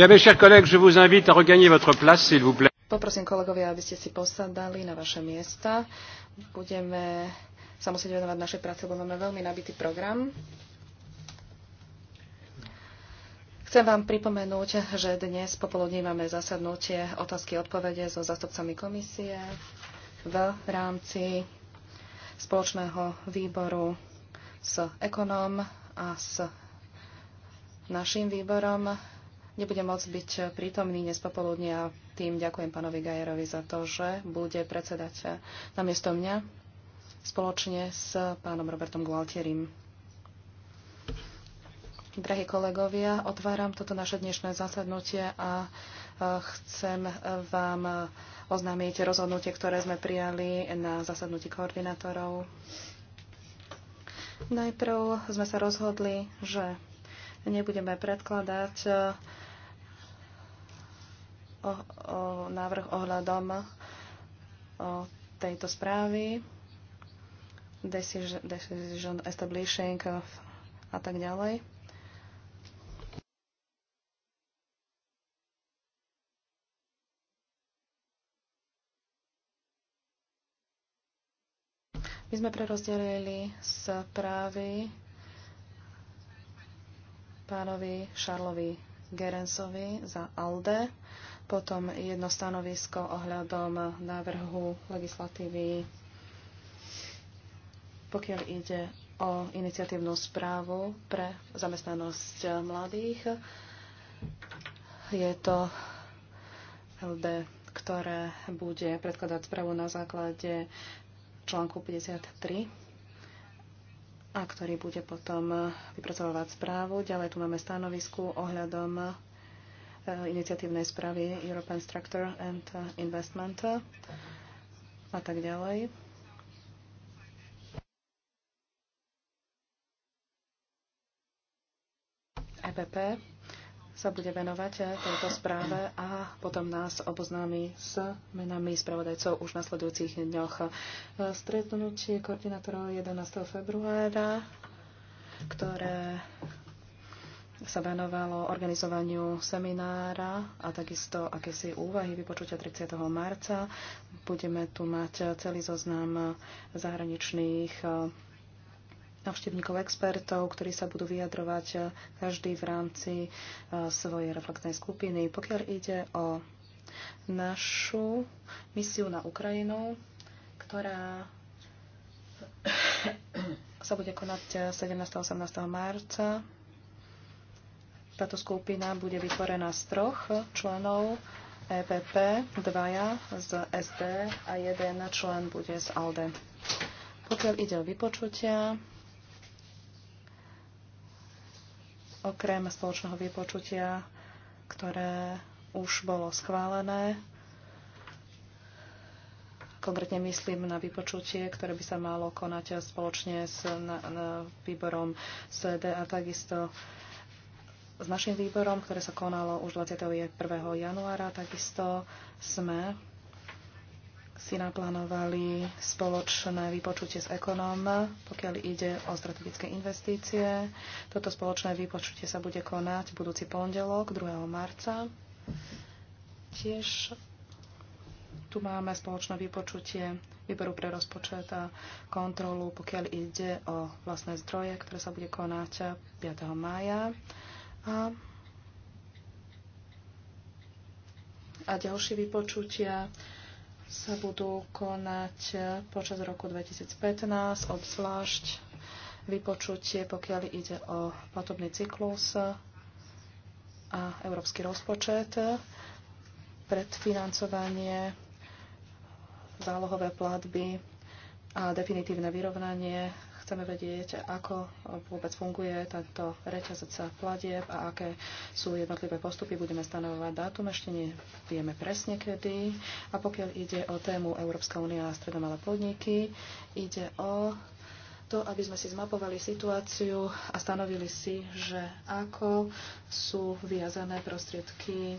Poprosím kolegovia, aby ste si posadali na vaše miesta. Budeme sa musieť venovať našej práce, lebo máme veľmi nabitý program. Chcem vám pripomenúť, že dnes popoludní máme zasadnutie otázky a odpovede so zastupcami komisie v rámci spoločného výboru s ekonom a s našim výborom nebude môcť byť prítomný dnes popoludne a tým ďakujem pánovi Gajerovi za to, že bude predsedať namiesto mňa spoločne s pánom Robertom Gualtierim. Drahí kolegovia, otváram toto naše dnešné zasadnutie a chcem vám oznámiť rozhodnutie, ktoré sme prijali na zasadnutí koordinátorov. Najprv sme sa rozhodli, že nebudeme predkladať o, o návrh ohľadom o tejto správy, decision, decision establishing a tak ďalej. My sme prerozdelili správy pánovi Šarlovi Gerensovi za ALDE potom jedno stanovisko ohľadom návrhu legislatívy, pokiaľ ide o iniciatívnu správu pre zamestnanosť mladých. Je to LD, ktoré bude predkladať správu na základe článku 53 a ktorý bude potom vypracovávať správu. Ďalej tu máme stanovisku ohľadom Eh, iniciatívnej správy European Structure and Investment a tak ďalej. EPP sa bude venovať eh, tejto správe a potom nás oboznámi s menami spravodajcov už v nasledujúcich dňoch. Eh, stretnutie koordinátorov 11. februára, ktoré sa venovalo organizovaniu seminára a takisto akési úvahy vypočutia 30. marca. Budeme tu mať celý zoznam zahraničných eh, navštevníkov expertov, ktorí sa budú vyjadrovať eh, každý v rámci eh, svojej reflektnej skupiny. Pokiaľ ide o našu misiu na Ukrajinu, ktorá sa bude konať 17. a 18. marca táto skupina bude vytvorená z troch členov EPP, dvaja z SD a jeden člen bude z ALDE. Pokiaľ ide o vypočutia, okrem spoločného vypočutia, ktoré už bolo schválené, konkrétne myslím na vypočutie, ktoré by sa malo konať spoločne s na, na výborom SD a takisto uh, s našim výborom, ktoré sa konalo už 21. januára. Takisto sme si naplánovali spoločné vypočutie s ekonom, pokiaľ ide o strategické investície. Toto spoločné vypočutie sa bude konať budúci pondelok, 2. marca. Tiež tu máme spoločné vypočutie výboru pre rozpočet a kontrolu, pokiaľ ide o vlastné zdroje, ktoré sa bude konať 5. mája. A, a ďalšie vypočutia sa budú konať počas roku 2015, obzvlášť vypočutie, pokiaľ ide o platobný cyklus a európsky rozpočet, predfinancovanie, zálohové platby a definitívne vyrovnanie Chceme vedieť, ako vôbec funguje tento reťazec platieb a aké sú jednotlivé postupy. Budeme stanovovať dátum, ešte nevieme presne kedy. A pokiaľ ide o tému Európska únia a stredomalé podniky, ide o to, aby sme si zmapovali situáciu a stanovili si, že ako sú viazané prostriedky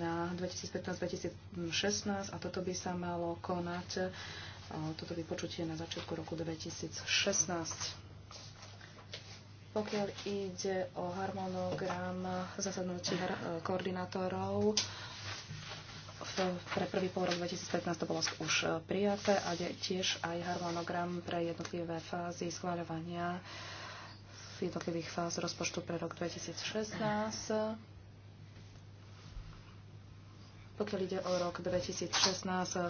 na 2015-2016 a toto by sa malo konať toto vypočutie na začiatku roku 2016. Pokiaľ ide o harmonogram zasadnutí e, koordinátorov, pre prvý pol rok 2015 to bolo už prijaté a tiež aj harmonogram pre jednotlivé fázy schváľovania jednotlivých fáz rozpočtu pre rok 2016 pokiaľ ide o rok 2016,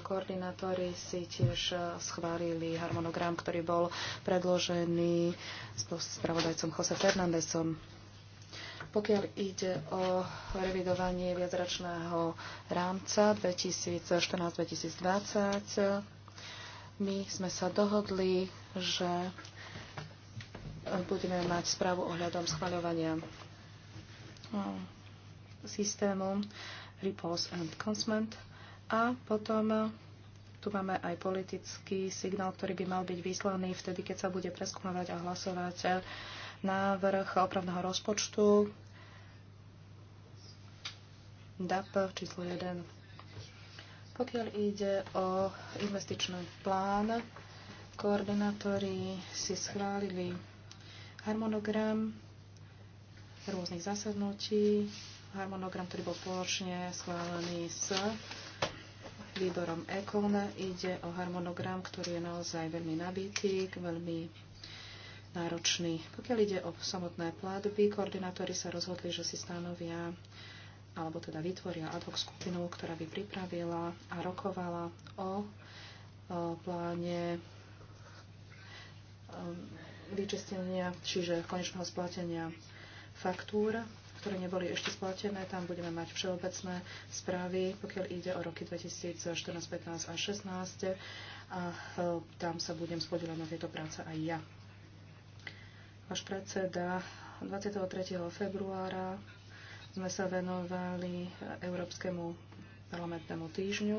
koordinátori si tiež eh, schválili harmonogram, ktorý bol predložený spravodajcom Jose Fernandezom. Pokiaľ ide o revidovanie viacračného rámca 2014-2020, my sme sa dohodli, že eh, budeme mať správu ohľadom schvaľovania eh, systému Repulse and Consent. A potom eh, tu máme aj politický signál, ktorý by mal byť vyslaný vtedy, keď sa bude preskúmavať a hlasovať eh, návrh opravného rozpočtu DAP číslo 1. Pokiaľ ide o investičný plán, koordinátori si schválili harmonogram rôznych zasadnutí, harmonogram, ktorý bol spoločne schválený s výborom EKON. Ide o harmonogram, ktorý je naozaj veľmi nabitý, veľmi náročný. Pokiaľ ide o samotné platby, koordinátori sa rozhodli, že si stanovia alebo teda vytvoria ad hoc skupinu, ktorá by pripravila a rokovala o, o pláne um, vyčistenia, čiže konečného splatenia faktúr ktoré neboli ešte splatené. Tam budeme mať všeobecné správy, pokiaľ ide o roky 2014, 15 a 16. A e, tam sa budem spodielať na tieto práce aj ja. Váš predseda 23. februára sme sa venovali Európskemu parlamentnému týždňu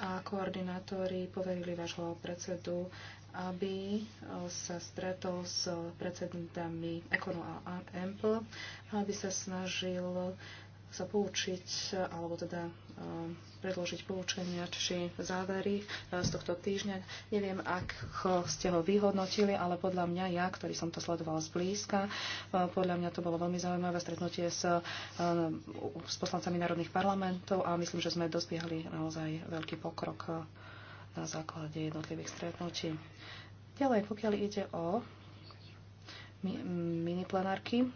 a koordinátori poverili vášho predsedu aby e, sa stretol s predsednutami Econo a Ample, aby sa snažil sa poučiť, alebo teda e, predložiť poučenia či závery e, z tohto týždňa. Neviem, ak ste ho vyhodnotili, ale podľa mňa ja, ktorý som to sledoval zblízka, podľa mňa to bolo veľmi zaujímavé stretnutie s, s poslancami národných parlamentov a myslím, že sme dospiehli naozaj veľký pokrok na základe jednotlivých stretnutí. Ďalej, pokiaľ ide o plenárky,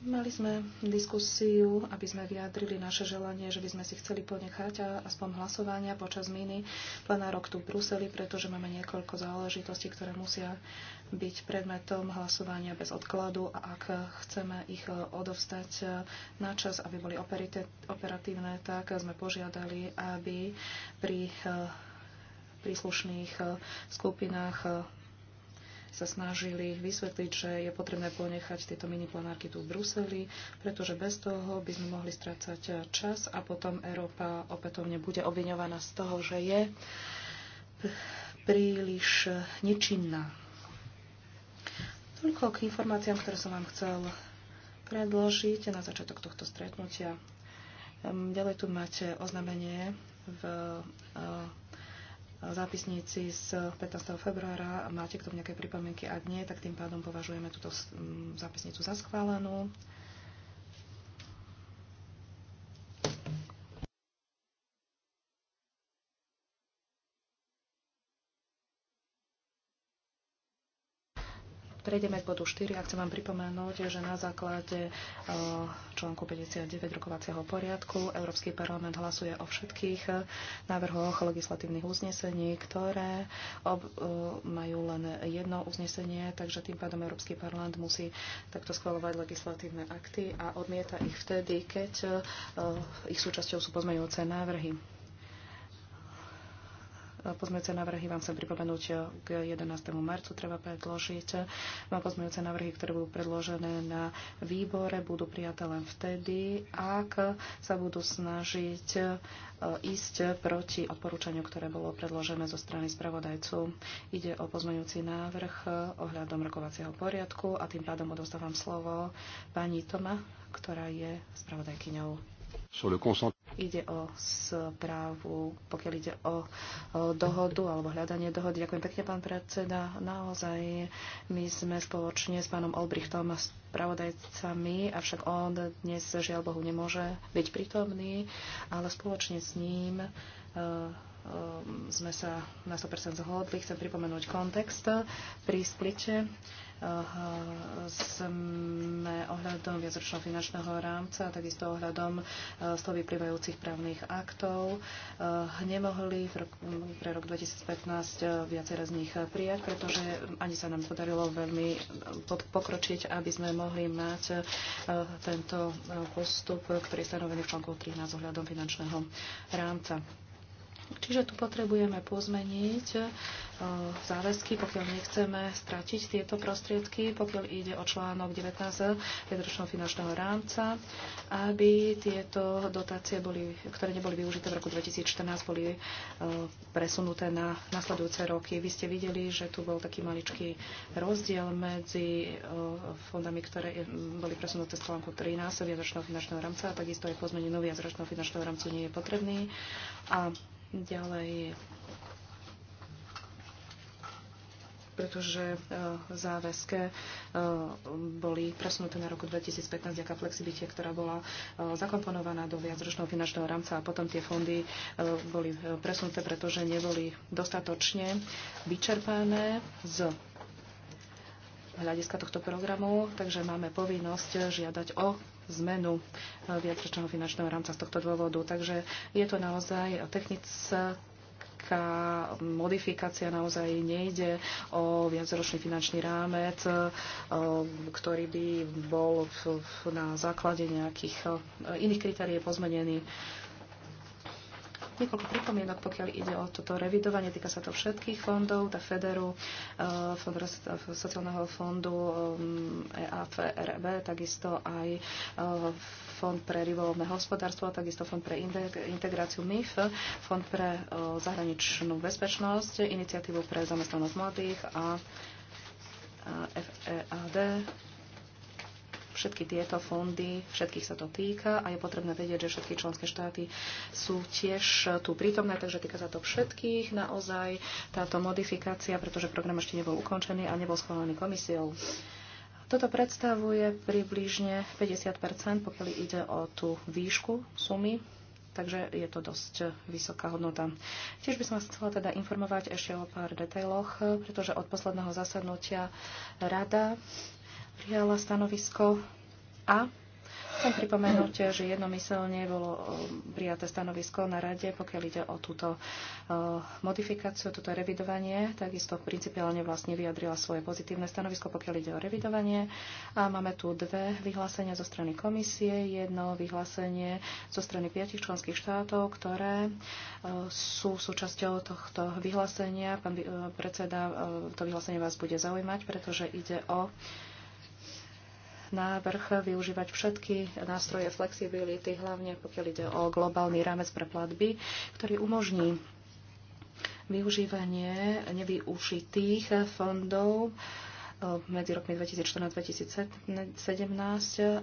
Mali sme diskusiu, aby sme vyjadrili naše želanie, že by sme si chceli ponechať aspoň hlasovania počas mini plenárok tu v Bruseli, pretože máme niekoľko záležitostí, ktoré musia byť predmetom hlasovania bez odkladu a ak chceme ich e, odovstať e, na čas, aby boli operatívne, tak sme požiadali, aby pri e, príslušných skupinách sa snažili vysvetliť, že je potrebné ponechať tieto mini planárky tu v Bruseli, pretože bez toho by sme mohli strácať čas a potom Európa opätovne bude obviňovaná z toho, že je príliš nečinná Toľko k informáciám, ktoré som vám chcel predložiť na začiatok tohto stretnutia. Ehm, ďalej tu máte oznámenie v eh, zápisnici z 15. februára. Máte k tomu nejaké pripomienky? Ak nie, tak tým pádom považujeme túto zápisnicu za schválenú. Prejdeme k bodu 4 a chcem vám pripomenúť, že na základe eh, článku 59 rokovacieho poriadku Európsky parlament hlasuje o všetkých eh, návrhoch legislatívnych uznesení, ktoré ob, eh, majú len jedno uznesenie, takže tým pádom Európsky parlament musí takto schvalovať legislatívne akty a odmieta ich vtedy, keď ich súčasťou sú pozmeňujúce návrhy. Pozmejúce návrhy vám chcem pripomenúť eh, k 11. marcu treba predložiť. Má pozmejúce návrhy, ktoré budú predložené na výbore, budú prijaté len vtedy, ak sa budú snažiť eh, ísť proti odporúčaniu, ktoré bolo predložené zo strany spravodajcu. Ide o pozmeňujúci návrh eh, ohľadom rokovacieho poriadku a tým pádom odostávam slovo pani Toma, ktorá je spravodajkyňou. Ide o správu, pokiaľ ide o, o dohodu alebo hľadanie dohody. Ďakujem pekne, pán predseda. Naozaj my sme spoločne s pánom Olbrichtom a spravodajcami, avšak on dnes žiaľ Bohu nemôže byť prítomný, ale spoločne s ním e, e, sme sa na 100% zhodli. Chcem pripomenúť kontext pri splite. Eh, sme ohľadom viacročného finančného rámca a takisto ohľadom z eh, toho vyplývajúcich právnych aktov eh, nemohli pre rok 2015 viacera z nich prijať, pretože ani sa nám podarilo veľmi pokročiť, aby sme mohli mať tento postup, ktorý je stanovený v článku 13 ohľadom finančného rámca. Čiže tu potrebujeme pozmeniť e, záväzky, pokiaľ nechceme stratiť tieto prostriedky, pokiaľ ide o článok 19 jednoročného e finančného rámca, aby tieto dotácie, boli, ktoré neboli využité v roku 2014, boli e, presunuté na nasledujúce roky. Vy ste videli, že tu bol taký maličký rozdiel medzi fondami, ktoré boli presunuté z článku 13 viacročného finančného rámca a takisto aj pozmenie nový viacročného finančného rámcu nie je potrebný. A Ďalej pretože e, záväzke boli presunuté na roku 2015 vďaka flexibilite, ktorá bola e, zakomponovaná do viacročného finančného rámca a potom tie fondy e, boli presunuté, pretože neboli dostatočne vyčerpané z hľadiska tohto programu, takže máme povinnosť žiadať o zmenu eh, viacročného finančného rámca z tohto dôvodu. Takže je to naozaj technická modifikácia naozaj nejde o viacročný finančný rámec, eh, ktorý by bol na základe nejakých eh, iných kritérií pozmenený niekoľko pripomienok, pokiaľ ide o toto revidovanie. Týka sa to všetkých fondov, tá Federu, e, fond, e, sociálneho fondu, EAF, e RB, takisto aj fond pre rivolovné hospodárstvo, takisto fond pre integráciu MIF, fond pre zahraničnú bezpečnosť, iniciatívu pre zamestnanosť mladých a FEAD Všetky tieto fondy, všetkých sa to týka a je potrebné vedieť, že všetky členské štáty sú tiež tu prítomné, takže týka sa to všetkých naozaj táto modifikácia, pretože program ešte nebol ukončený a nebol schválený komisiou. Toto predstavuje približne 50 pokiaľ ide o tú výšku sumy takže je to dosť vysoká hodnota. Tiež by som vás chcela teda informovať ešte o pár detailoch, pretože od posledného zasadnutia rada prijala stanovisko a chcem pripomenúť, že jednomyselne bolo um, prijaté stanovisko na rade, pokiaľ ide o túto uh, modifikáciu, toto revidovanie. Takisto principiálne vlastne vyjadrila svoje pozitívne stanovisko, pokiaľ ide o revidovanie. A máme tu dve vyhlásenia zo strany komisie, jedno vyhlásenie zo strany piatich členských štátov, ktoré uh, sú súčasťou tohto vyhlásenia. Pán uh, predseda, to vyhlásenie vás bude zaujímať, pretože ide o návrh využívať všetky nástroje flexibility, hlavne pokiaľ ide o globálny rámec pre platby, ktorý umožní využívanie nevyužitých fondov medzi rokmi 2014-2017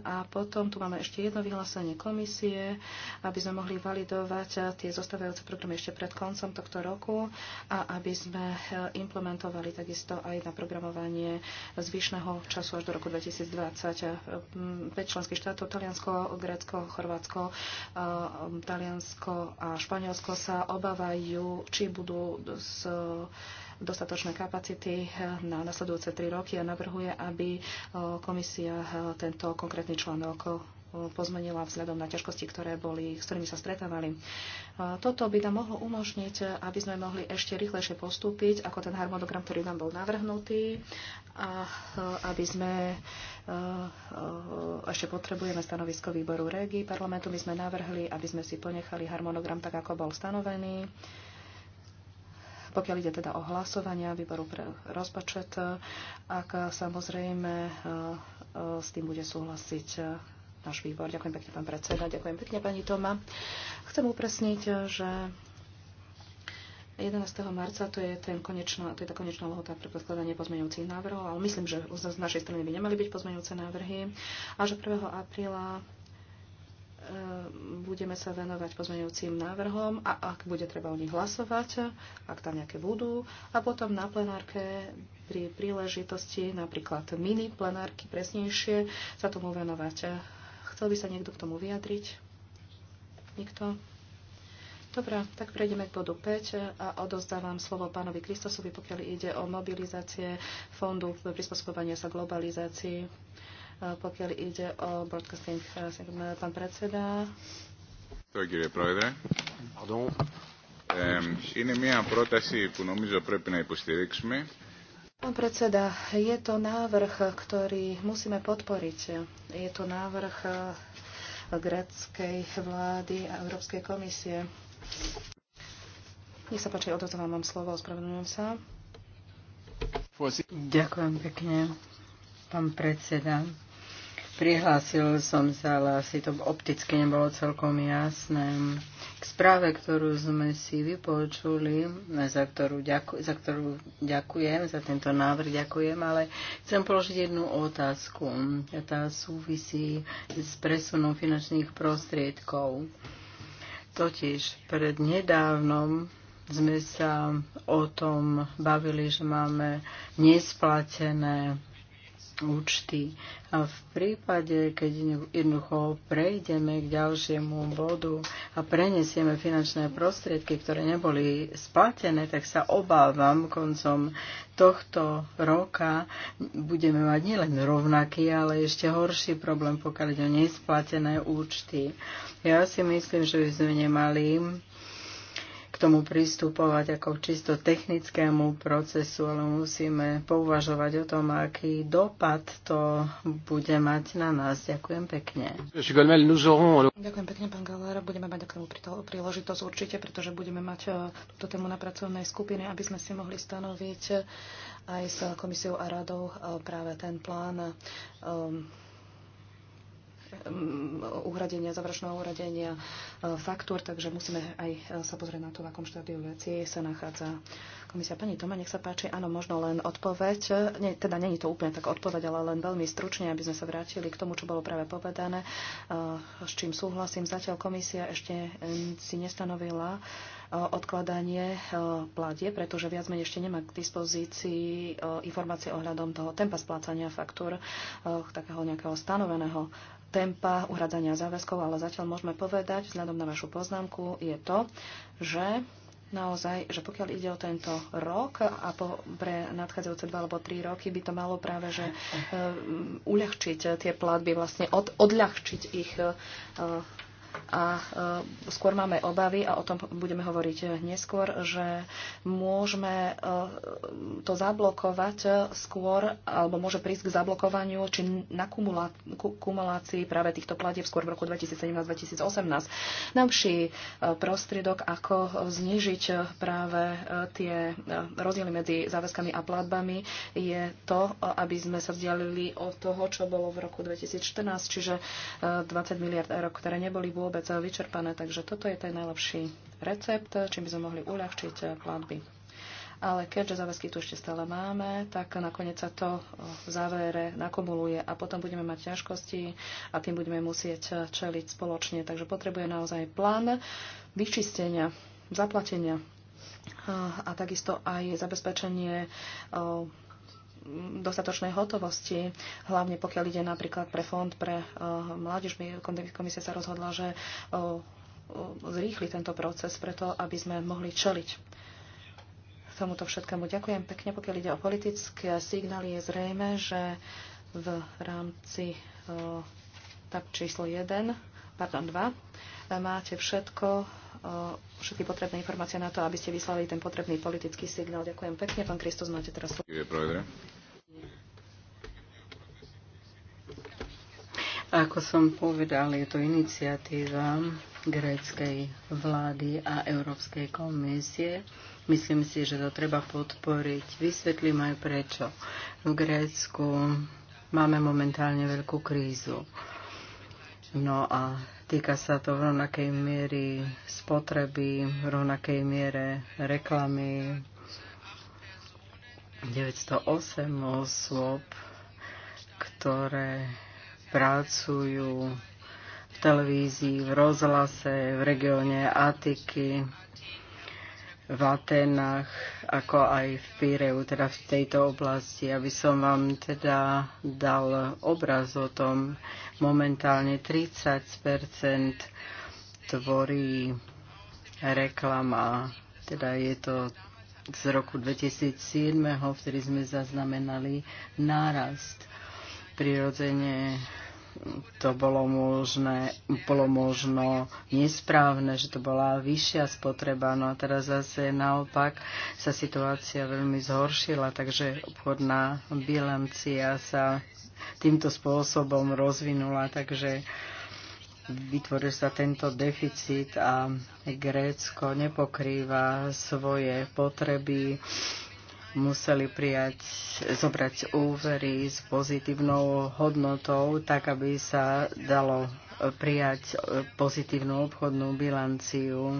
a potom tu máme ešte jedno vyhlásenie komisie, aby sme mohli validovať tie zostávajúce programy ešte pred koncom tohto roku a aby sme e, implementovali takisto aj na programovanie zvyšného času až do roku 2020. 5 e, členských štátov, Taliansko, Grécko, Chorvátsko, e, Taliansko a Španielsko sa obávajú, či budú s dostatočné kapacity eh, na nasledujúce tri roky a navrhuje, aby eh, komisia eh, tento konkrétny článok pozmenila vzhľadom na ťažkosti, ktoré boli, s ktorými sa stretávali. Toto by nám mohlo umožniť, aby sme mohli ešte rýchlejšie postúpiť, ako ten harmonogram, ktorý nám bol navrhnutý, a aby sme ešte potrebujeme stanovisko výboru REGI parlamentu. My sme navrhli, aby sme si ponechali harmonogram tak, ako bol stanovený pokiaľ ide teda o hlasovania výboru pre rozpočet, ak samozrejme e, e, s tým bude súhlasiť e, náš výbor. Ďakujem pekne, pán predseda. Ďakujem pekne, pani Toma. Chcem upresniť, že 11. marca to je, ten konečná, to je tá konečná lhota pre podkladanie pozmeňujúcich návrhov, ale myslím, že z našej strany by nemali byť pozmeňujúce návrhy a že 1. apríla Ehm, budeme sa venovať pozmeňujúcim návrhom a ak bude treba o nich hlasovať, ak tam nejaké budú. A potom na plenárke pri príležitosti, napríklad mini plenárky presnejšie, sa tomu venovať. Chcel by sa niekto k tomu vyjadriť? Nikto? Dobre, tak prejdeme k bodu 5 a odozdávam slovo pánovi Kristosovi, pokiaľ ide o mobilizácie fondu prispôsobovania sa globalizácii pokiaľ ide o broadcasting. Eh, eh, pán predseda. Pardon. Είναι μια πρόταση που νομίζω πρέπει να υποστηρίξουμε. Pán predseda, je to návrh, ktorý musíme podporiť. Je to návrh eh, gréckej vlády a Európskej komisie. Nech sa páči, odozvám vám slovo, ospravedlňujem sa. Ďakujem pekne, pán predseda. Prihlásil som sa, ale asi to opticky nebolo celkom jasné. K správe, ktorú sme si vypočuli, za ktorú, ďaku, za ktorú ďakujem, za tento návrh ďakujem, ale chcem položiť jednu otázku. Tá súvisí s presunom finančných prostriedkov. Totiž pred nedávnom sme sa o tom bavili, že máme nesplatené účty. A v prípade, keď jednoducho prejdeme k ďalšiemu bodu a prenesieme finančné prostriedky, ktoré neboli splatené, tak sa obávam koncom tohto roka budeme mať nielen rovnaký, ale ešte horší problém, pokiaľ ide o nesplatené účty. Ja si myslím, že by sme nemali k tomu pristupovať ako k čisto technickému procesu, ale musíme pouvažovať o tom, aký dopad to bude mať na nás. Ďakujem pekne. Ďakujem pekne, pán Galera. Budeme mať k tomu príležitosť určite, pretože budeme mať e, túto tému na pracovnej skupine, aby sme si mohli stanoviť e, aj s komisiou a radou e, práve ten plán Um, uhradenia, završného uhradenia uh, faktúr, takže musíme aj uh, sa pozrieť na to, v akom štádiu veci sa nachádza komisia. Pani Toma, nech sa páči. Áno, možno len odpoveď. Nie, teda není to úplne tak odpoveď, ale len veľmi stručne, aby sme sa vrátili k tomu, čo bolo práve povedané, uh, s čím súhlasím. Zatiaľ komisia ešte um, si nestanovila odkladanie platie, pretože viac menej ešte nemá k dispozícii informácie ohľadom toho tempa splácania faktúr, takého nejakého stanoveného tempa uhradzania záväzkov, ale zatiaľ môžeme povedať, vzhľadom na vašu poznámku, je to, že naozaj, že pokiaľ ide o tento rok a po, pre nadchádzajúce dva alebo tri roky by to malo práve, že uh, uľahčiť tie platby, vlastne od, odľahčiť ich uh, a e, skôr máme obavy, a o tom budeme hovoriť neskôr, že môžeme e, to zablokovať skôr, alebo môže prísť k zablokovaniu či na kumulácii práve týchto platieb skôr v roku 2017-2018. Najlepší prostriedok, ako znižiť práve e, tie rozdiely medzi záväzkami a platbami, je to, aby sme sa vzdialili od toho, čo bolo v roku 2014, čiže 20 miliard eur, ktoré neboli vôbec vôbec vyčerpané, takže toto je ten najlepší recept, čím by sme mohli uľahčiť eh, platby. Ale keďže záväzky tu ešte stále máme, tak nakoniec sa to eh, v závere nakumuluje a potom budeme mať ťažkosti a tým budeme musieť eh, čeliť spoločne. Takže potrebuje naozaj plán vyčistenia, zaplatenia a takisto aj zabezpečenie dostatočnej hotovosti, hlavne pokiaľ ide napríklad pre fond pre eh, mládež. Komisia sa rozhodla, že eh, zrýchli tento proces preto, aby sme mohli čeliť tomuto všetkému. Ďakujem pekne, pokiaľ ide o politické signály. Je zrejme, že v rámci eh, tak číslo 1, pardon 2, máte všetko všetky potrebné informácie na to, aby ste vyslali ten potrebný politický signál. Ďakujem pekne. Pán Kristus, máte teraz slovo. Ako som povedal, je to iniciatíva gréckej vlády a Európskej komisie. Myslím si, že to treba podporiť. Vysvetlím aj prečo. V Grécku máme momentálne veľkú krízu. No a týka sa to v rovnakej miery spotreby, v rovnakej miere reklamy. 908 osôb, ktoré pracujú v televízii, v rozhlase, v regióne Atiky, v Atenách, ako aj v Píreu, teda v tejto oblasti, aby som vám teda dal obraz o tom. Momentálne 30 tvorí reklama, teda je to z roku 2007, vtedy sme zaznamenali nárast prirodzene to bolo, možné, bolo možno nesprávne, že to bola vyššia spotreba. No a teraz zase naopak sa situácia veľmi zhoršila, takže obchodná bilancia sa týmto spôsobom rozvinula, takže vytvoril sa tento deficit a Grécko nepokrýva svoje potreby museli prijať, zobrať úvery s pozitívnou hodnotou, tak aby sa dalo e, prijať e, pozitívnu obchodnú bilanciu.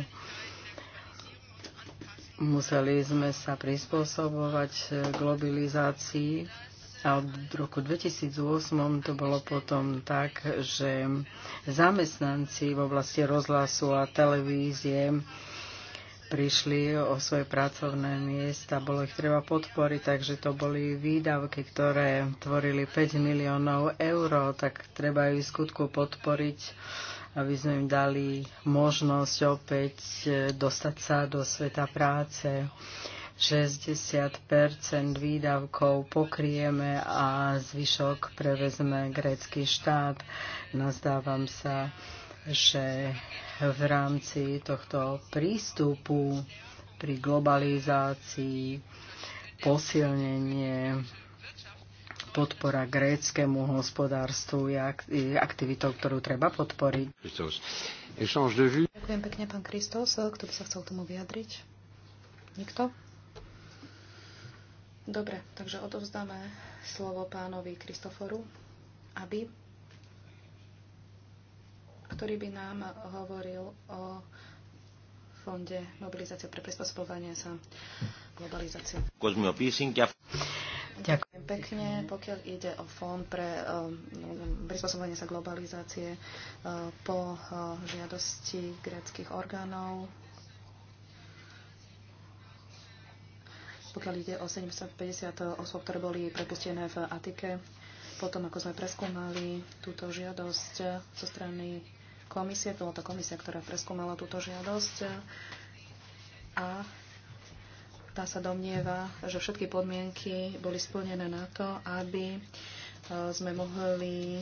Museli sme sa prispôsobovať e, globalizácii a od roku 2008 to bolo potom tak, že zamestnanci v oblasti rozhlasu a televízie prišli o svoje pracovné miesta, bolo ich treba podporiť, takže to boli výdavky, ktoré tvorili 5 miliónov eur, tak treba ju skutku podporiť, aby sme im dali možnosť opäť e, dostať sa do sveta práce. 60 výdavkov pokrieme a zvyšok prevezme grécky štát. Nazdávam sa, že v rámci tohto prístupu pri globalizácii posilnenie podpora gréckému hospodárstvu je aktivitou, ktorú treba podporiť. Ďakujem pekne, pán Kristos. Kto by sa chcel tomu vyjadriť? Nikto? Dobre, takže odovzdáme slovo pánovi Kristoforu, aby ktorý by nám hovoril o fonde mobilizácie pre prispôsobovanie sa globalizácie. Ďakujem pekne. Pokiaľ ide o fond pre um, prispôsobovanie sa globalizácie um, po um, žiadosti gréckých orgánov, pokiaľ ide o 750 osôb, ktoré boli prepustené v Atike, potom ako sme preskúmali túto žiadosť zo strany komisie. Bola to komisia, ktorá preskúmala túto žiadosť a tá sa domnieva, že všetky podmienky boli splnené na to, aby e, sme mohli e,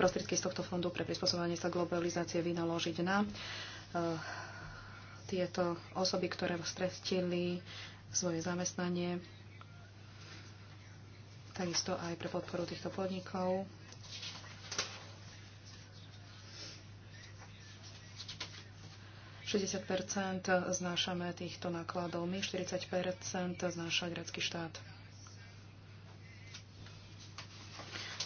prostriedky z tohto fondu pre prispôsobovanie sa globalizácie vynaložiť na e, tieto osoby, ktoré stretili svoje zamestnanie, takisto aj pre podporu týchto podnikov 60 znášame týchto nákladov my, 40 znáša grecký štát.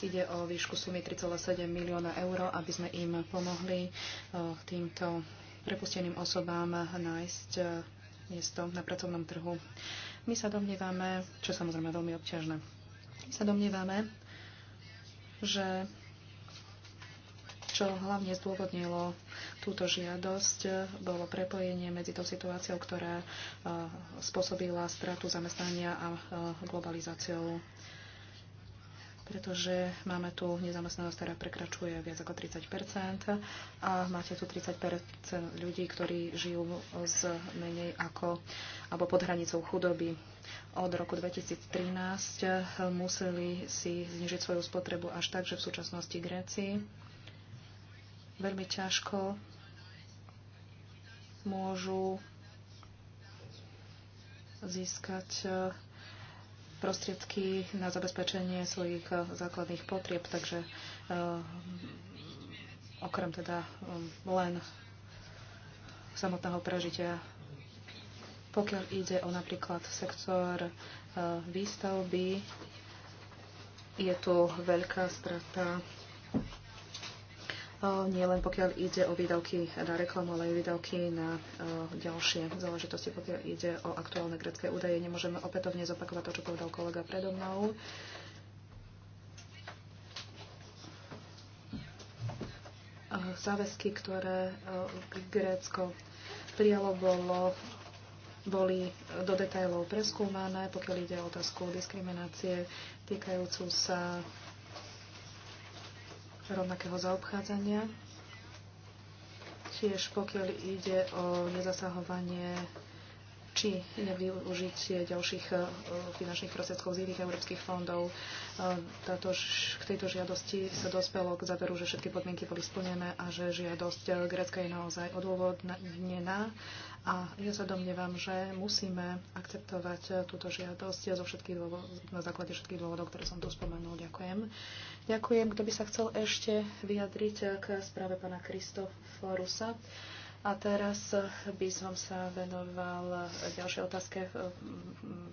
Ide o výšku sumy 3,7 milióna eur, aby sme im pomohli eh, týmto prepusteným osobám nájsť eh, miesto na pracovnom trhu. My sa domnievame, čo samozrejme veľmi obťažné, my sa domnievame, že čo hlavne zdôvodnilo túto žiadosť e, bolo prepojenie medzi tou situáciou, ktorá e, spôsobila stratu zamestnania a e, globalizáciou pretože máme tu nezamestnanosť, ktorá prekračuje viac ako 30 a máte tu 30 ľudí, ktorí žijú z menej ako alebo pod hranicou chudoby. Od roku 2013 museli si znižiť svoju spotrebu až tak, že v súčasnosti Grécii veľmi ťažko môžu získať e, prostriedky na zabezpečenie svojich e, základných potrieb, takže e, okrem teda len samotného prežitia. Pokiaľ ide o napríklad sektor výstavby, je tu veľká strata nie len pokiaľ ide o výdavky na reklamu, ale aj výdavky na e, ďalšie záležitosti, pokiaľ ide o aktuálne grecké údaje. Nemôžeme opätovne zopakovať to, čo povedal kolega predo mnou. Záväzky, ktoré e, Grécko prijalo, bolo, boli do detajlov preskúmané, pokiaľ ide o otázku diskriminácie týkajúcu sa rovnakého zaobchádzania. Tiež pokiaľ ide o nezasahovanie či nevyužitie ďalších e, finančných prostriedkov z iných európskych fondov. E, táto, k tejto žiadosti sa dospelo k záveru, že všetky podmienky boli splnené a že žiadosť e, Grécka je naozaj odôvodnená. A ja sa domnievam, že musíme akceptovať túto žiadosť zo všetkých dôvod, na základe všetkých dôvodov, ktoré som tu spomenul. Ďakujem. Ďakujem. Kto by sa chcel ešte vyjadriť k správe pána Kristoforusa? A teraz by som sa venoval ďalšej otázke eh,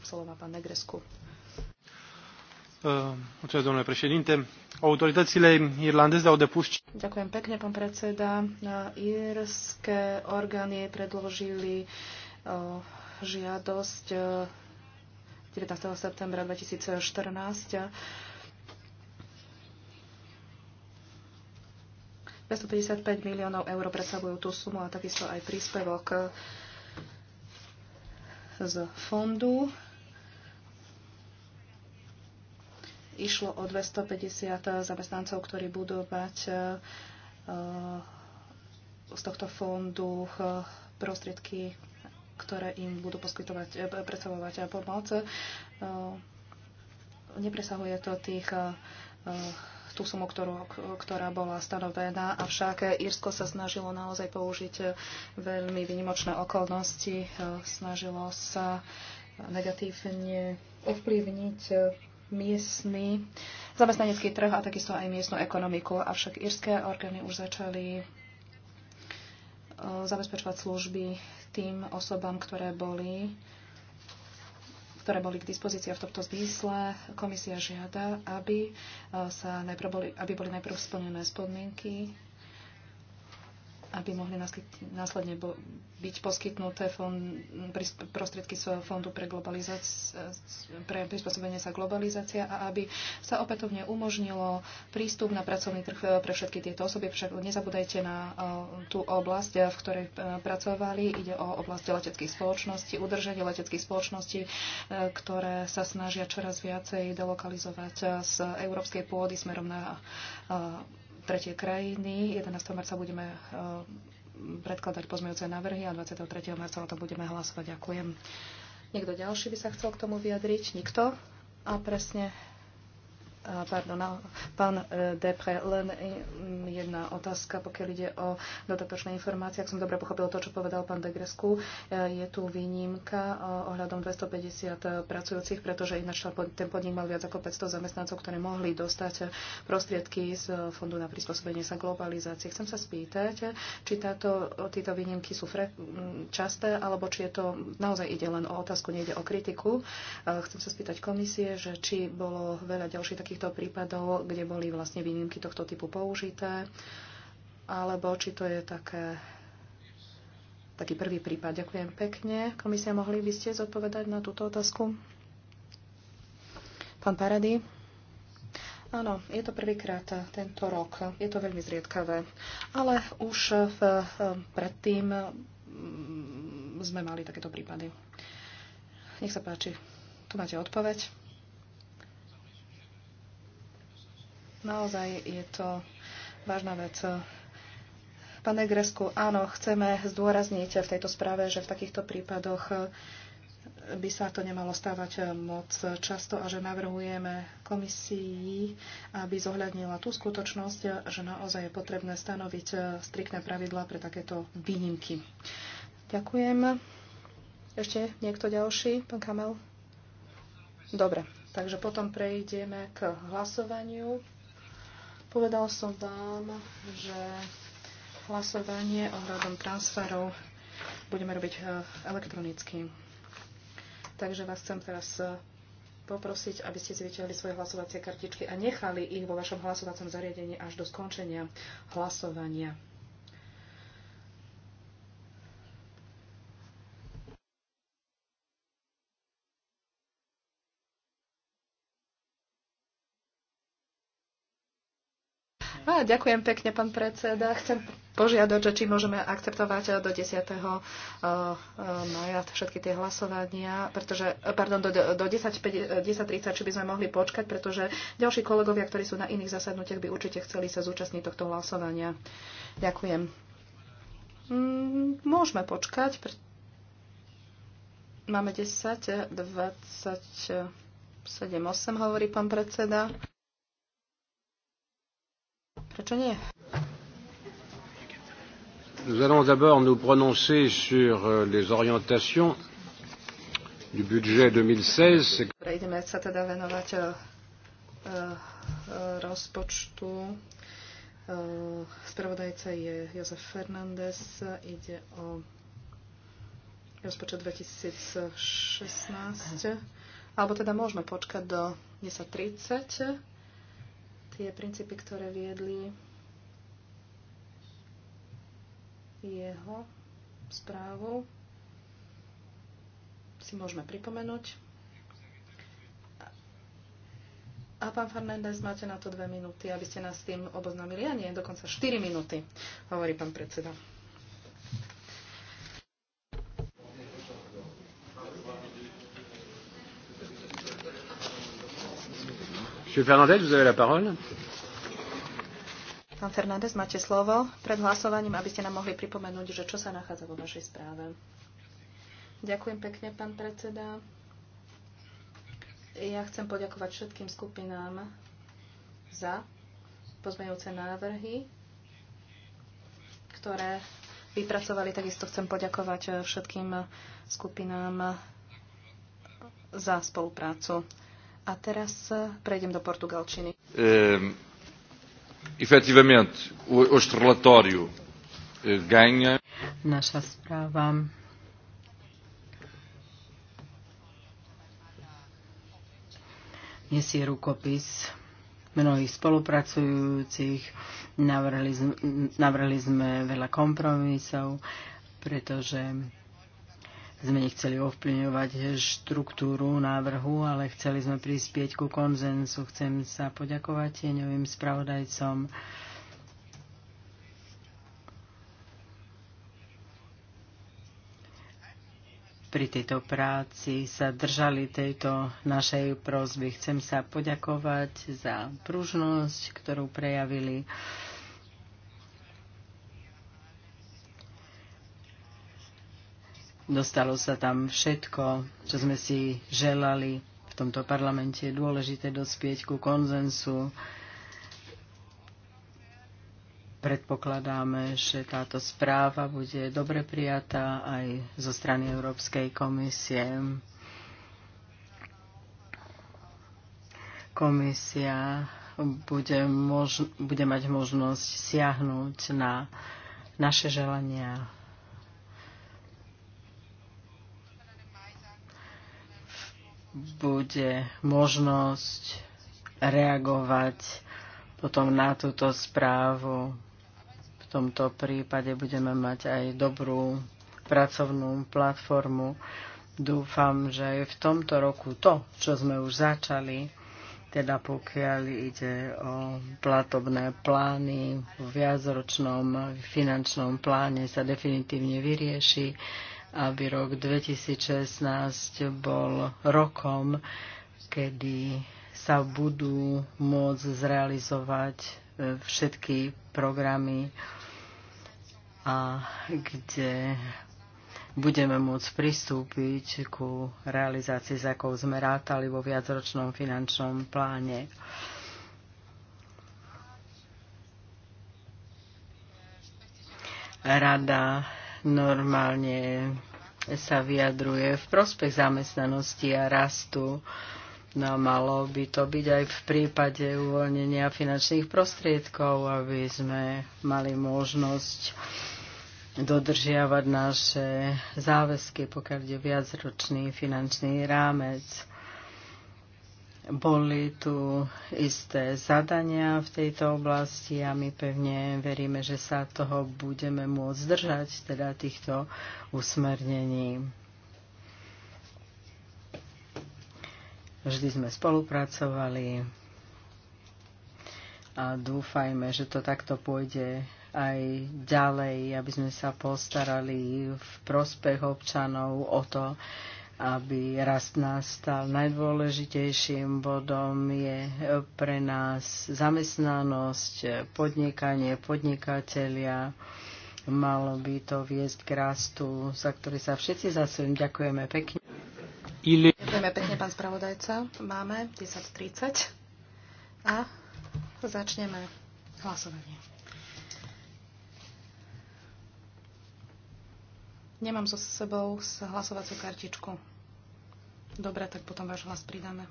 slova pán Negrescu. Eh, Ďakujem pekne, pán predseda. Írske orgány predložili eh, žiadosť 19. septembra 2014 255 miliónov eur predstavujú tú sumu a takisto aj príspevok eh, z fondu. Išlo o 250 zamestnancov, ktorí budú mať eh, eh, z tohto fondu prostriedky, ktoré im budú poskytovať, predstavovať pomoc. Nepresahuje to tých tú sumu, ktorú, ktorá bola stanovená, avšak Írsko sa snažilo naozaj použiť veľmi výnimočné okolnosti, snažilo sa negatívne ovplyvniť miestny zamestnanecký trh a takisto aj miestnu ekonomiku. Avšak írske orgány už začali e, zabezpečovať služby tým osobám, ktoré boli ktoré boli k dispozícii v tomto zmysle. Komisia žiada, aby, e, sa najprv boli, aby boli najprv splnené spodmienky aby mohli následne byť poskytnuté fond, prostriedky z Fondu pre, pre prispôsobenie sa globalizácia a aby sa opätovne umožnilo prístup na pracovný trh e, pre všetky tieto osoby. Však nezabúdajte na e, tú oblasť, v ktorej e, pracovali. Ide o oblasť leteckých spoločností, udržanie leteckých spoločností, ktoré sa snažia čoraz viacej delokalizovať z európskej pôdy smerom na tretie krajiny. 11. marca budeme eh, predkladať pozmejúce návrhy a 23. marca o tom budeme hlasovať. Ďakujem. Niekto ďalší by sa chcel k tomu vyjadriť? Nikto? A presne Pardon, pán e, Depre, len jedna otázka, pokiaľ ide o dodatočné informácie. Ak som dobre pochopil to, čo povedal pán Degresku, e, je tu výnimka e, ohľadom 250 pracujúcich, pretože ináč ten podnik mal viac ako 500 zamestnancov, ktoré mohli dostať prostriedky z Fondu na prispôsobenie sa globalizácie. Chcem sa spýtať, či táto, títo výnimky sú fre- časté, alebo či je to naozaj ide len o otázku, nejde o kritiku. Chcem sa spýtať komisie, že či bolo veľa ďalších takých takýchto prípadov, kde boli vlastne výnimky tohto typu použité, alebo či to je také, taký prvý prípad. Ďakujem pekne. Komisia, mohli by ste zodpovedať na túto otázku? Pán Parady? Áno, je to prvýkrát tento rok. Je to veľmi zriedkavé. Ale už v, predtým mm, sme mali takéto prípady. Nech sa páči. Tu máte odpoveď. Naozaj je to vážna vec. Pane Gresku, áno, chceme zdôrazniť v tejto správe, že v takýchto prípadoch by sa to nemalo stávať moc často a že navrhujeme komisii, aby zohľadnila tú skutočnosť, že naozaj je potrebné stanoviť striktné pravidlá pre takéto výnimky. Ďakujem. Ešte niekto ďalší? Pán Kamel? Dobre, takže potom prejdeme k hlasovaniu. Povedal som vám, že hlasovanie ohľadom transferov budeme robiť e, elektronicky. Takže vás chcem teraz e, poprosiť, aby ste zvyčali svoje hlasovacie kartičky a nechali ich vo vašom hlasovacom zariadení až do skončenia hlasovania. Ďakujem pekne, pán predseda. Chcem požiadať, že či môžeme akceptovať eh, do 10. Eh, maja všetky tie hlasovania, pretože, eh, pardon, do, do 10.30, 10, či by sme mohli počkať, pretože ďalší kolegovia, ktorí sú na iných zasadnutiach, by určite chceli sa zúčastniť tohto hlasovania. Ďakujem. Mm, môžeme počkať. Máme 10, 27, 8, hovorí pán predseda. Prečo nie? Nous allons d'abord nous prononcer sur euh, les orientations du budget 2016. Prejdeme sa teda venovať uh, rozpočtu. Uh, spravodajca je Jozef Fernández. Ide o rozpočet 2016. Alebo teda môžeme počkať do 10.30 tie princípy, ktoré viedli jeho správu, si môžeme pripomenúť. A pán Fernández, máte na to dve minúty, aby ste nás s tým oboznámili. A nie, dokonca 4 minúty, hovorí pán predseda. Monsieur Fernandez, vous avez la parole. Pán Fernández, máte slovo pred hlasovaním, aby ste nám mohli pripomenúť, že čo sa nachádza vo vašej správe. Ďakujem pekne, pán predseda. Ja chcem poďakovať všetkým skupinám za pozmejúce návrhy, ktoré vypracovali. Takisto chcem poďakovať všetkým skupinám za spoluprácu. A teraz eh, prejdem do portugalčiny. Um, efetivamente, este relatório eh, ganha. Naša správa nesie rukopis mnohých spolupracujúcich. Navrhli, navrhli sme veľa kompromisov, pretože sme nechceli ovplyvňovať štruktúru návrhu, ale chceli sme prispieť ku konzensu. Chcem sa poďakovať tieňovým spravodajcom. Pri tejto práci sa držali tejto našej prozby. Chcem sa poďakovať za pružnosť, ktorú prejavili. Dostalo sa tam všetko, čo sme si želali. V tomto parlamente je dôležité dospieť ku konzensu. Predpokladáme, že táto správa bude dobre prijatá aj zo strany Európskej komisie. Komisia bude, mož- bude mať možnosť siahnuť na naše želania bude možnosť reagovať potom na túto správu. V tomto prípade budeme mať aj dobrú pracovnú platformu. Dúfam, že aj v tomto roku to, čo sme už začali, teda pokiaľ ide o platobné plány v viacročnom finančnom pláne sa definitívne vyrieši aby rok 2016 bol rokom, kedy sa budú môcť zrealizovať e, všetky programy a kde budeme môcť pristúpiť ku realizácii, z akou sme rátali vo viacročnom finančnom pláne. Rada normálne sa vyjadruje v prospech zamestnanosti a rastu. No malo by to byť aj v prípade uvoľnenia finančných prostriedkov, aby sme mali možnosť dodržiavať naše záväzky, pokiaľ je viacročný finančný rámec. Boli tu isté zadania v tejto oblasti a my pevne veríme, že sa toho budeme môcť držať, teda týchto usmernení. Vždy sme spolupracovali a dúfajme, že to takto pôjde aj ďalej, aby sme sa postarali v prospech občanov o to, aby rast nastal. Najdôležitejším bodom je pre nás zamestnanosť, podnikanie, podnikatelia. Malo by to viesť k rastu, za ktorý sa všetci zasujem. Ďakujeme pekne. Ili... Ďakujeme pekne, pán spravodajca. Máme 10.30 a začneme hlasovanie. Nemám so sebou hlasovaciu kartičku. Dobre, tak potom váš hlas pridáme.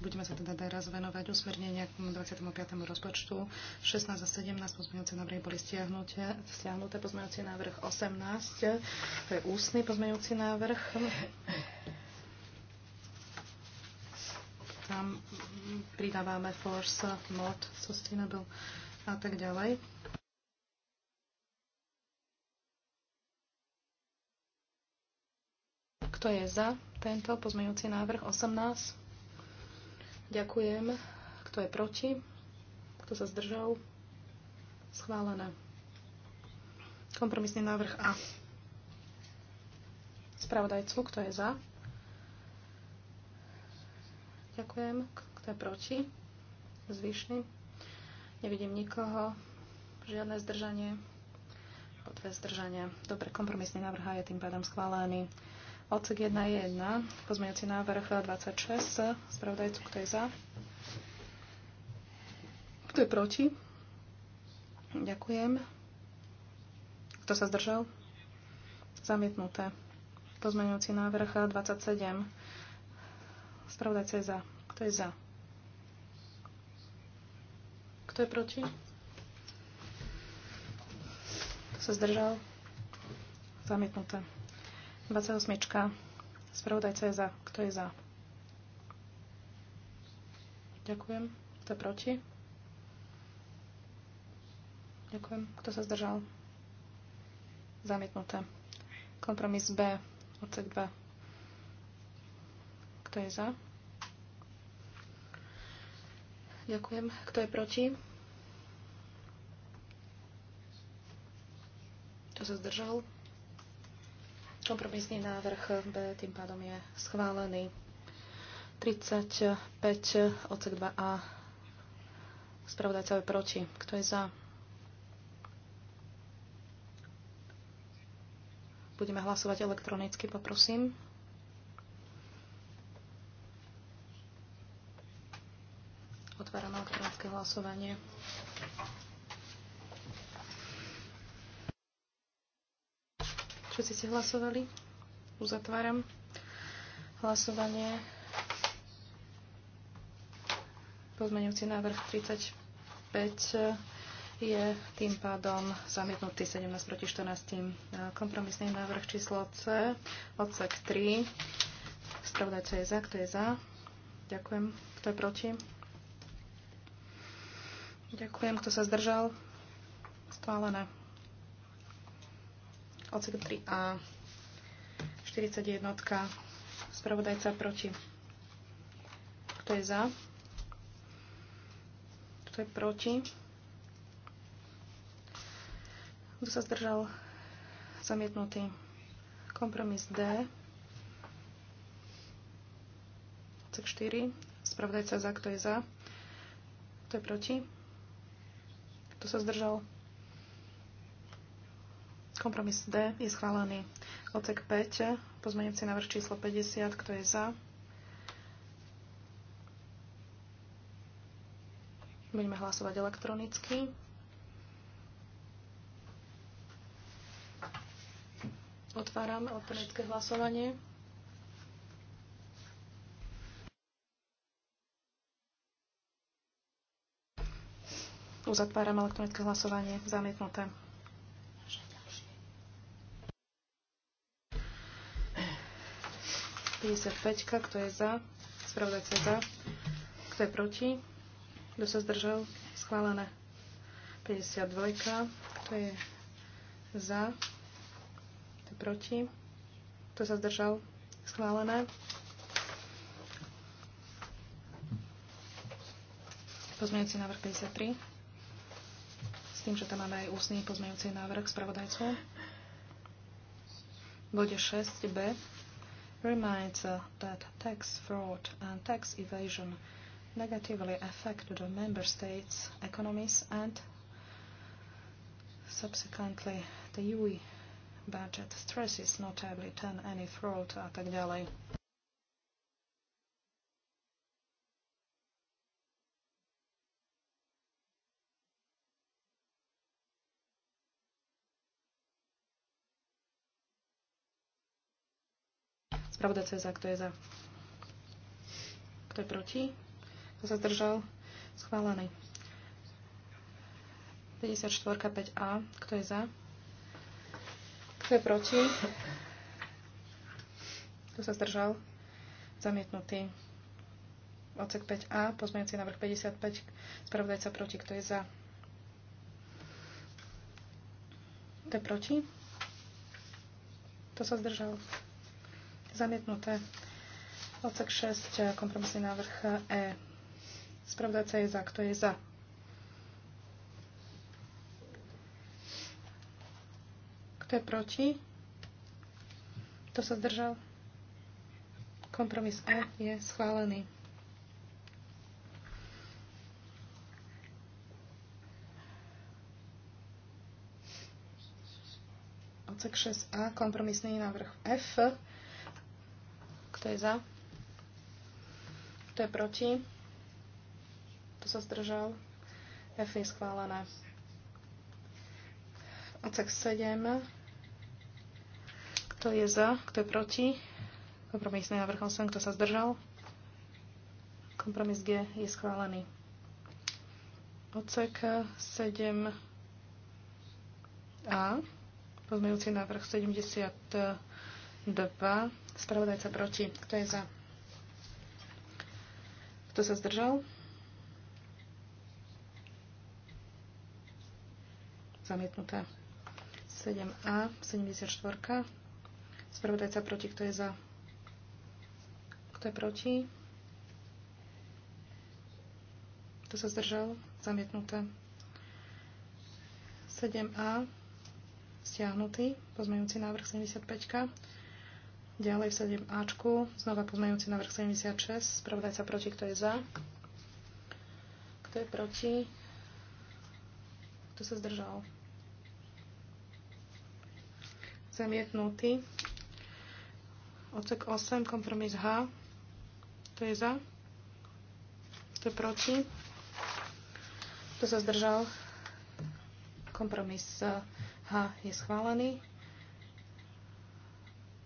Budeme sa teda teraz venovať usmernenia k 25. rozpočtu. 16 a 17 pozmeňujúce návrhy boli stiahnuté. Stiahnuté pozmeňujúci návrh 18, to je ústny pozmeňujúci návrh tam pridávame force, mod, sustainable a tak ďalej. Kto je za tento pozmeňujúci návrh 18? Ďakujem. Kto je proti? Kto sa zdržal? Schválené. Kompromisný návrh A. Spravodajcu, kto je za? Ďakujem. Kto je proti? Zvyšný. Nevidím nikoho. Žiadne zdržanie. Po dve zdržania. Dobre, kompromisný návrh je tým pádom schválený. Odsek 1.1. Pozmeňujúci návrh 26. Spravodajcu, kto je za? Kto je proti? Ďakujem. Kto sa zdržal? Zamietnuté. Pozmeňujúci návrh 27 Spravodajca je za. Kto je za? Kto je proti? Kto sa zdržal? Zamietnuté. 28. Spravodajca je za. Kto je za? Ďakujem. Kto je proti? Ďakujem. Kto sa zdržal? Zamietnuté. Kompromis B, odsek 2. Kto je za? Ďakujem. Kto je proti? Kto sa zdržal? Kompromisný návrh B tým pádom je schválený. 35 odsek 2a. Spravodajca je proti. Kto je za? Budeme hlasovať elektronicky, poprosím. Otváram elektronické hlasovanie. Všetci ste hlasovali? Uzatváram hlasovanie. Pozmeňujúci návrh 35 je tým pádom zamietnutý 17 proti 14. Kompromisný návrh číslo C, odsek 3. Spravodajca je za, kto je za? Ďakujem. Kto je proti? Ďakujem, kto sa zdržal. Schválené. Ocek 3a. 41. Spravodajca proti. Kto je za? Kto je proti? Kto sa zdržal? Zamietnutý. Kompromis D. Ocek 4. Spravodajca za. Kto je za? Kto je proti? Kto sa zdržal? Kompromis D je schválený. Ocek 5, pozmeňujúci návrh číslo 50, kto je za? Budeme hlasovať elektronicky. Otváram elektronické hlasovanie. Uzatváram elektronické hlasovanie. Zamietnuté. Peťka, kto je za? Spravodajca za. Kto je proti? Kto sa zdržal? Schválené. 52. Kto je za? Kto je proti? Kto sa zdržal? Schválené. Pozmeňujúci návrh 53 tým, že tam máme aj ústny pozmeňujúci návrh spravodajcov. Bode 6b reminds that tax fraud and tax evasion negatively affect the member states' economies and subsequently the UE budget stresses notably turn any fraud a tak ďalej. Pravda CZ, za, kto je za. Kto je proti? Kto sa zdržal? Schválený. 54 5a. Kto je za? Kto je proti? Kto sa zdržal? Zamietnutý. Ocek 5a. Pozmeňujúci návrh 55. Spravodajca proti. Kto je za? Kto je proti? Kto sa zdržal? Zamietnuté. Odsek 6, eh, kompromisný návrh E. Spravodajca je za. Kto je za? Kto je proti? Kto sa zdržal? Kompromis E je schválený. Odsek 6a, kompromisný návrh F kto je za? Kto je proti? Kto sa zdržal? F je schválené. Odsek 7. Kto je za? Kto je proti? Kompromis návrh 8. Kto sa zdržal? Kompromis G je schválený. Odsek 7a. Pozmejúci návrh 70. 2. Spravodajca proti. Kto je za? Kto sa zdržal? Zamietnuté. 7a, 74. Spravodajca proti. Kto je za? Kto je proti? Kto sa zdržal? Zamietnuté. 7a, stiahnutý, Pozmejúci návrh 75. Ďalej v 7ačku, znova pozmejúci návrh 76, spravodajca proti, kto je za, kto je proti, kto sa zdržal. Zamietnutý. Odsek 8, kompromis H, kto je za, kto je proti, kto sa zdržal. Kompromis eh, H je schválený.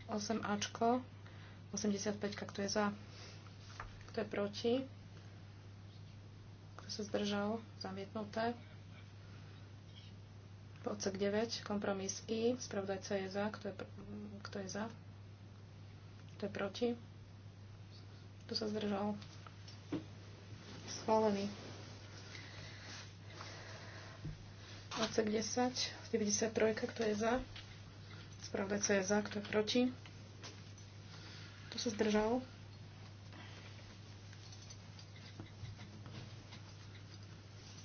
8Ačko, 85, kto je za, kto je proti, kto sa zdržal, zamietnuté. Odsek 9, kompromis I, spravodajca je za, kto je, kto je za, kto je proti, kto sa zdržal, schválený. Odsek 10, 93, kto je za, co je za, kto je proti? Kto sa zdržal?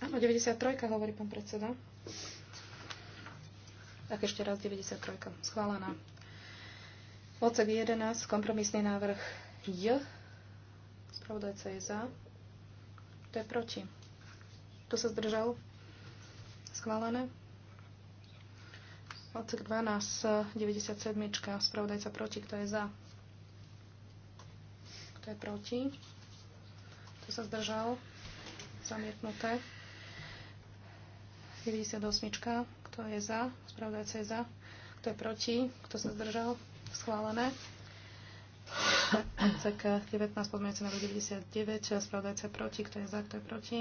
Áno, 93, hovorí pán predseda. Tak ešte raz 93. Schválená. Odsek 11, kompromisný návrh J. Spravodajca je za. Kto je proti? Kto sa zdržal? Schválené. Odsek 12, 97. Spravodajca proti. Kto je za? Kto je proti? Kto sa zdržal? Zamietnuté. 98. Kto je za? Spravodajca je za. Kto je proti? Kto sa zdržal? Schválené. Odsek 19, podmienujúci na 99. Spravodajca proti. Kto je za? Kto je proti?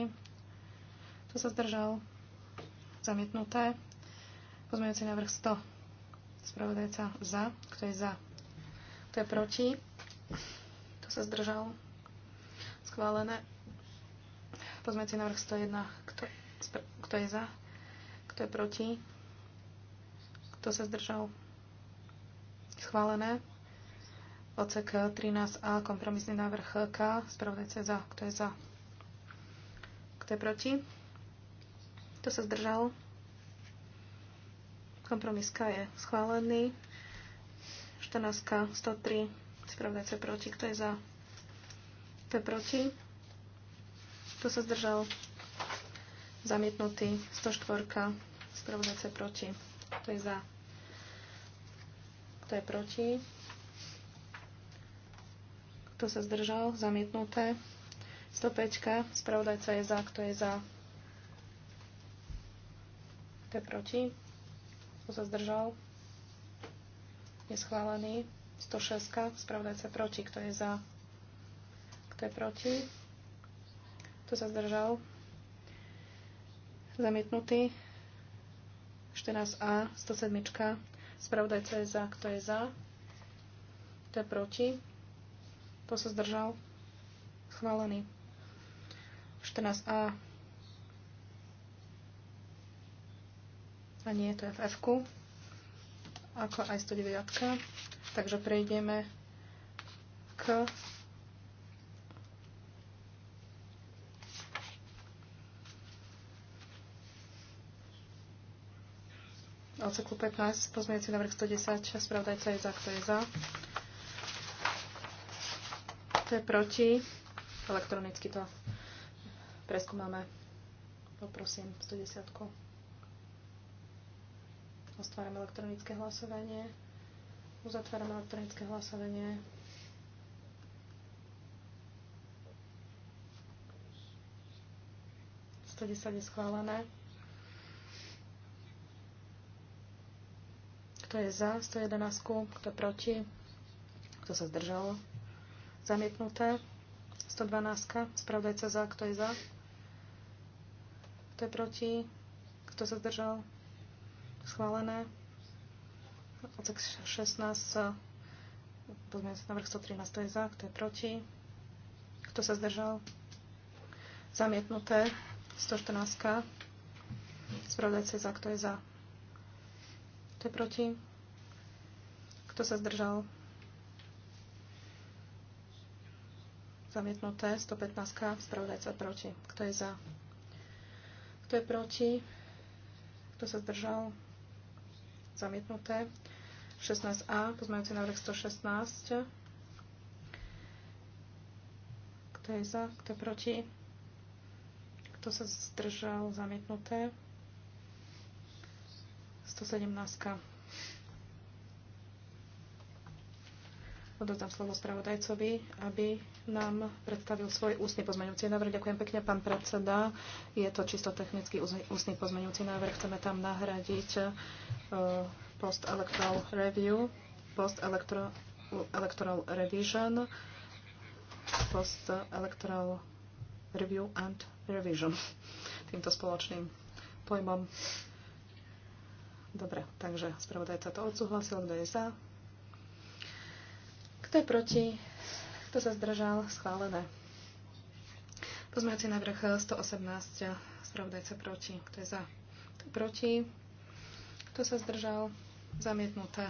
Kto sa zdržal? Zamietnuté. Pozmeňujúci návrh 100. Spravodajca za. Kto je za? Kto je proti? Kto sa zdržal? Schválené. Pozmeňujúci návrh 101. Kto, kto je za? Kto je proti? Kto sa zdržal? Schválené. Ocek 13a, kompromisný návrh K, spravodajca za. Kto je za? Kto je proti? Kto sa zdržal? Kompromis K je schválený. 14, -ka, 103, spravodajca proti. Kto je za? Kto je proti? Kto sa zdržal? Zamietnutý. 104, spravodajca proti. Kto je za? Kto je proti? Kto sa zdržal? Zamietnuté. 105, spravodajca je za. Kto je za? Kto je proti? Kto sa zdržal? Je schválený. 106. Spravodajca proti. Kto je za? Kto je proti? Kto sa zdržal? Zamietnutý. 14a, 107. Spravodajca je za. Kto je za? Kto je proti? Kto sa zdržal? Schválený. 14a, A nie, to je v f ako aj 109. -ka. Takže prejdeme k odseku 15, pozmeňujúci návrh 110, spravodajca je za, kto je za. Kto je proti? Elektronicky to preskúmame. Poprosím 110. -ku. Otváram elektronické hlasovanie. Uzatváram elektronické hlasovanie. je schválené. Kto je za 111, kto proti, kto sa zdržal. Zamietnuté. 112. spravdajca za, kto je za, kto je proti, kto sa zdržal schválené. Odsek 16, eh, pozmeňujúci návrh 113, to je za, kto je proti, kto sa zdržal, zamietnuté, 114, Spravodajce za, kto je za, kto je proti, kto sa zdržal, zamietnuté, 115, spravodajca proti, kto je za, kto je proti, kto sa zdržal, zamietnuté. 16a, pozmeňujúci návrh 116. Kto je za, kto je proti? Kto sa zdržal, zamietnuté. 117. Odozdám slovo spravodajcovi, aby nám predstavil svoj ústny pozmeňujúci návrh. Ďakujem pekne, pán predseda. Je to čisto technický ústny pozmeňujúci návrh. Chceme tam nahradiť e, post electoral review, post electoral, revision, post electoral review and revision. Týmto spoločným pojmom. Dobre, takže spravodajca to odsúhlasil. Kto je za? Kto je proti? Kto sa zdržal? Schválené. Pozmeňujúci návrh 118. Spravodajca proti. Kto je za? Kto je proti? Kto sa zdržal? Zamietnuté.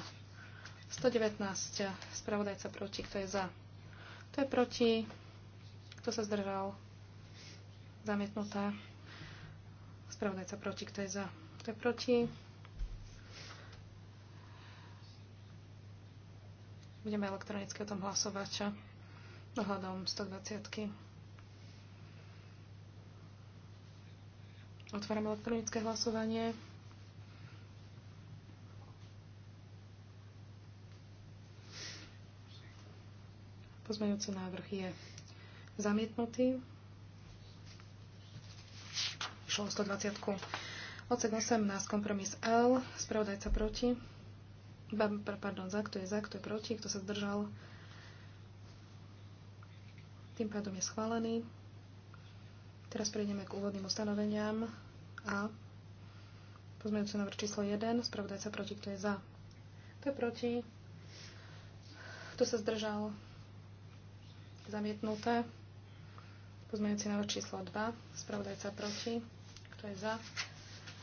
119. Spravodajca proti. Kto je za? Kto je proti? Kto sa zdržal? Zamietnuté. Spravodajca proti. Kto je za? Kto je proti? Budeme elektronicky o tom hlasovať dohľadom 120. -ky. Otváram elektronické hlasovanie. Pozmeňujúci návrh je zamietnutý. Išlo 120. Odsek 18, kompromis L, spravodajca proti. Pardon, za, kto je za, kto je proti, kto sa zdržal. Tým pádom je schválený. Teraz prejdeme k úvodným ustanoveniam a pozmeňujúci návrh číslo 1, sa proti, kto je za. Kto je proti? Kto sa zdržal? Zamietnuté. Pozmeňujúci návrh číslo 2, sa proti, kto je za.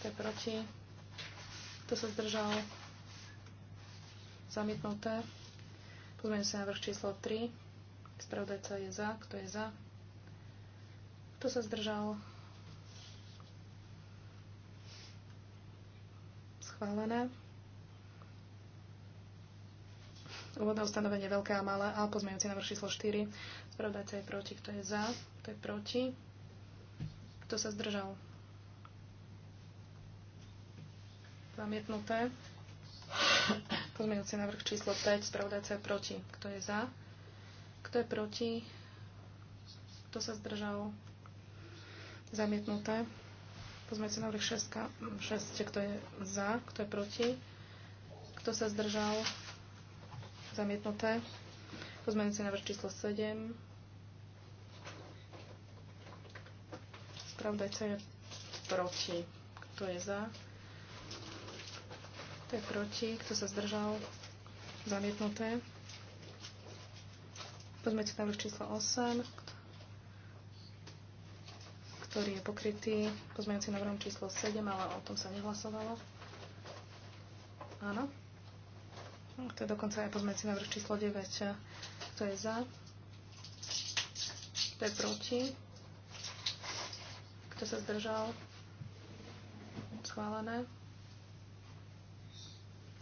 Kto je proti? Kto sa zdržal? Zamietnuté. Pozmeňujúci návrh číslo 3, Spravodajca je za. Kto je za? Kto sa zdržal? Schválené. Úvodné ustanovenie veľké a malé a pozmeňujúci návrh číslo 4. Spravodajca je proti. Kto je za? Kto je proti? Kto sa zdržal? Zamietnuté. Pozmeňujúci návrh číslo 5. Spravodajca je proti. Kto je za? Kto je proti? Kto sa zdržal? Zamietnuté. Pozmeňujúci návrh 6, 6, kto je za, kto je proti, kto sa zdržal, zamietnuté. si návrh číslo 7. Spravdajca je proti. Kto je za? Kto je proti? Kto sa zdržal? Zamietnuté. Pozmeňte návrh číslo 8, ktorý je pokrytý pozmeňujúcim návrhom číslo 7, ale o tom sa nehlasovalo. Áno. Hm, to je dokonca aj pozmeňujúci návrh číslo 9. Kto je za? Kto je proti? Kto sa zdržal? Schválené.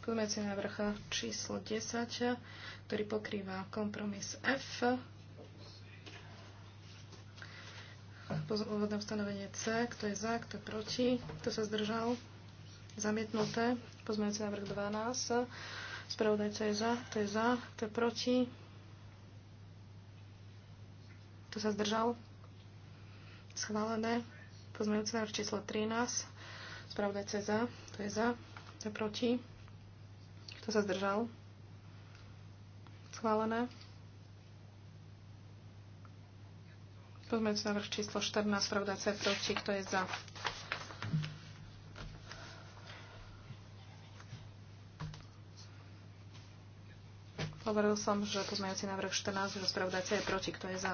Pozmeňujúci návrh číslo 10 ktorý pokrýva kompromis F, úvodné ustanovenie C, kto je za, kto je proti, kto sa zdržal, zamietnuté, pozmeňujúci návrh 12, spravodajca je za, kto je za, kto je proti, kto sa zdržal, schválené, pozmeňujúci návrh číslo 13, spravodajca je za, kto je za, kto je proti, kto sa zdržal, Schválené. sa návrh číslo 14, pravda C proti, kto je za? Hovoril som, že pozmeňujúci návrh 14, že spravodajca je proti, kto je za?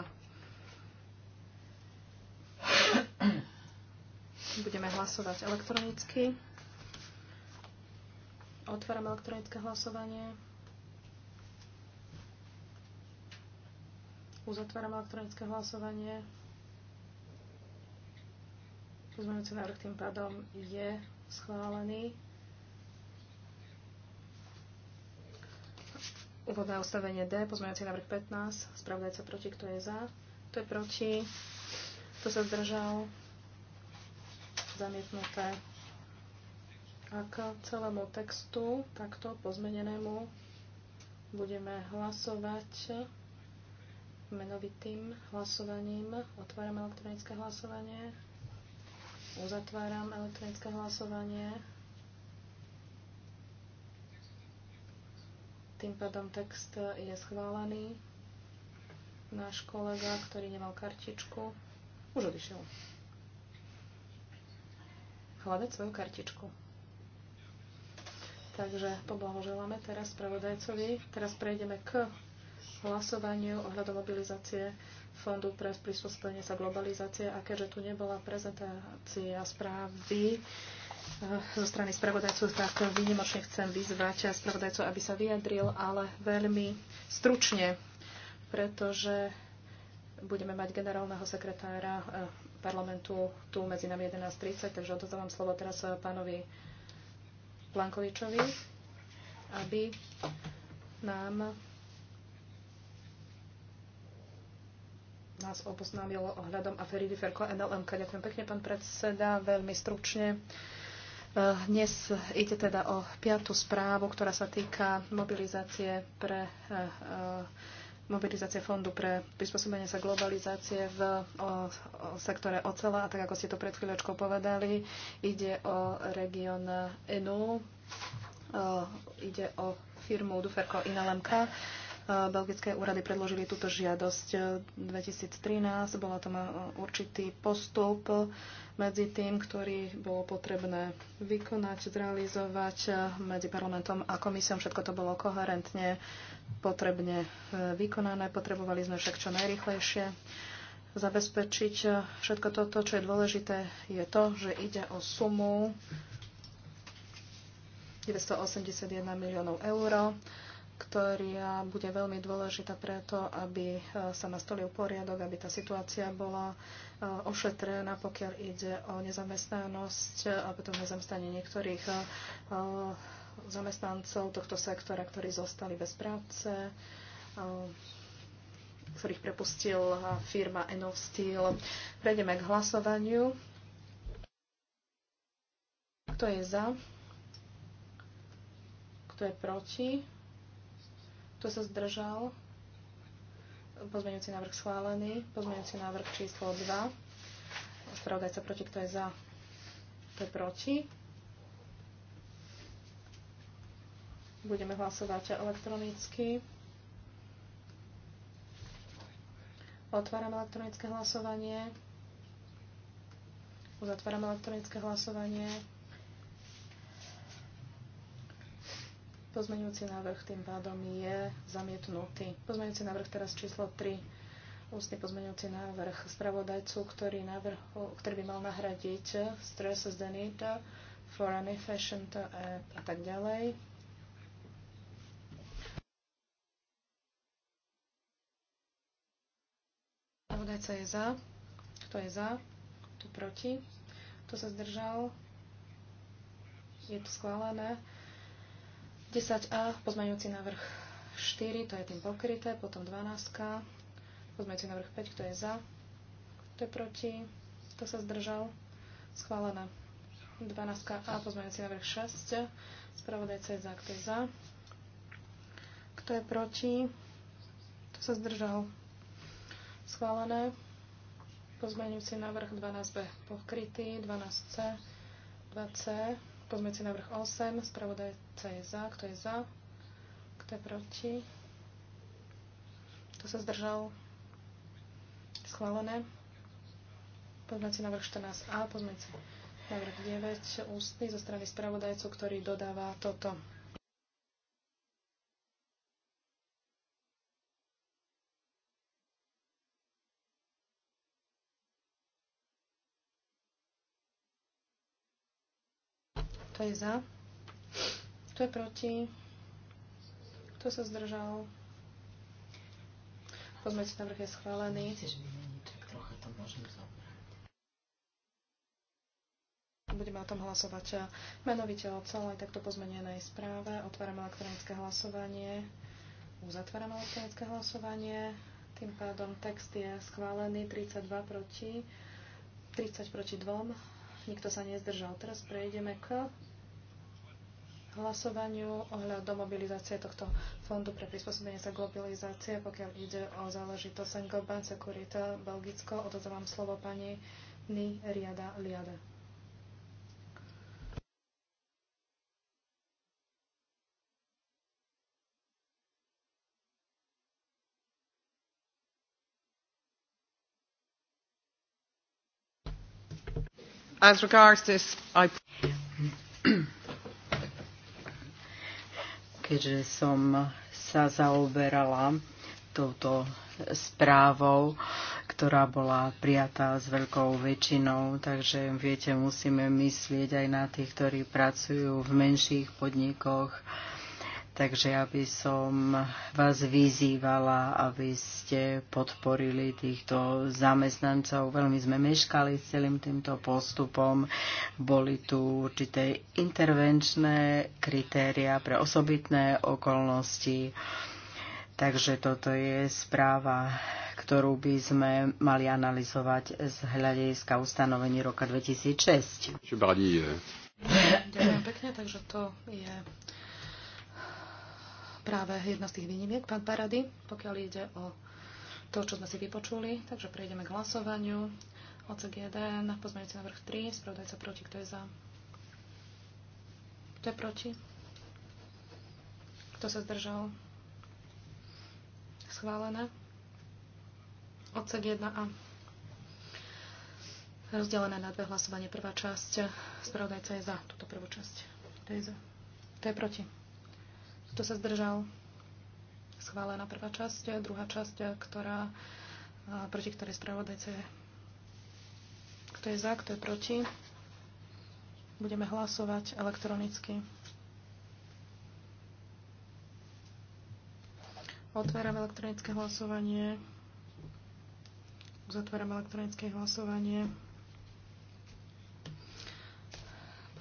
Budeme hlasovať elektronicky. Otváram elektronické hlasovanie. Uzatváram elektronické hlasovanie. Pozmeňujúci návrh tým pádom je schválený. Úvodné ustavenie D, pozmeňujúci návrh 15, spravodajca proti, kto je za, kto je proti, kto sa zdržal, zamietnuté. A k celému textu, takto pozmenenému, budeme hlasovať menovitým hlasovaním. Otváram elektronické hlasovanie. Uzatváram elektronické hlasovanie. Tým pádom text je schválený. Náš kolega, ktorý nemal kartičku, už odišiel. Hľadať svoju kartičku. Takže poblahoželáme teraz spravodajcovi. Teraz prejdeme k hlasovaniu ohľadom mobilizácie Fondu pre prispôsobenie sa globalizácie a keďže tu nebola prezentácia správy eh, zo strany spravodajcu, tak výnimočne chcem vyzvať spravodajcu, aby sa vyjadril, ale veľmi stručne, pretože budeme mať generálneho sekretára eh, parlamentu tu medzi nami 11.30, takže odozávam slovo teraz eh, pánovi Plankovičovi, aby nám nás oboznámilo ohľadom afery Diferko NLMK. Ďakujem pekne, pán predseda, veľmi stručne. Eh, dnes ide teda o piatu správu, ktorá sa týka mobilizácie pre eh, eh, mobilizácie fondu pre prispôsobenie sa globalizácie v o, o sektore ocela. A tak, ako ste to pred chvíľočkou povedali, ide o región Enu, o, ide o firmu Duferko Inalemka Belgické úrady predložili túto žiadosť 2013. E, Bola tam e, určitý postup medzi tým, ktorý bolo potrebné vykonať, zrealizovať e, medzi parlamentom a komisiom. Všetko to bolo koherentne, potrebne vykonané. Potrebovali sme však čo najrychlejšie zabezpečiť všetko toto, čo je dôležité, je to, že ide o sumu 981 miliónov eur ktorá bude veľmi dôležitá preto, aby e, sa nastolil poriadok, aby tá situácia bola e, ošetrená, pokiaľ ide o nezamestnanosť a potom nezamestnanie niektorých e, zamestnancov tohto sektora, ktorí zostali bez práce, ktorých prepustil firma Enov Steel. Prejdeme k hlasovaniu. Kto je za? Kto je proti? Kto sa zdržal? Pozmeňujúci návrh schválený. Pozmeňujúci návrh číslo 2. Spravodajca proti, kto je za? Kto je proti? Budeme hlasovať elektronicky. Otváram elektronické hlasovanie. Uzatváram elektronické hlasovanie. Pozmeňujúci návrh tým pádom je zamietnutý. Pozmeňujúci návrh teraz číslo 3. Ústny pozmeňujúci návrh spravodajcu, ktorý, návrh, ktorý by mal nahradiť stress z Denita for any fashion to app a tak ďalej. Spravodajca je za. Kto je za? Kto proti? Kto sa zdržal? Je to schválené. 10a, pozmeňujúci návrh 4, to je tým pokryté, potom 12, pozmeňujúci návrh 5, kto je za, kto je proti, kto sa zdržal, schválené. 12a, pozmeňujúci návrh 6, spravodajca je za, kto je za, kto je proti, kto sa zdržal, schválené. Pozmeňujúci návrh 12b pokrytý, 12c, 2c, Pozmeci návrh 8. Spravodajca je za. Kto je za? Kto je proti? Kto sa zdržal? Schválené. Pozmeci návrh 14a. Pozmeci návrh 9. Ústny zo strany spravodajcu, ktorý dodáva toto. Kto je za? Kto je proti? Kto sa zdržal? na návrh je schválený. Budeme o tom hlasovať menovite o celej takto pozmenenej správe. Otváram elektronické hlasovanie. Uzatváram elektronické hlasovanie. Tým pádom text je schválený 32 proti 30 proti 2 nikto sa nezdržal. Teraz prejdeme k hlasovaniu ohľadom mobilizácie tohto fondu pre prispôsobenie sa globalizácie, pokiaľ ide o záležitosť Saint-Gobain, Securita, Belgicko. Odozávam slovo pani Ni Riada Liade. As regards this, I... Keďže som sa zaoberala touto správou, ktorá bola prijatá s veľkou väčšinou. Takže, viete, musíme myslieť aj na tých, ktorí pracujú v menších podnikoch, Takže ja by som vás vyzývala, aby ste podporili týchto zamestnancov. Veľmi sme meškali s celým týmto postupom. Boli tu určité intervenčné kritéria pre osobitné okolnosti. Takže toto je správa, ktorú by sme mali analyzovať z hľadiska ustanovení roka 2006. Ďakujem pekne, takže to je práve jedna z tých výnimiek, pán Parady, pokiaľ ide o to, čo sme si vypočuli. Takže prejdeme k hlasovaniu. Ocek 1, pozmeňujúci návrh 3, spravodajca proti, kto je za? Kto je proti? Kto sa zdržal? Schválené. Odsek 1a. Rozdelené na dve hlasovanie. Prvá časť. Spravodajca je za túto prvú časť. Kto je za? Kto je proti? Kto sa zdržal? Schválená prvá časť, druhá časť, ktorá, proti ktorej spravodajce je. Kto je za, kto je proti? Budeme hlasovať elektronicky. Otváram elektronické hlasovanie. Uzatváram elektronické hlasovanie.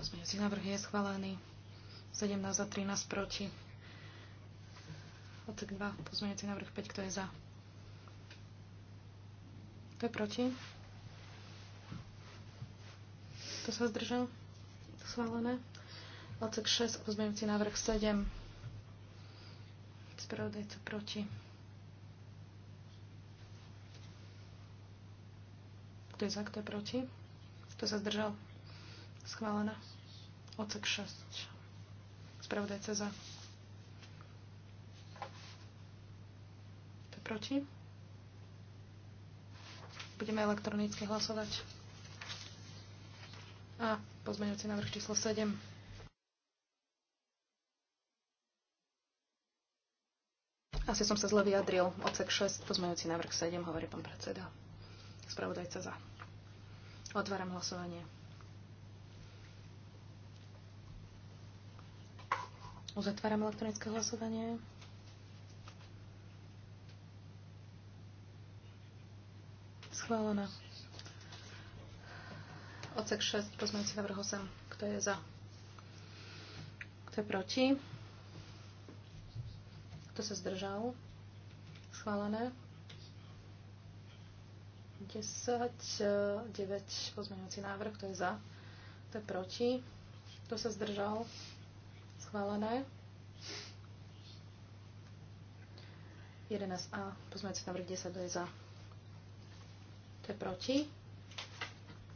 Pozmeňujúci návrh je schválený. 17 za 13 proti. 2, pozmeňací návrh 5, kto je za? Kto je proti? Kto sa zdržal? Schválené. Odsek 6, pozmeňací návrh 7. Spravodajca proti. Kto je za, kto je proti? Kto sa zdržal? Schválené. Odsek 6. Spravodajca za. proti? Budeme elektronicky hlasovať. A pozmeňujúci návrh číslo 7. Asi som sa zle vyjadril. Odsek 6, pozmeňujúci návrh 7, hovorí pán predseda. Spravodajca za. Otváram hlasovanie. Uzatváram elektronické hlasovanie. Schválené. Odsek 6, pozmeňujúci návrh 8. Kto je za? Kto je proti? Kto sa zdržal? Schválené. 10, 9, e, pozmeňujúci návrh. Kto je za? Kto je proti? Kto sa zdržal? Schválené. 11a, pozmeňujúci návrh 10, kto je za? To je proti.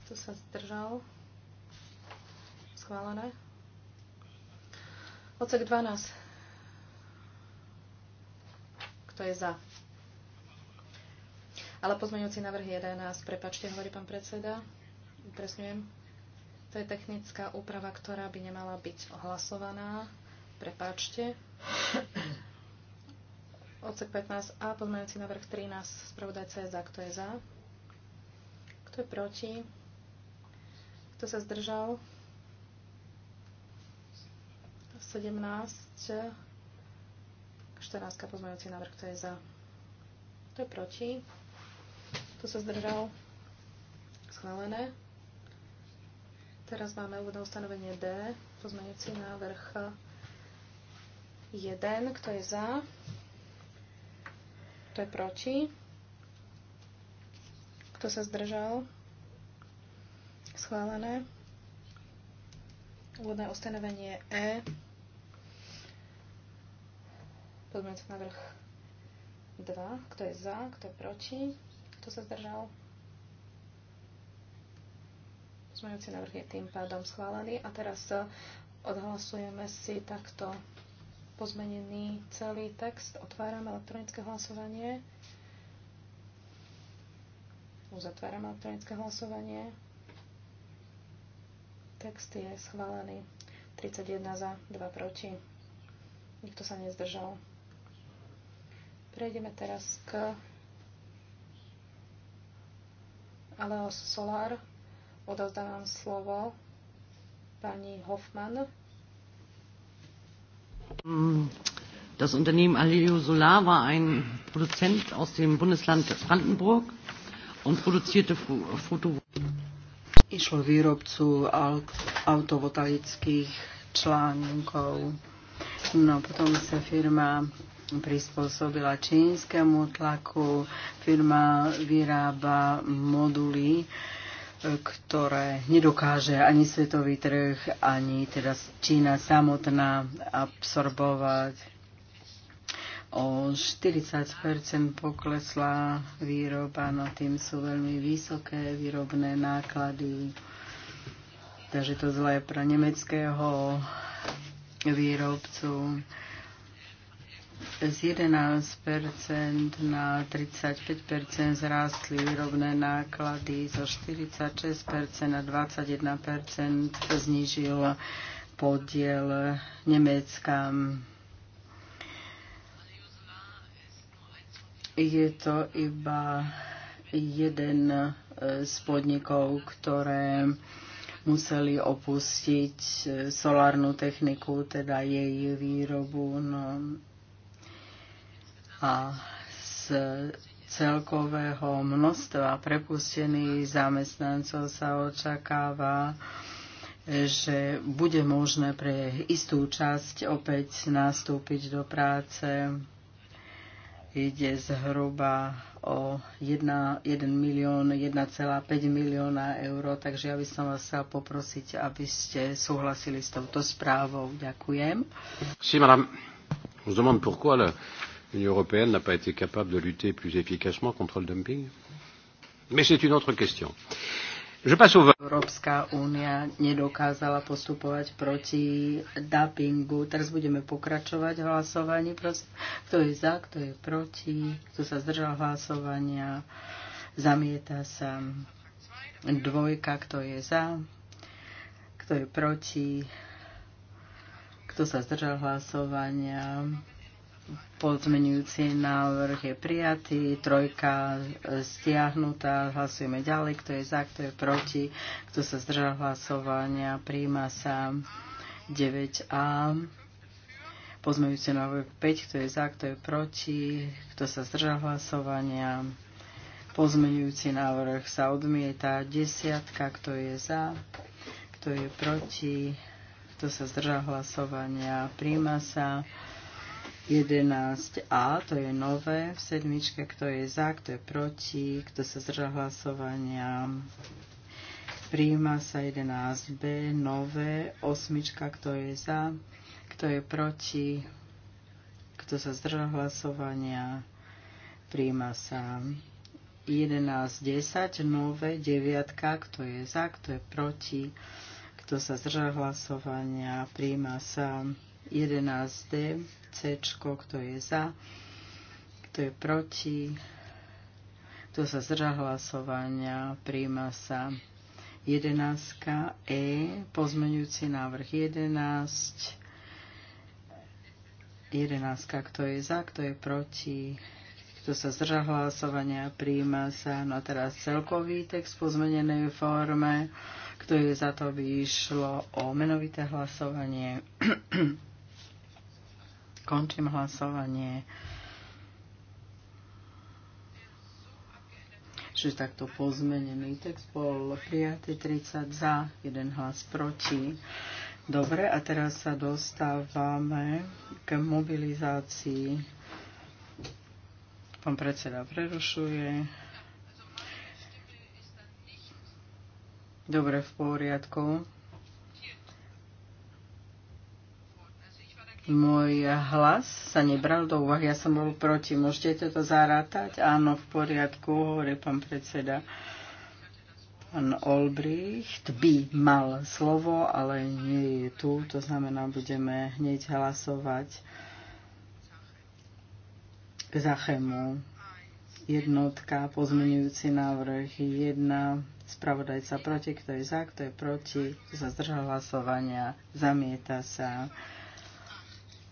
Tu sa zdržal. Schválené. Ocek 12. Kto je za? Ale pozmeňujúci návrh 11. Prepačte, hovorí pán predseda. Upresňujem. To je technická úprava, ktorá by nemala byť ohlasovaná. Prepačte. ocek 15a, pozmeňujúci návrh 13. Spravodajca je za. Kto je za? Kto je proti? Kto sa zdržal? 17. 14. pozmeňujúci návrh. Kto je za? Kto je proti? Kto sa zdržal? Schválené. Teraz máme úvodné ustanovenie D. Pozmeňujúci návrh 1. Kto je za? Kto je proti? Kto sa zdržal? Schválené. Úvodné ustanovenie E. na vrch 2. Kto je za? Kto je proti? Kto sa zdržal? Pozmeňujúci návrh je tým pádom schválený. A teraz e, odhlasujeme si takto pozmenený celý text. Otvárame elektronické hlasovanie. Uzatváram elektronické hlasovanie. Text je schválený. 31 za, 2 proti. Nikto sa nezdržal. Prejdeme teraz k Aleos Solar. Odovzdávam slovo pani Hoffmann. Mm, das Unternehmen Aleo Solar war ein Produzent aus dem Bundesland Brandenburg und produzierte Išlo výrobcu autovoltaických článkov. No potom sa firma prispôsobila čínskemu tlaku. Firma vyrába moduly, e, ktoré nedokáže ani svetový trh, ani teda Čína samotná absorbovať o 40 poklesla výroba, no tým sú veľmi vysoké výrobné náklady. Takže to zlé pre nemeckého výrobcu z 11% na 35% zrástli výrobné náklady, zo 46% na 21% znižil podiel Nemecka Je to iba jeden e, z podnikov, ktoré museli opustiť e, solárnu techniku, teda jej výrobu. No. A z celkového množstva prepustených zamestnancov sa očakáva, že bude možné pre istú časť opäť nastúpiť do práce ide zhruba o 1, 1 milión, 1,5 milióna eur, takže ja by som vás chcel poprosiť, aby ste súhlasili s touto správou. Ďakujem. Si, madame. On se demande pourquoi l'Union européenne n'a pas été capable de lutter plus efficacement contre le dumping. Mais c'est une autre question. Euh, Európska únia nedokázala postupovať proti dumpingu. Teraz budeme pokračovať v hlasovaní. Prosím, kto je za, kto je proti, kto sa zdržal hlasovania, zamieta sa. Dvojka, kto je za, kto je proti, kto sa zdržal hlasovania, Pozmenujúci návrh je prijatý, trojka stiahnutá, hlasujeme ďalej, kto je za, kto je proti, kto sa zdržal hlasovania, príjma sa 9a. Pozmenujúci návrh 5, kto je za, kto je proti, kto sa zdržal hlasovania, pozmenujúci návrh sa odmieta, desiatka, kto je za, kto je proti, kto sa zdržal hlasovania, príjma sa 11a, to je nové v sedmičke, kto je za, kto je proti, kto sa zdržal hlasovania. Príjma sa 11b, nové, osmička, kto je za, kto je proti, kto sa zdržal hlasovania. Príjma sa 11.10, nové, deviatka, kto je za, kto je proti, kto sa zdržal hlasovania. Príjma sa 11D, C, kto je za, kto je proti, kto sa zdržal hlasovania, príjma sa 11 E, pozmeňujúci návrh 11, 11, kto je za, kto je proti, kto sa zdržal hlasovania, príjma sa. No a teraz celkový text po pozmenenej forme, kto je za to, by išlo o menovité hlasovanie. Končím hlasovanie. Čiže takto pozmenený text bol prijatý 30 za, 1 hlas proti. Dobre, a teraz sa dostávame k mobilizácii. Pán predseda prerušuje. Dobre, v poriadku. Môj hlas sa nebral do úvahy, ja som bol proti. Môžete toto zarátať? Áno, v poriadku, hovorí pán predseda. Pán Olbricht by mal slovo, ale nie je tu, to znamená, budeme hneď hlasovať k Zachemu. Jednotka, pozmenujúci návrh, jedna, spravodajca proti, kto je za, kto je proti, zazdržal hlasovania, zamieta sa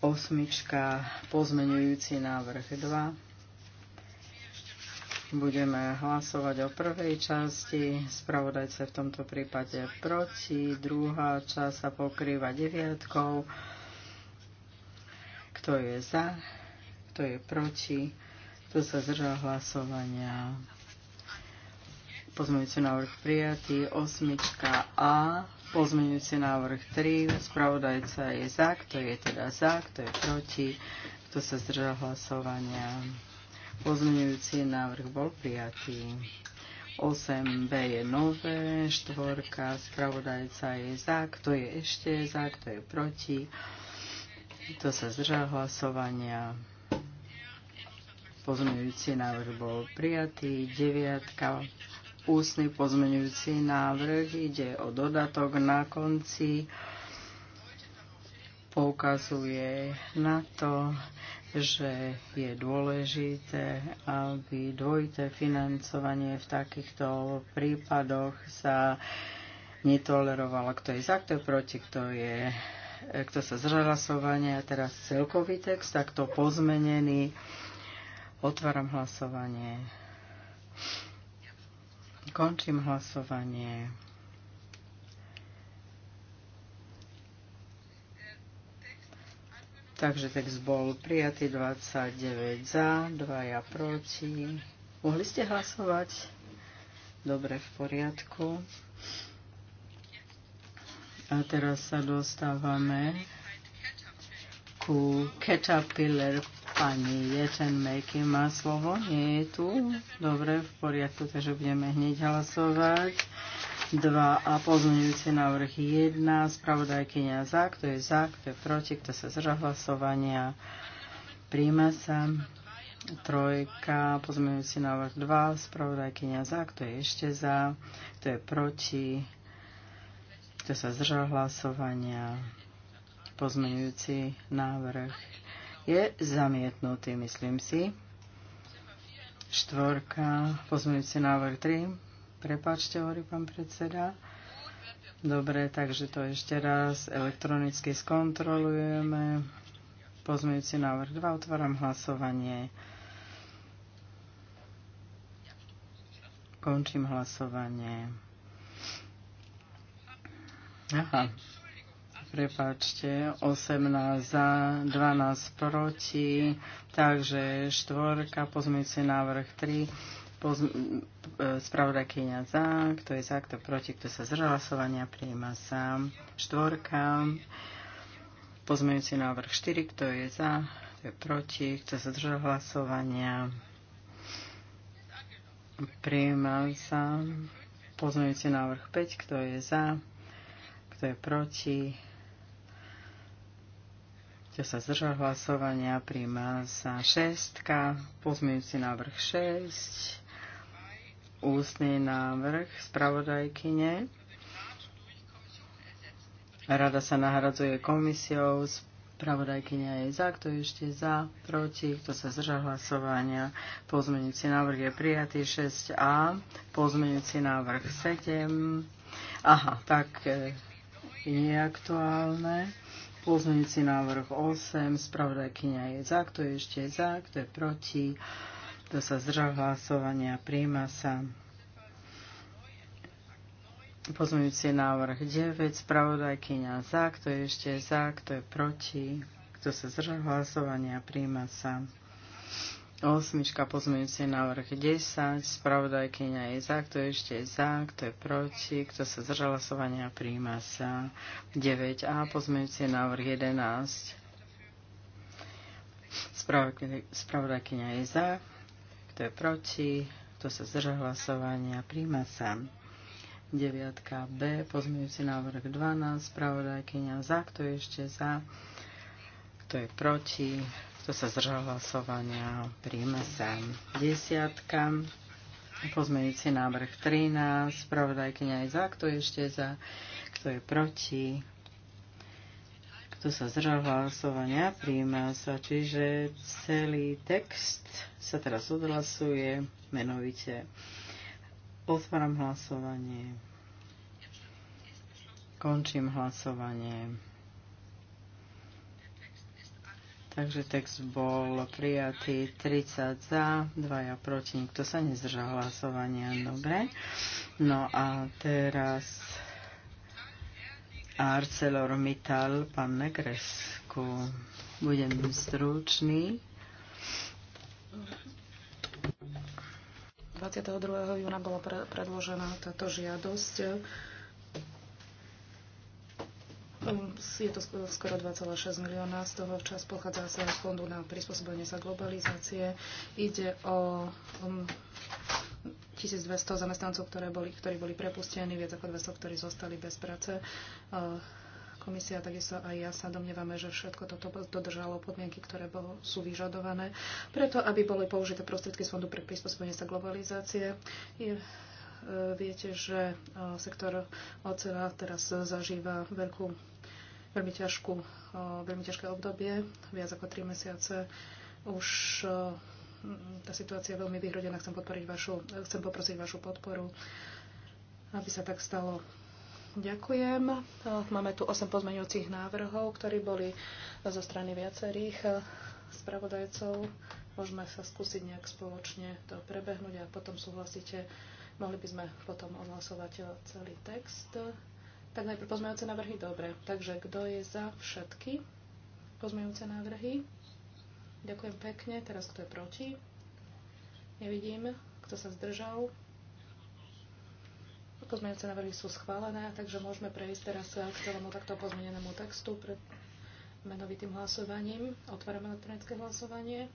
osmička, pozmenujúci návrh 2. Budeme hlasovať o prvej časti, spravodajce v tomto prípade proti, druhá časť sa pokrýva deviatkou. Kto je za, kto je proti, kto sa zdržal hlasovania. Pozmeňujúci návrh prijatý, osmička A, Pozmeňujúci návrh 3. Spravodajca je za, kto je teda za, kto je proti, kto sa zdržal hlasovania. Pozmeňujúci návrh bol prijatý. 8b je nové, štvorka, spravodajca je za, kto je ešte za, kto je proti, kto sa zdržal hlasovania. Pozmeňujúci návrh bol prijatý. 9 ústny pozmeňujúci návrh. Ide o dodatok na konci. Poukazuje na to, že je dôležité, aby dvojité financovanie v takýchto prípadoch sa netolerovalo. Kto je za, kto je proti, kto je kto sa zhlasovanie. a teraz celkový text, takto pozmenený. Otváram hlasovanie. Končím hlasovanie. Takže text bol prijatý 29 za, 2 ja proti. Mohli ste hlasovať? Dobre, v poriadku. A teraz sa dostávame ku Caterpillar Pani Jeten Meky má slovo. Nie je tu. Dobre, v poriadku, takže budeme hneď hlasovať. 2 a pozmeňujúci návrh 1. Spravodajkynia za. Kto je za, kto je proti, kto sa zdržal hlasovania. Príjma sa. Trojka, pozmeňujúci návrh 2. Spravodajkynia za. Kto je ešte za, kto je proti, kto sa zdržal hlasovania. Pozmeňujúci návrh je zamietnutý, myslím si. Štvorka, pozmeňujúci návrh 3. Prepačte, hovorí pán predseda. Dobre, takže to ešte raz elektronicky skontrolujeme. Pozmeňujúci návrh 2, otváram hlasovanie. Končím hlasovanie. Aha, prepačte, 18 za, 12 proti, takže štvorka, pozmeňujúci návrh 3, pozm- e, spravodajkyňa za, kto je za, kto proti, kto sa zdržal hlasovania, prijíma sa štvorka, pozmeňujúci návrh 4, kto je za, kto je proti, kto sa zdržal hlasovania, prijíma sa pozmeňujúci návrh 5, kto je za, kto je proti, kto sa zdržal hlasovania, príjma sa 6. Pozmienujúci návrh 6. Ústny návrh spravodajkyne. Rada sa nahradzuje komisiou. Spravodajkynia je za, kto je ešte za, proti, kto sa zdržal hlasovania. Pozmeňujúci návrh je prijatý 6a, pozmeňujúci návrh 7. Aha, tak e, je aktuálne. Pozmeňujúci návrh 8, spravodajkynia je za, kto je ešte za, kto je proti, kto sa zdržal hlasovania, príjma sa. Pozmeňujúci návrh 9, spravodajkynia za, kto je ešte za, kto je proti, kto sa zdržal hlasovania, príjma sa. Osmička pozmeňujúci návrh 10, spravodajkyňa je za, kto je ešte za, kto je proti, kto sa zdržal hlasovania, príjma sa 9a, pozmeňujúci návrh 11. Spravodajkyňa je za, kto je proti, kto sa zdržal hlasovania, príjma sa 9b, pozmeňujúci návrh 12, spravodajkyňa za, kto je ešte za, kto je proti, kto sa zdržal hlasovania? Príjme sa. Desiatka. Pozmeňujúci návrh 13. Spravodajkynia je za. Kto je ešte za? Kto je proti? Kto sa zdržal hlasovania? Príjme sa. Čiže celý text sa teraz odhlasuje menovite. Otváram hlasovanie. Končím hlasovanie. Takže text bol prijatý 30 za, 2 proti, nikto sa nezdržal hlasovania. Dobre. No a teraz ArcelorMittal, pán Negresku. Budem stručný. 22. júna bola predložená táto žiadosť Hm, je to skoro 2,6 milióna, z toho čas pochádza sa z fondu na prispôsobenie sa globalizácie. Ide o 1200 um, zamestnancov, ktoré boli, ktorí boli prepustení, viac ako 200, ktorí zostali bez práce. Komisia, takisto aj ja sa domnievame, že všetko toto dodržalo podmienky, ktoré bol, sú vyžadované. Preto, aby boli použité prostriedky z Fondu pre prispôsobenie sa globalizácie, je, e, viete, že e, sektor ocela teraz zažíva veľkú veľmi, ťažkú, eh, veľmi ťažké obdobie, viac ako tri mesiace. Už eh, tá situácia je veľmi vyhrodená. Chcem, podporiť vašu, eh, chcem poprosiť vašu podporu, aby sa tak stalo. Ďakujem. Máme tu 8 pozmeňujúcich návrhov, ktorí boli zo strany viacerých spravodajcov. Môžeme sa skúsiť nejak spoločne to prebehnúť a potom súhlasíte. Mohli by sme potom odhlasovať celý text. Tak najprv pozmejúce návrhy, dobre. Takže kto je za všetky pozmejúce návrhy? Ďakujem pekne. Teraz kto je proti? Nevidím. Kto sa zdržal? Pozmeňujúce návrhy sú schválené, takže môžeme prejsť teraz k celému takto pozmenenému textu pred menovitým hlasovaním. Otvárame elektronické hlasovanie.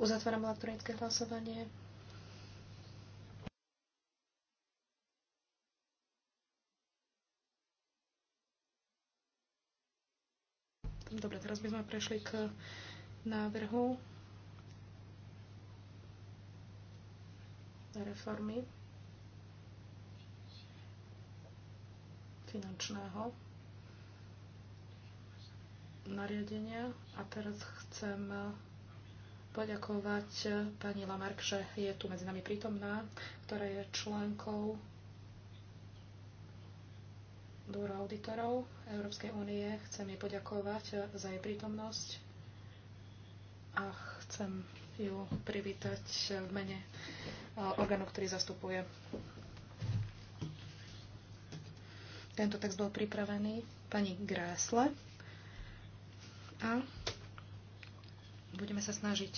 Uzatváram elektronické hlasovanie. Dobre, teraz by sme prešli k návrhu reformy finančného nariadenia a teraz chcem poďakovať eh, pani Lamark, že je tu medzi nami prítomná, ktorá je členkou dvora auditorov Európskej únie. Chcem jej poďakovať eh, za jej prítomnosť a chcem ju privítať eh, v mene orgánu, ktorý zastupuje. Tento text bol pripravený pani Grásle a Budeme sa snažiť.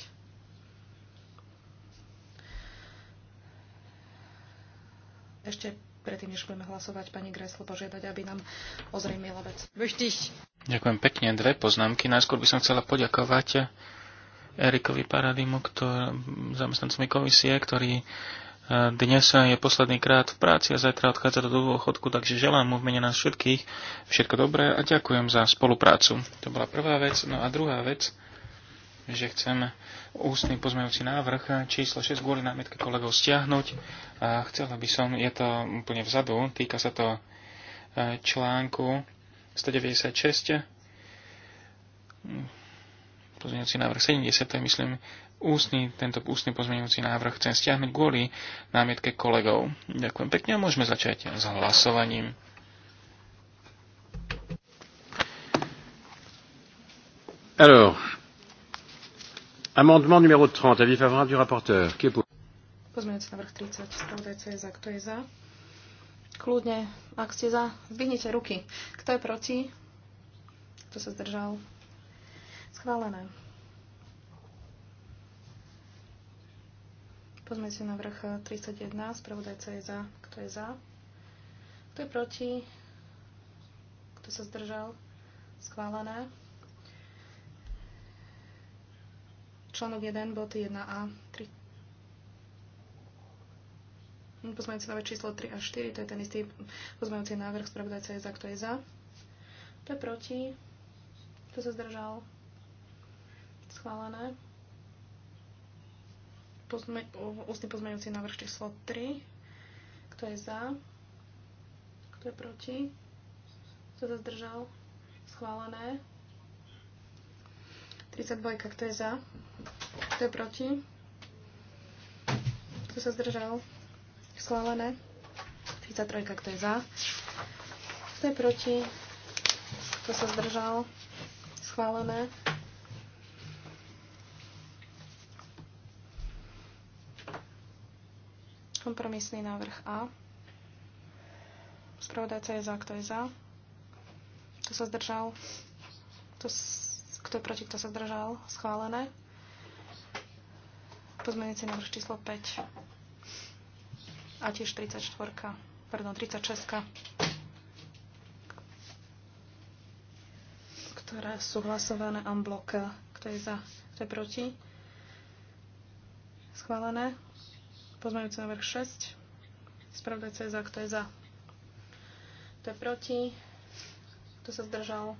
Ešte predtým, než budeme hlasovať, pani Greslo požiadať, aby nám ozrejmila vec. Vyštiš. Ďakujem pekne. Dve poznámky. Najskôr by som chcela poďakovať Erikovi Paradimu, ktor, zamestnancovi komisie, ktorý e, dnes je posledný krát v práci a zajtra odchádza do dôchodku, takže želám mu v mene nás všetkých všetko dobré a ďakujem za spoluprácu. To bola prvá vec. No a druhá vec, že chcem ústny pozmejúci návrh číslo 6 kvôli námietke kolegov stiahnuť. Chcela by som, je to úplne vzadu, týka sa to e, článku 196, pozmeňujúci návrh 70, to je myslím ústny, tento ústny pozmeňujúci návrh chcem stiahnuť kvôli námietke kolegov. Ďakujem pekne a môžeme začať s hlasovaním. Alors, Amendement numéro 30, avis favorable du rapporteur. Qui est pour? Pozmeňujúci návrh 30, spravodajca je za. Kto je za? Kľudne, ak ste za, zdvihnite ruky. Kto je proti? Kto sa zdržal? Schválené. Pozmeňujúci návrh 31, spravodajca je za. Kto je za? Kto je proti? Kto sa zdržal? Schválené. článok 1, bod 1a, 3. Pozmeňujúci návrh číslo 3 a 4, to je ten istý pozmeňujúci návrh, spravodajca je za, kto je za. Kto je proti? Kto sa zdržal? Schválené. Pozme, ústny pozmeňujúci návrh číslo 3. Kto je za? Kto je proti? Kto sa zdržal? Schválené. 32. Kto je za? Kto je proti? Kto sa zdržal? Schválené. 33. Kto je za? Kto je proti? Kto sa zdržal? Schválené. Kompromisný návrh A. Spravodajca je za, kto je za. Kto sa zdržal? Kto, kto je proti, kto sa zdržal? Schválené pozmeňujúci návrh číslo 5 a tiež 34, pardon, 36, ktoré sú hlasované en bloc. Kto je za, kto je proti? Schválené. Pozmeňujúci návrh 6. Spravdajca je za, kto je za. Kto je proti? Kto sa zdržal?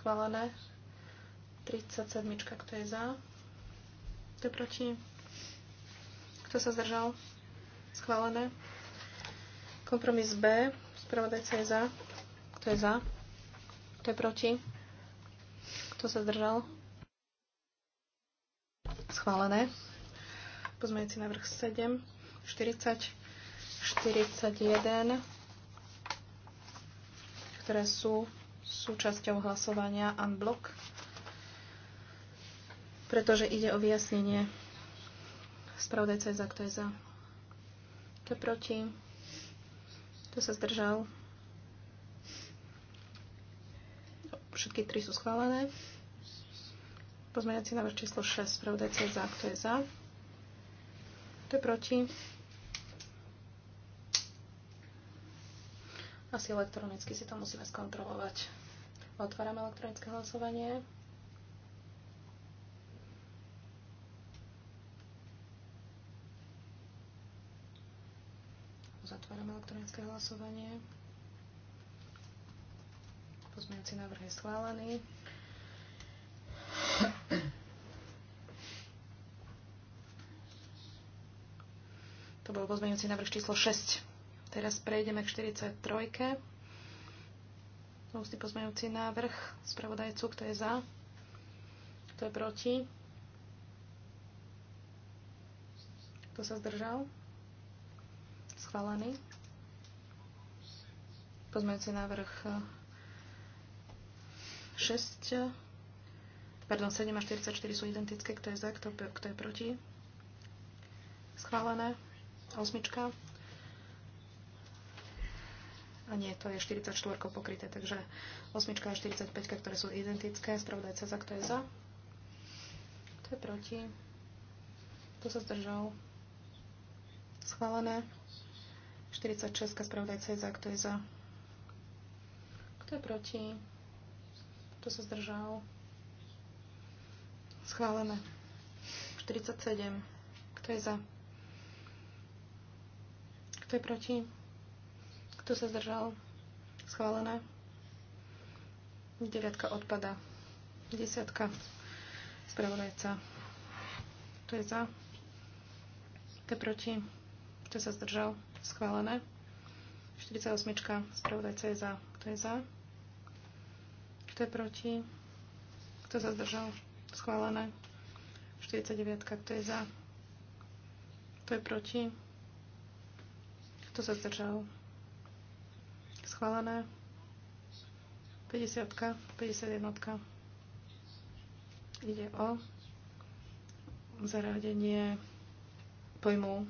Schválené. 37, kto je za. Kto je proti? Kto sa zdržal? Schválené. Kompromis B. Spravodajca je za. Kto je za? Kto je proti? Kto sa zdržal? Schválené. si návrh 7, 40, 41, ktoré sú súčasťou hlasovania unblock pretože ide o vyjasnenie. Spravodajca je za, kto je za. Kto je proti? Kto sa zdržal? Všetky tri sú schválené. Pozmeňací návrh číslo 6. Spravodajca je za, kto je za. Kto je proti? Asi elektronicky si to musíme skontrolovať. Otváram elektronické hlasovanie. Otváram elektronické hlasovanie. Pozmeňací návrh je schválený. To bol pozmeňujúci návrh číslo 6. Teraz prejdeme k 43. Ústny pozmeňujúci návrh spravodajcu, kto je za, kto je proti. Kto sa zdržal? Schválený pozmeňujúci návrh 6, eh, pardon, 7 a 44 sú identické, kto je za, kto, kto je proti. Schválené. Osmička. A nie, to je 44 pokryté, takže osmička a 45, ktoré sú identické. Spravodajca za, kto je za. Kto je proti. Kto sa zdržal. Schválené. 46, spravodajca je za, kto je za. Kto je proti? Kto sa zdržal? Schválené. 47. Kto je za? Kto je proti? Kto sa zdržal? Schválené. 9 odpada. 10. Spravodajca. Kto je za? Kto je proti? Kto sa zdržal? Schválené. 48. Spravodajca je za. Kto je za? Kto je proti? Kto sa zdržal? Schválené. 49. Kto je za? Kto je proti? Kto sa zdržal? Schválené. 50. 51. Ide o zaradenie pojmu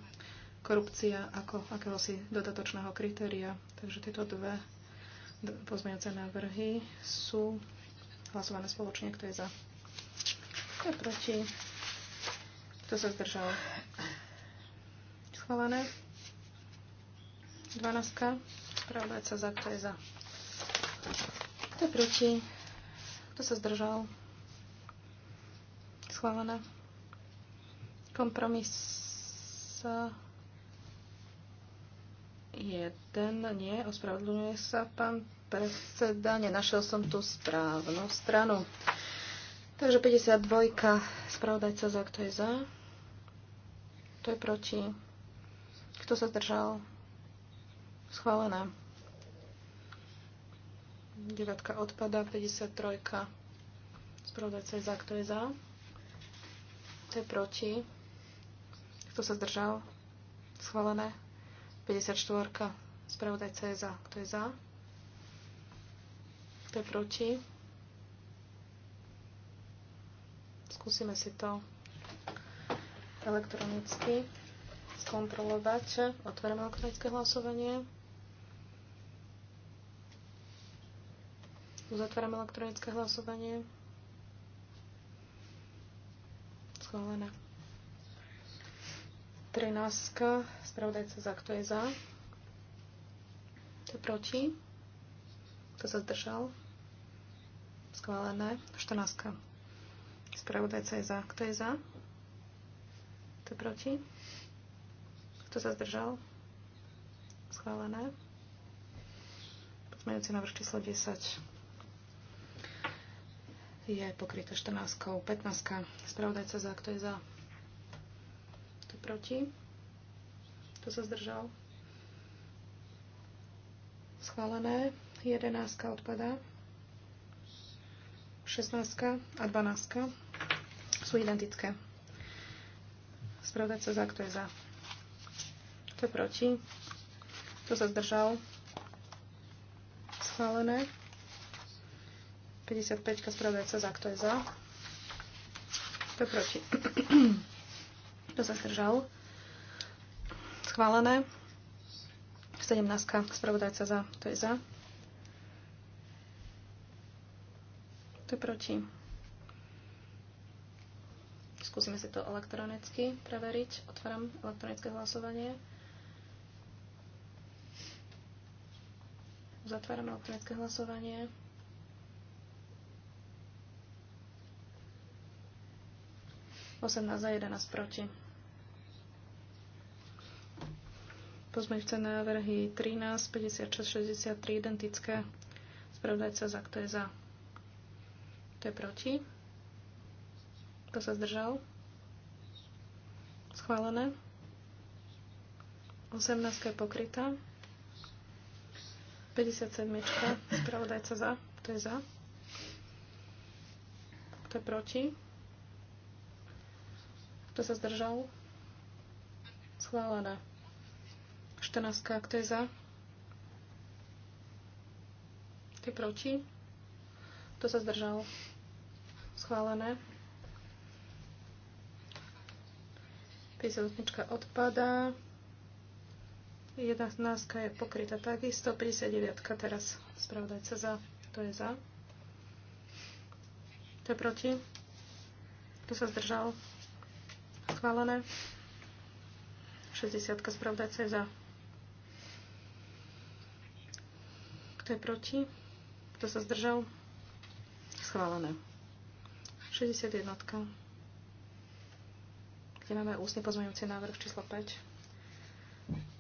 korupcia ako akéhosi dodatočného kritéria. Takže tieto dve pozmeňujúce návrhy sú hlasované spoločne. Kto je za? Kto je proti? Kto sa zdržal? Schválené. 12. sa za. Kto je za? Kto je proti? Kto sa zdržal? Schválené. Kompromis Jeden nie, ospravedlňuje sa pán predseda, nenašiel som tú správnu stranu. Takže 52, spravodajca za, kto je za, kto je proti, kto sa zdržal, Schválené. 9 odpada, 53, spravodajca je za, kto je za, kto je proti, kto sa zdržal, schválené. 54. Spravodajca je za. Kto je za? Kto je proti? Skúsime si to elektronicky skontrolovať. Otvorím elektronické hlasovanie. Uzatváram elektronické hlasovanie. Schválené. 13. Spravodajca za. Kto je za? Kto je proti? Kto sa zdržal? Schválené. 14. Spravodajca je za. Kto je za? Kto je proti? Kto sa zdržal? Schválené. Pozmejúci návrh číslo 10 je pokryté 14. 15. Spravodajca za. Kto je za? Proti? Kto sa zdržal? Schválené. 11 odpada. 16 a 12 sú identické. Spravdať sa za, kto je za. Kto je proti? Kto sa zdržal? Schválené. 55 spravdať sa za, kto je za. Kto je proti? Kto sa zdržal? Schválené. 17. Spravodajca za. To je za. To je proti. Skúsime si to elektronicky preveriť. Otváram elektronické hlasovanie. Zatváram elektronické hlasovanie. Osem za 11 proti. Pozmeňujúce návrhy 13, 56, 63 identické. Spravodajca za, kto je za. Kto je proti? Kto sa zdržal? Schválené. 18 je pokrytá. 57. Spravodajca za. Kto je za? Kto je proti? Kto sa zdržal? Schválené. 14. Kto je za? Kto je proti? Kto sa zdržal? Schválené. 58. odpadá. 11. je pokrytá takisto. 59. teraz sa za. Kto je za? Kto je proti? Kto sa zdržal? Schválené. 60. sa je za. Kto je proti? Kto sa zdržal? Schválené. 61. Kde máme ústne pozmeňujúci návrh číslo 5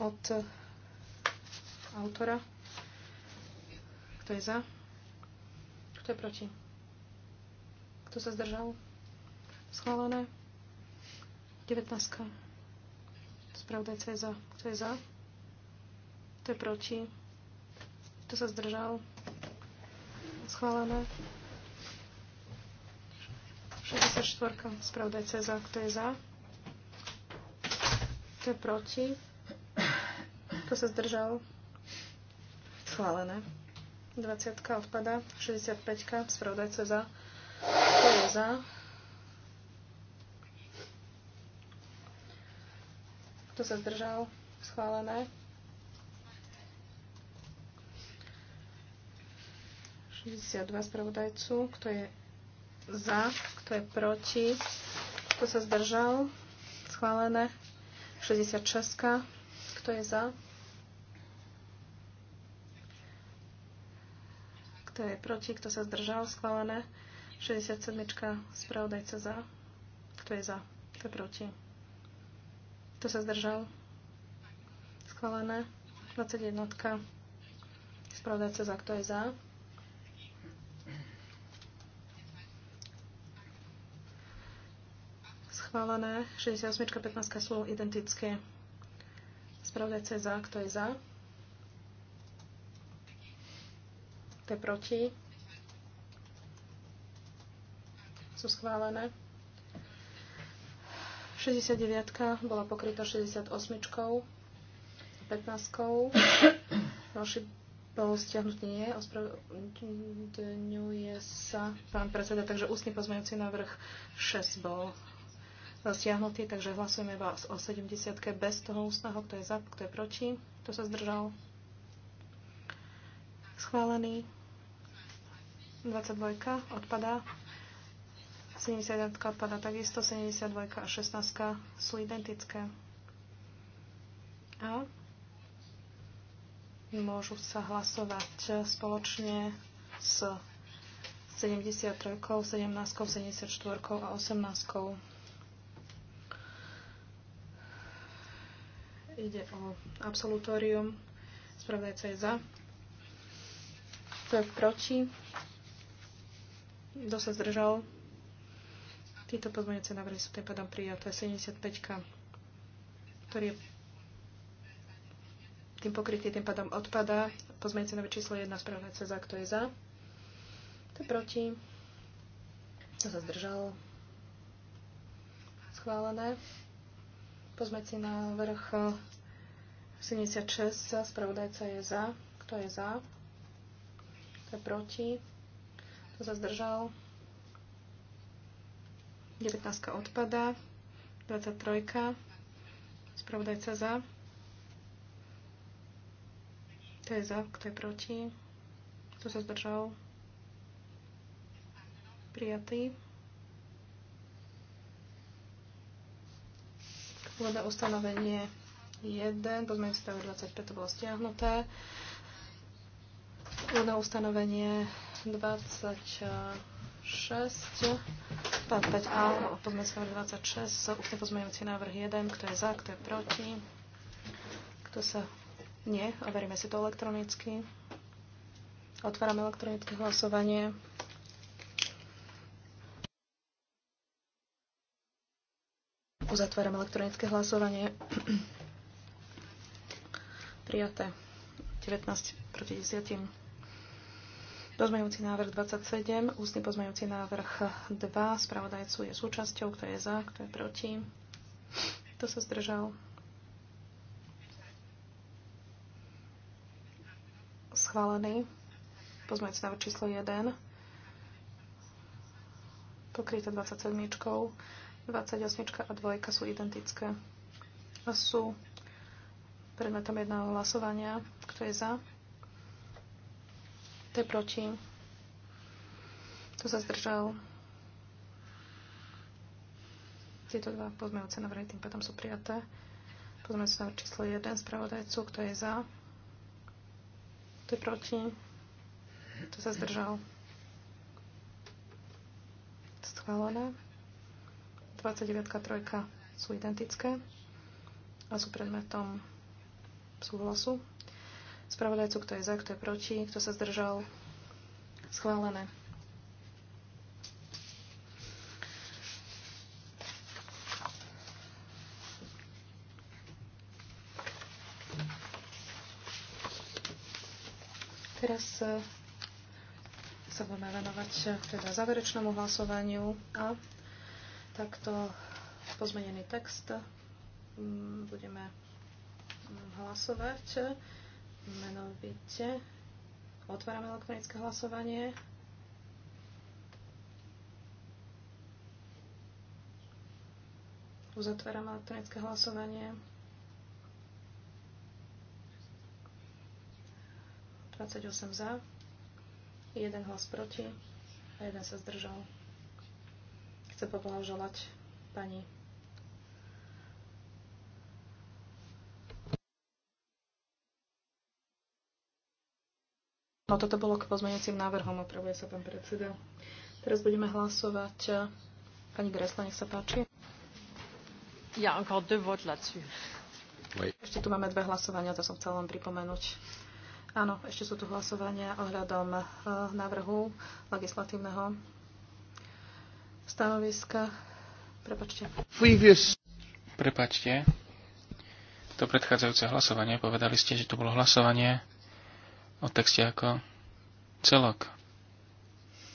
od autora. Kto je za? Kto je proti? Kto sa zdržal? Schválené. 19. Spravodajca je za. Kto je za? Kto je proti? To sa zdržal? Schválené. 64. je za. Kto je za? Kto je proti? Kto sa zdržal? Schválené. 20. odpada. 65. je za. Kto je za? Kto sa zdržal? Schválené. 62 spravodajcu. Kto je za? Kto je proti? Kto sa zdržal? Schválené. 66. Kto je za? Kto je proti? Kto sa zdržal? Schválené. 67. Spravodajca za. Kto je za? Kto je proti? Kto sa zdržal? Schválené. 21. Spravodajca za. Kto je za? schválené. 68 15 sú identické. Spravodajca je za. Kto je za? Kto je proti? Sú schválené. 69 bola pokrytá 68 15 Další Ďalší bol stiahnutý nie. Ospravedlňuje sa pán predseda, takže ústny pozmeňujúci návrh 6 bol stiahnutý, takže hlasujeme vás o 70 bez toho ústneho, kto je za, kto je proti, kto sa zdržal. Schválený. 22 odpadá. 70 odpadá takisto, 72 a 16 sú identické. A môžu sa hlasovať spoločne s 73, 17, 74 a 18. Ide o absolutórium. Spravodajca je za. Kto je proti? Kto sa zdržal? Títo pozmeňujúce návrhy sú tým pádom prijaté. 75, ktorý je tým pokrytý, tým pádom odpadá. Pozmeňujúce návrhy číslo 1, spravodajca za. Kto je za? Kto je proti? Kto sa zdržal? Schválené na vrch 76, spravodajca je za. Kto je za? Kto je proti? Kto sa zdržal? 19 odpada. 23. Spravodajca za. Kto je za, kto je proti? Kto sa zdržal? Prijatý. Úvodné ustanovenie 1, pozmeňujúci práve 25, to bolo stiahnuté. Úvodné ustanovenie 26, 5 a pozmeňujúci návrh 26, úplne pozmeňujúci návrh 1, kto je za, kto je proti, kto sa... Nie, overíme si to elektronicky. Otvárame elektronické hlasovanie. Uzatváram elektronické hlasovanie. Prijaté. 19 proti 10. Pozmeňujúci návrh 27, ústny pozmeňujúci návrh 2, spravodajcu je súčasťou, kto je za, kto je proti, kto sa zdržal. Schválený. Pozmeňujúci návrh číslo 1, pokryté 27. 28 a 2 sú identické. A sú predmetom jedného hlasovania. Kto je za? Kto je proti? Kto sa zdržal? Tieto dva pozmeňujúce návrhy tým potom sú prijaté. Pozmeňujúce návrh číslo 1 spravodajcu. Kto je za? Kto je proti? Kto sa zdržal? Schválené. 29 a 3 sú identické a sú predmetom súhlasu. Spravodajcu, kto je za, kto je proti, kto sa zdržal, schválené. Teraz eh, sa budeme venovať eh, teda záverečnému hlasovaniu a takto pozmenený text mm, budeme mm, hlasovať. Menovite otvárame elektronické hlasovanie. Uzatvárame elektronické hlasovanie. 28 za, 1 hlas proti a 1 sa zdržal chce poblahoželať pani No toto bolo k pozmeňujúcim návrhom, opravuje sa pán predseda. Teraz budeme hlasovať. Pani Gresla, nech sa páči. Ja encore deux votes là-dessus. Ešte tu máme dve hlasovania, to som chcela len pripomenúť. Áno, ešte sú tu hlasovania ohľadom eh, návrhu legislatívneho stanoviska. Prepačte. Previous. Prepačte. To predchádzajúce hlasovanie, povedali ste, že to bolo hlasovanie o texte ako celok.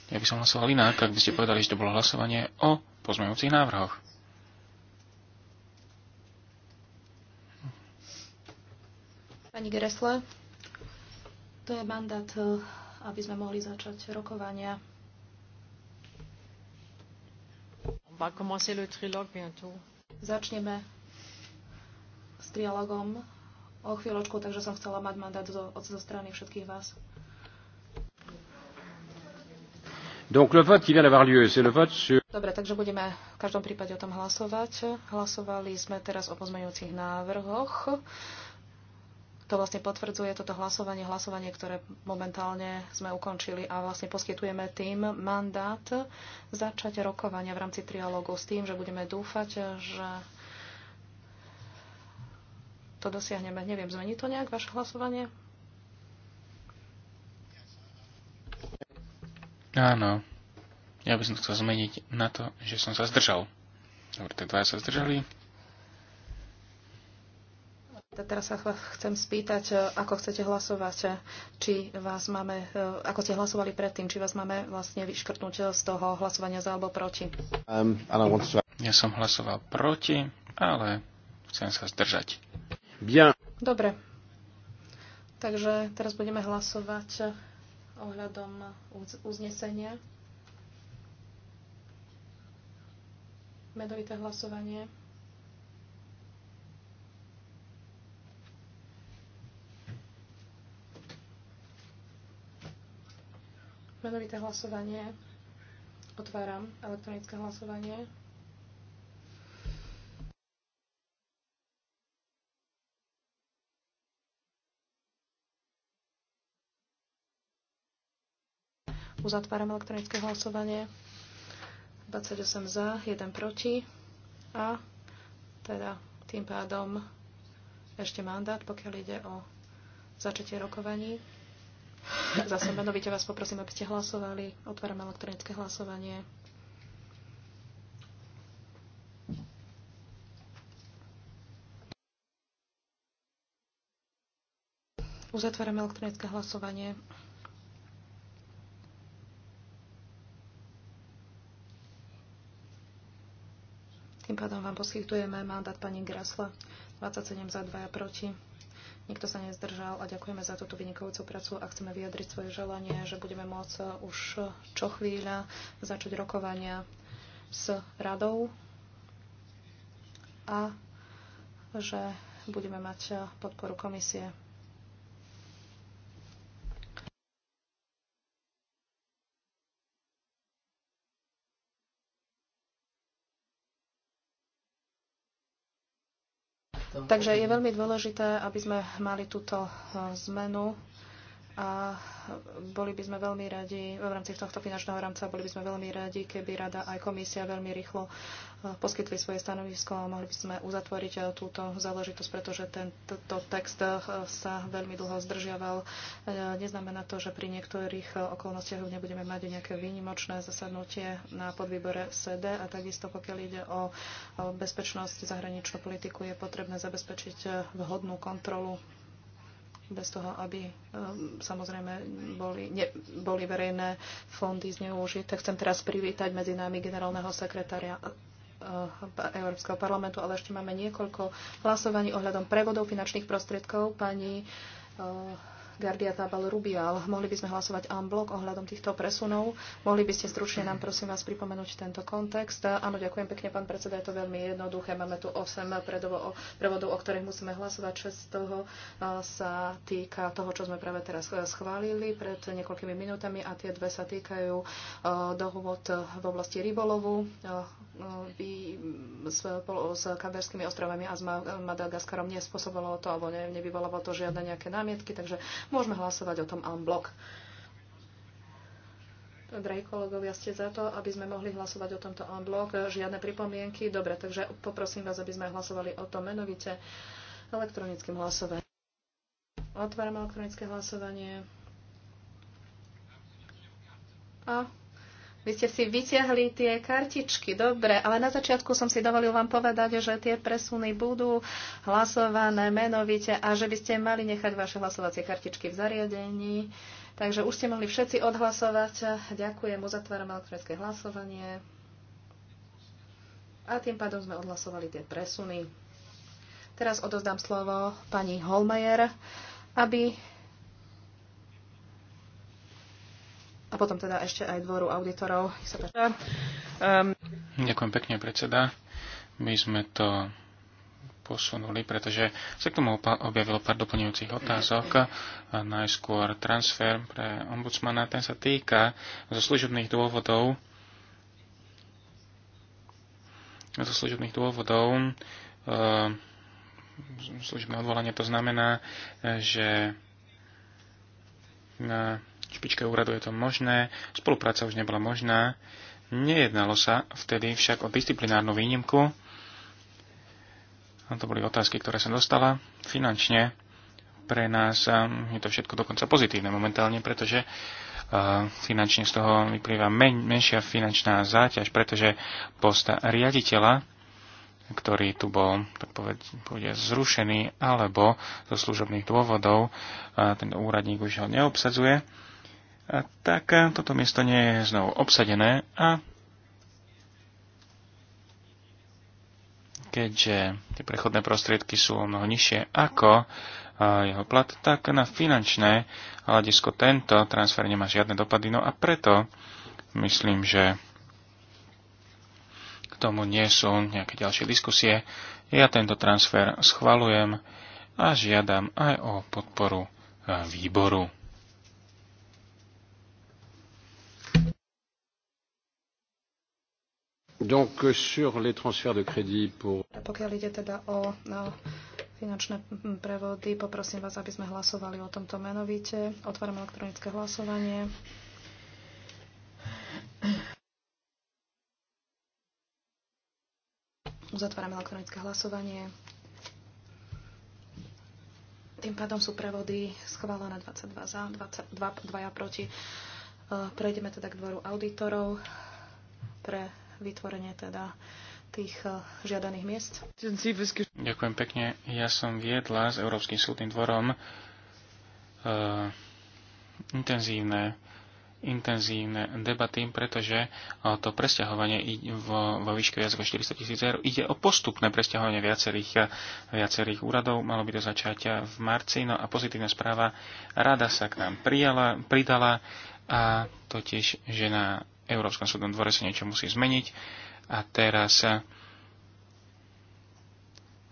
Ja by som hlasoval inak, ak by ste povedali, že to bolo hlasovanie o pozmejúcich návrhoch. Pani Gresle, to je mandát, eh, aby sme mohli začať rokovania va commencer le trilogue bientôt. Začneme s trialogom o chvíľočku, takže som chcela mať mandát zo, zo strany všetkých vás. Donc le vote qui vient d'avoir lieu, c'est le vote sur... Dobre, takže budeme v každom prípade o tom hlasovať. Hlasovali sme teraz o pozmeňujúcich návrhoch to vlastne potvrdzuje toto hlasovanie, hlasovanie, ktoré momentálne sme ukončili a vlastne poskytujeme tým mandát začať rokovania v rámci trialógu s tým, že budeme dúfať, že to dosiahneme. Neviem, zmení to nejak vaše hlasovanie? Áno. Ja by som to chcel zmeniť na to, že som sa zdržal. Dobre, tak dva sa zdržali. Teraz sa chcem spýtať, e, ako chcete hlasovať, e, či vás máme, e, ako ste hlasovali predtým, či vás máme vlastne vyškrtnúť z toho hlasovania za alebo proti. Um, to... Ja som hlasoval proti, ale chcem sa zdržať. Ja. Dobre. Takže teraz budeme hlasovať ohľadom uznesenia. Medovité hlasovanie. Menovité hlasovanie. Otváram elektronické hlasovanie. Uzatváram elektronické hlasovanie. 28 za, 1 proti. A teda tým pádom ešte mandát, pokiaľ ide o začatie rokovaní za menovite vás poprosím, aby ste hlasovali. Otváram elektronické hlasovanie. Uzatváram elektronické hlasovanie. Tým pádom vám poskytujeme mandát pani Grasla 27 za 2 proti nikto sa nezdržal a ďakujeme za túto vynikajúcu prácu a chceme vyjadriť svoje želanie, že budeme môcť už čo chvíľa začať rokovania s radou a že budeme mať podporu komisie. Takže je veľmi dôležité, aby sme mali túto eh, zmenu a boli by sme veľmi radi, v rámci tohto finančného rámca, boli by sme veľmi radi, keby rada aj komisia veľmi rýchlo e, poskytli svoje stanovisko a mohli by sme uzatvoriť e, túto záležitosť, pretože tento text e, sa veľmi dlho zdržiaval. Neznamená to, že pri niektorých okolnostiach nebudeme mať nejaké výnimočné zasadnutie na podvýbore SED a takisto pokiaľ ide o bezpečnosť zahraničnú politiku, je potrebné zabezpečiť vhodnú kontrolu bez toho, aby um, samozrejme boli, ne, boli verejné fondy zneužité. Chcem teraz privítať medzi nami generálneho sekretária uh, Európskeho parlamentu, ale ešte máme niekoľko hlasovaní ohľadom prevodov finančných prostriedkov. Pani uh, Gardia Tabal Rubial. Mohli by sme hlasovať en blok ohľadom týchto presunov. Mohli by ste stručne nám, prosím vás, pripomenúť tento kontext. Áno, ďakujem pekne, pán predseda, je to veľmi jednoduché. Máme tu 8 prevodov, o ktorých musíme hlasovať. 6 z toho sa týka toho, čo sme práve teraz e, schválili pred niekoľkými minútami a tie dve sa týkajú e, dohovod v oblasti rybolovu e, s, s Kaderskými ostrovami a s Madagaskarom nespôsobilo to alebo ne, nevyvolalo to žiadne nejaké námietky, takže Môžeme hlasovať o tom en blok. Drahí kolegovia, ste za to, aby sme mohli hlasovať o tomto en blok. Žiadne pripomienky? Dobre, takže poprosím vás, aby sme hlasovali o tom menovite elektronickým hlasovaním. Otváram elektronické hlasovanie. A vy ste si vyťahli tie kartičky, dobre, ale na začiatku som si dovolil vám povedať, že tie presuny budú hlasované menovite a že by ste mali nechať vaše hlasovacie kartičky v zariadení. Takže už ste mohli všetci odhlasovať. Ďakujem, uzatváram elektronické hlasovanie. A tým pádom sme odhlasovali tie presuny. Teraz odozdám slovo pani Holmejer, aby potom teda ešte aj dvoru auditorov. Um, Ďakujem pekne, predseda. My sme to posunuli, pretože sa k tomu objavilo pár doplňujúcich otázok. najskôr transfer pre ombudsmana, ten sa týka zo služobných dôvodov zo služobných dôvodov e, služobné odvolanie to znamená, e, že špičke úradu je to možné, spolupráca už nebola možná. Nejednalo sa vtedy však o disciplinárnu výnimku. A to boli otázky, ktoré som dostala. Finančne pre nás je to všetko dokonca pozitívne momentálne, pretože finančne z toho vyplýva men, menšia finančná záťaž, pretože post riaditeľa, ktorý tu bol, tak bude zrušený, alebo zo služobných dôvodov ten úradník už ho neobsadzuje, tak toto miesto nie je znovu obsadené a keďže tie prechodné prostriedky sú o mnoho nižšie ako jeho plat, tak na finančné hľadisko tento transfer nemá žiadne dopady. No a preto myslím, že k tomu nie sú nejaké ďalšie diskusie. Ja tento transfer schvalujem a žiadam aj o podporu e, výboru. Donc, euh, sur les transferts de crédit pour... Pokiaľ ide teda o no, finančné prevody, poprosím vás, aby sme hlasovali o tomto menovite. Otváram elektronické hlasovanie. Uzatváram elektronické hlasovanie. Tým pádom sú prevody schválené 22 za, 22 2 proti. E, prejdeme teda k dvoru auditorov pre vytvorenie teda tých eh, žiadaných miest. Ďakujem pekne. Ja som viedla s Európskym súdnym dvorom uh, intenzívne intenzívne debaty, pretože to presťahovanie vo, vo výške viac ako 400 tisíc eur ide o postupné presťahovanie viacerých, eh, viacerých úradov. Malo by to začať v marci. No a pozitívna správa, rada sa k nám prijala, pridala a totiž, že na Európskom súdnom dvore sa niečo musí zmeniť a teraz eh,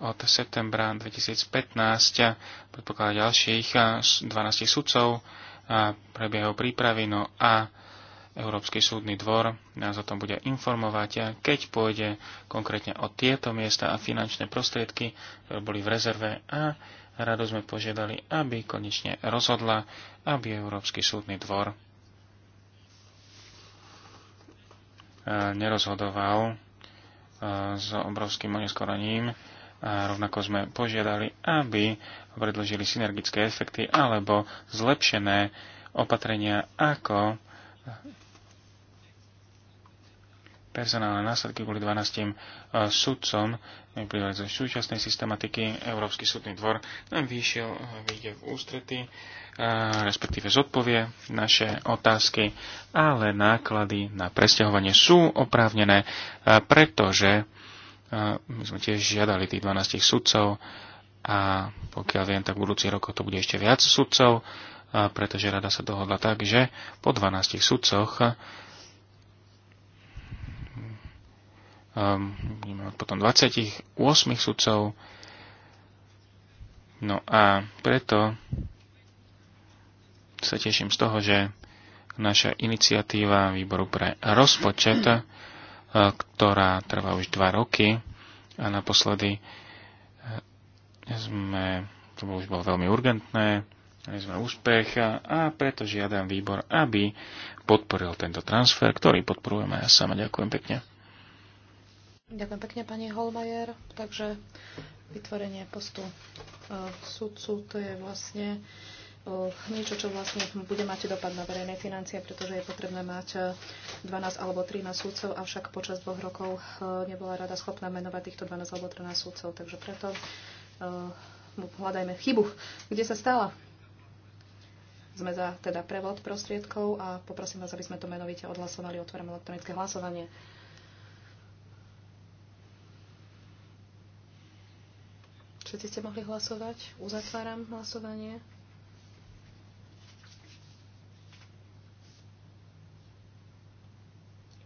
od septembra 2015 eh, predpokladá ďalších 12 eh, sudcov a prebiehajú prípravy, no a Európsky súdny dvor nás o tom bude informovať, keď pôjde konkrétne o tieto miesta a finančné prostriedky, ktoré boli v rezerve a rado sme požiadali, aby konečne rozhodla, aby Európsky súdny dvor E, nerozhodoval e, s obrovským oneskorením. A e, rovnako sme požiadali, aby predložili synergické efekty alebo zlepšené opatrenia, ako personálne následky kvôli 12 e, sudcom, vyplývali e, zo súčasnej systematiky. Európsky súdny dvor nám vyšiel, e, vyjde v ústrety, respektíve zodpovie naše otázky, ale náklady na presťahovanie sú oprávnené, pretože my sme tiež žiadali tých 12 sudcov a pokiaľ viem, tak v budúci rok to bude ešte viac sudcov, pretože rada sa dohodla tak, že po 12 sudcoch Ehm, potom 28 sudcov. No a preto sa teším z toho, že naša iniciatíva výboru pre rozpočet, eh, ktorá trvá už dva roky a naposledy eh, sme, to už bolo veľmi urgentné, mali sme úspech a, a preto žiadam výbor, aby podporil tento transfer, ktorý podporujeme. Ja sama ďakujem pekne. Ďakujem pekne, pani Holmajer. Takže vytvorenie postu e, sudcu, to je vlastne e, niečo, čo vlastne bude mať dopad na verejné financie, pretože je potrebné mať 12 e, alebo 13 sudcov, avšak počas dvoch rokov nebola rada schopná menovať týchto 12 alebo 13 sudcov. takže preto hľadajme chybu, kde sa stala. Sme za teda prevod prostriedkov a poprosím vás, aby sme to menovite odhlasovali. Otvorím elektronické hlasovanie. Všetci ste mohli hlasovať. Uzatváram hlasovanie.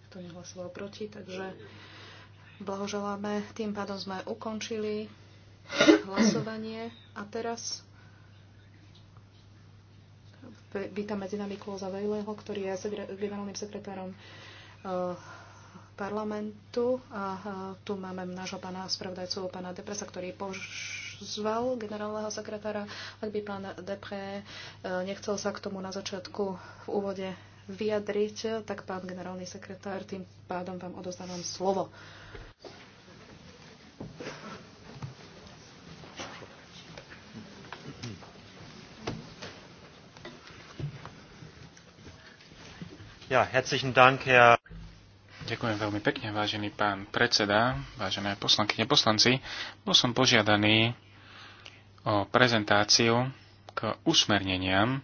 Kto nehlasoval proti, takže blahoželáme. Tým pádom sme ukončili hlasovanie a teraz vítam medzi nami Klóza Vejleho, ktorý je generálnym sekretárom eh, parlamentu a tu máme nášho pána spravodajcu, pána Depresa, ktorý pozval generálneho sekretára. Ak by pán Depre nechcel sa k tomu na začiatku v úvode vyjadriť, tak pán generálny sekretár, tým pádom vám odozdávam slovo. Ja, herzlichen Dank, Herr Ďakujem veľmi pekne, vážený pán predseda, vážené poslanky poslanci. Bol som požiadaný o prezentáciu k usmerneniam.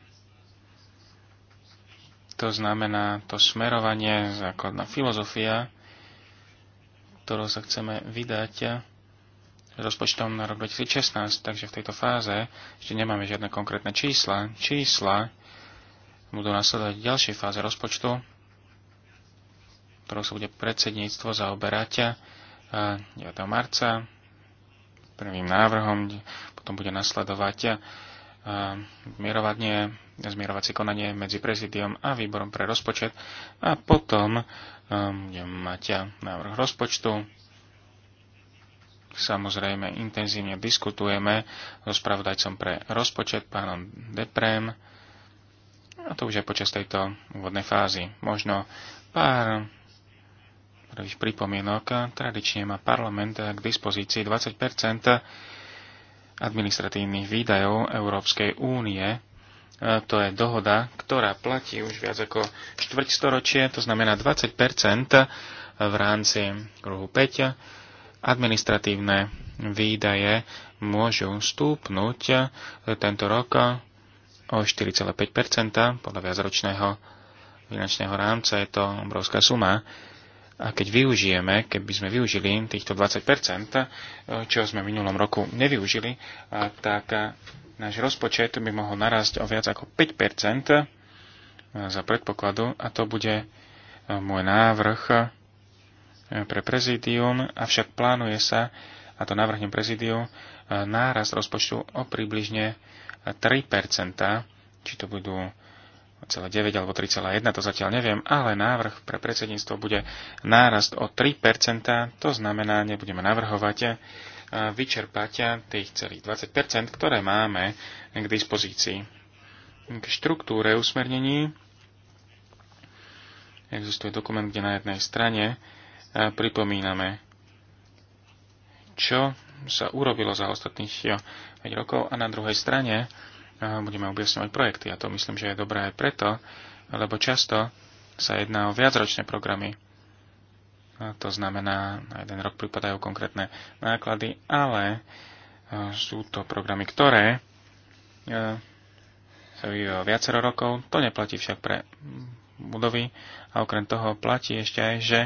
To znamená to smerovanie, základná filozofia, ktorú sa chceme vydať rozpočtom na rok 2016, takže v tejto fáze ešte nemáme žiadne konkrétne čísla. Čísla budú nasledovať ďalšie fáze rozpočtu, ktorou sa bude predsedníctvo zaoberať 9. marca prvým návrhom, potom bude nasledovať zmierovanie, zmierovacie konanie medzi prezidiom a výborom pre rozpočet a potom budeme mať návrh rozpočtu. Samozrejme, intenzívne diskutujeme so spravodajcom pre rozpočet, pánom Deprem, a to už je počas tejto úvodnej fázy. Možno pár prvých pripomienok. Tradične má parlament k dispozícii 20 administratívnych výdajov Európskej únie. E, to je dohoda, ktorá platí už viac ako štvrťstoročie, to znamená 20 v rámci kruhu 5. Administratívne výdaje môžu stúpnuť tento rok o 4,5 podľa viacročného finančného rámca. Je to obrovská suma a keď využijeme, keby sme využili týchto 20%, eh, čo sme v minulom roku nevyužili, eh, tak eh, náš rozpočet by mohol narásť o viac ako 5% za predpokladu a to bude môj návrh pre prezidium, avšak plánuje sa, a to navrhnem prezidiu, nárast rozpočtu o približne 3%, či to budú 0,9 alebo 3,1, to zatiaľ neviem, ale návrh pre predsedníctvo bude nárast o 3%, to znamená, nebudeme navrhovať eh, vyčerpať eh, tých celých 20%, ktoré máme k dispozícii. K štruktúre usmernení existuje dokument, kde na jednej strane eh, pripomíname, čo sa urobilo za ostatných 5 rokov a na druhej strane budeme objasňovať projekty. A to myslím, že je dobré aj preto, lebo často sa jedná o viacročné programy. A to znamená, na jeden rok pripadajú konkrétne náklady, ale e, sú to programy, ktoré e, sa vyvíjajú viacero rokov. To neplatí však pre budovy a okrem toho platí ešte aj, že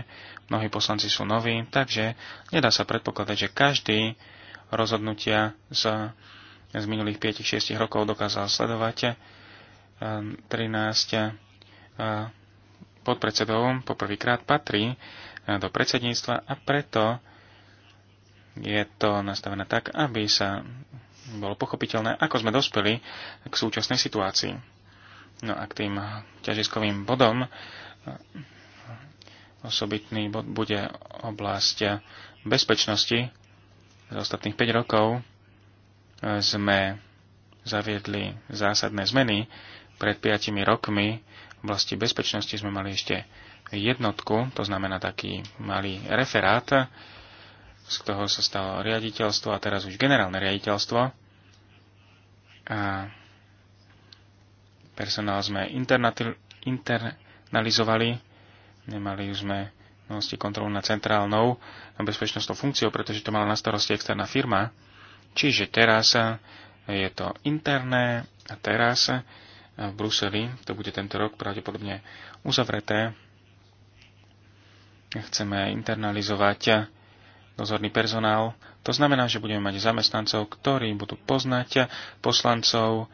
mnohí poslanci sú noví, takže nedá sa predpokladať, že každý rozhodnutia z z minulých 5-6 rokov dokázal sledovať. 13 eh, eh, podpredsedov poprvýkrát patrí eh, do predsedníctva a preto je to nastavené tak, aby sa bolo pochopiteľné, ako sme dospeli k súčasnej situácii. No a k tým ťažiskovým bodom osobitný bod bude oblasť bezpečnosti. Z ostatných 5 rokov sme zaviedli zásadné zmeny. Pred 5 rokmi v oblasti bezpečnosti sme mali ešte jednotku, to znamená taký malý referát, z toho sa stalo riaditeľstvo a teraz už generálne riaditeľstvo. A personál sme internalizovali, nemali už sme kontrolu nad centrálnou bezpečnostnou funkciou, pretože to mala na starosti externá firma Čiže teraz eh, je to interné a teraz eh, v Bruseli, to bude tento rok pravdepodobne uzavreté, chceme internalizovať eh, dozorný personál. To znamená, že budeme mať zamestnancov, ktorí budú poznať poslancov,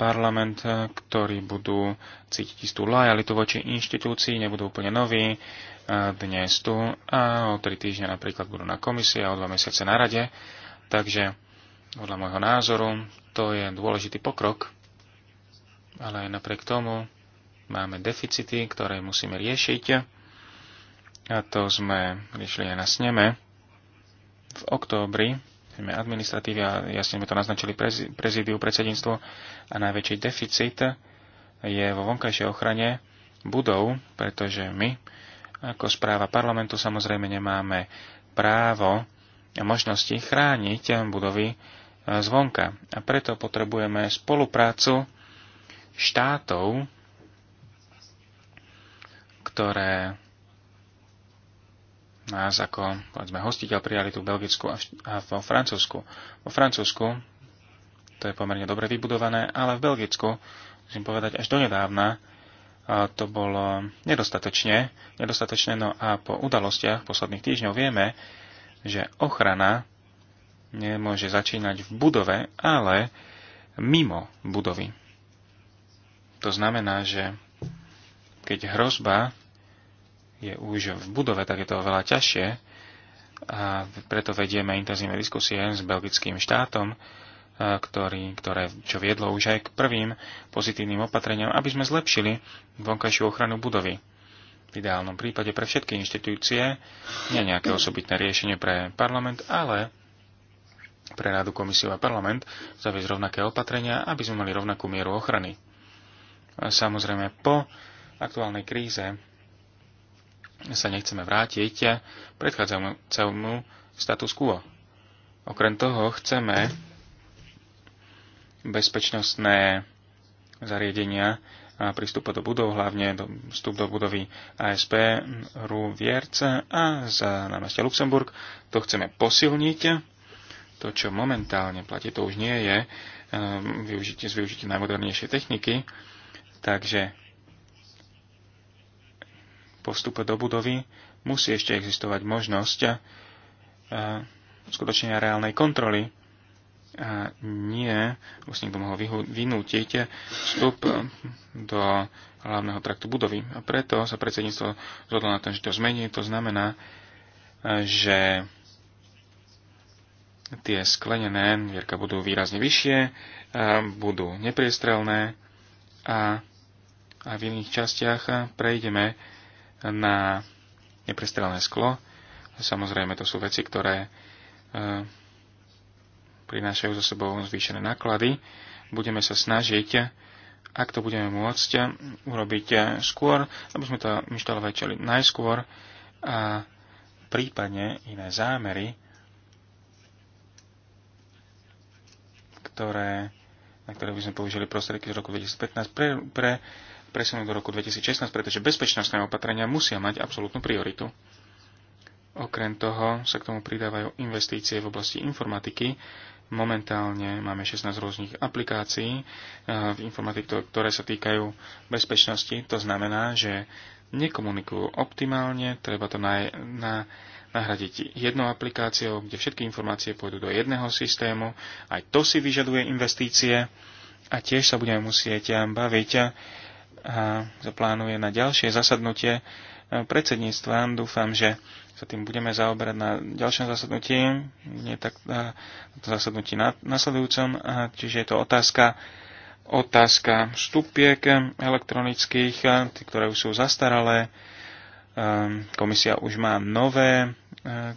parlament, ktorí budú cítiť istú lojalitu voči inštitúcii, nebudú úplne noví dnes tu a o tri týždne napríklad budú na komisii a o dva mesiace na rade. Takže podľa môjho názoru to je dôležitý pokrok, ale aj napriek tomu máme deficity, ktoré musíme riešiť. A to sme riešili aj na sneme v októbri sme administratívy a jasne sme to naznačili prezidiu, predsedníctvo. a najväčší deficit je vo vonkajšej ochrane budov, pretože my ako správa parlamentu samozrejme nemáme právo a možnosti chrániť budovy zvonka. A preto potrebujeme spoluprácu štátov, ktoré nás ako povedzme, hostiteľ prijali tu v Belgicku a vo Francúzsku. Vo Francúzsku to je pomerne dobre vybudované, ale v Belgicku, musím povedať, až donedávna to bolo nedostatočne, nedostatočné, no a po udalostiach posledných týždňov vieme, že ochrana nemôže začínať v budove, ale mimo budovy. To znamená, že keď hrozba je už v budove, tak je to oveľa ťažšie a preto vedieme intenzívne diskusie s belgickým štátom, ktorý, ktoré, čo viedlo už aj k prvým pozitívnym opatreniam, aby sme zlepšili vonkajšiu ochranu budovy. V ideálnom prípade pre všetky inštitúcie, nie nejaké osobitné riešenie pre parlament, ale pre Radu, Komisiu a Parlament zaviesť rovnaké opatrenia, aby sme mali rovnakú mieru ochrany. A samozrejme, po aktuálnej kríze sa nechceme vrátiť predchádzajúcemu status quo. Okrem toho chceme bezpečnostné zariadenia a prístupa do budov, hlavne do, vstup do budovy ASP Rue Vierce a za námestia Luxemburg. To chceme posilniť to, čo momentálne platí, to už nie je využitie, ehm, z využitie najmodernejšej techniky, takže postupe do budovy musí ešte existovať možnosť ehm, skutočne reálnej kontroly a nie, už niekto mohol vynútiť vstup do hlavného traktu budovy. A preto sa predsedníctvo zhodlo na tom, že to zmení. To znamená, že tie sklenené dvierka budú výrazne vyššie, budú nepriestrelné a, a v iných častiach prejdeme na nepriestrelné sklo. Samozrejme, to sú veci, ktoré e, prinášajú so sebou zvýšené náklady. Budeme sa snažiť, ak to budeme môcť, urobiť skôr, aby sme to inštalovali najskôr a prípadne iné zámery, ktoré, na ktoré by sme použili prostriedky z roku 2015 pre, pre presunúť do roku 2016, pretože bezpečnostné opatrenia musia mať absolútnu prioritu. Okrem toho sa k tomu pridávajú investície v oblasti informatiky. Momentálne máme 16 rôznych aplikácií eh, v informatike, ktoré sa týkajú bezpečnosti. To znamená, že nekomunikujú optimálne, treba to na, na, nahradiť jednou aplikáciou, kde všetky informácie pôjdu do jedného systému. Aj to si vyžaduje investície a tiež sa budeme musieť baviť a zaplánuje na ďalšie zasadnutie predsedníctva. Dúfam, že sa tým budeme zaoberať na ďalšom zasadnutí, nie tak na zasadnutí nasledujúcom, a čiže je to otázka otázka vstupiek elektronických, tí, ktoré už sú zastaralé. Ehm, komisia už má nové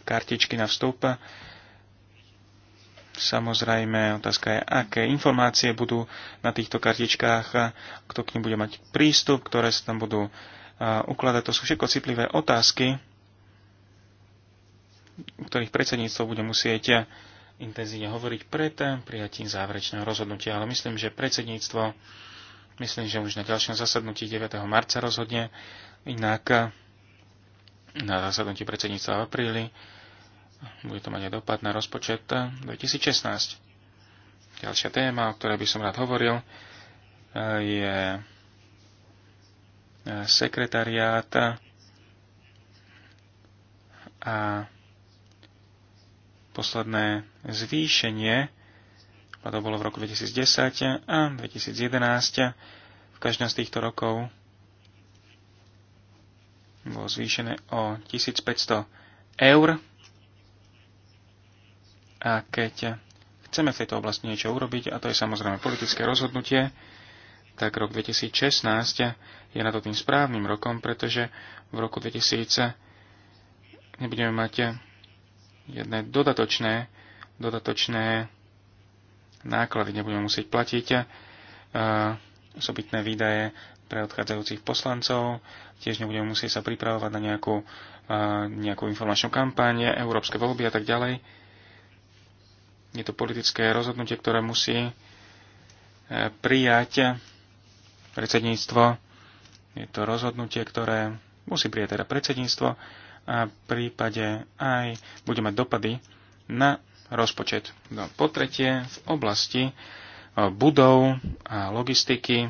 kartičky na vstup. Samozrejme, otázka je, aké informácie budú na týchto kartičkách, kto k nim bude mať prístup, ktoré sa tam budú ukladať. To sú všetko citlivé otázky, ktorých predsedníctvo bude musieť intenzívne hovoriť pred prijatím záverečného rozhodnutia. Ale myslím, že predsedníctvo, myslím, že už na ďalšom zasadnutí 9. marca rozhodne, inak na zasadnutí predsedníctva v apríli. Bude to mať aj dopad na rozpočet 2016. Ďalšia téma, o ktorej by som rád hovoril, je sekretariát a posledné zvýšenie, to bolo v roku 2010 a 2011. V každom z týchto rokov bolo zvýšené o 1500 eur. A keď chceme v tejto oblasti niečo urobiť, a to je samozrejme politické rozhodnutie, tak rok 2016 je na to tým správnym rokom, pretože v roku 2000 nebudeme mať jedné dodatočné, dodatočné náklady, nebudeme musieť platiť eh, osobitné výdaje pre odchádzajúcich poslancov. Tiež nebudeme musieť sa pripravovať na nejakú, nejakú informačnú kampaň, európske voľby a tak ďalej. Je to politické rozhodnutie, ktoré musí e, prijať predsedníctvo. Je to rozhodnutie, ktoré musí prijať teda predsedníctvo a v prípade aj bude mať dopady na rozpočet. No, po tretie, v oblasti e, budov a logistiky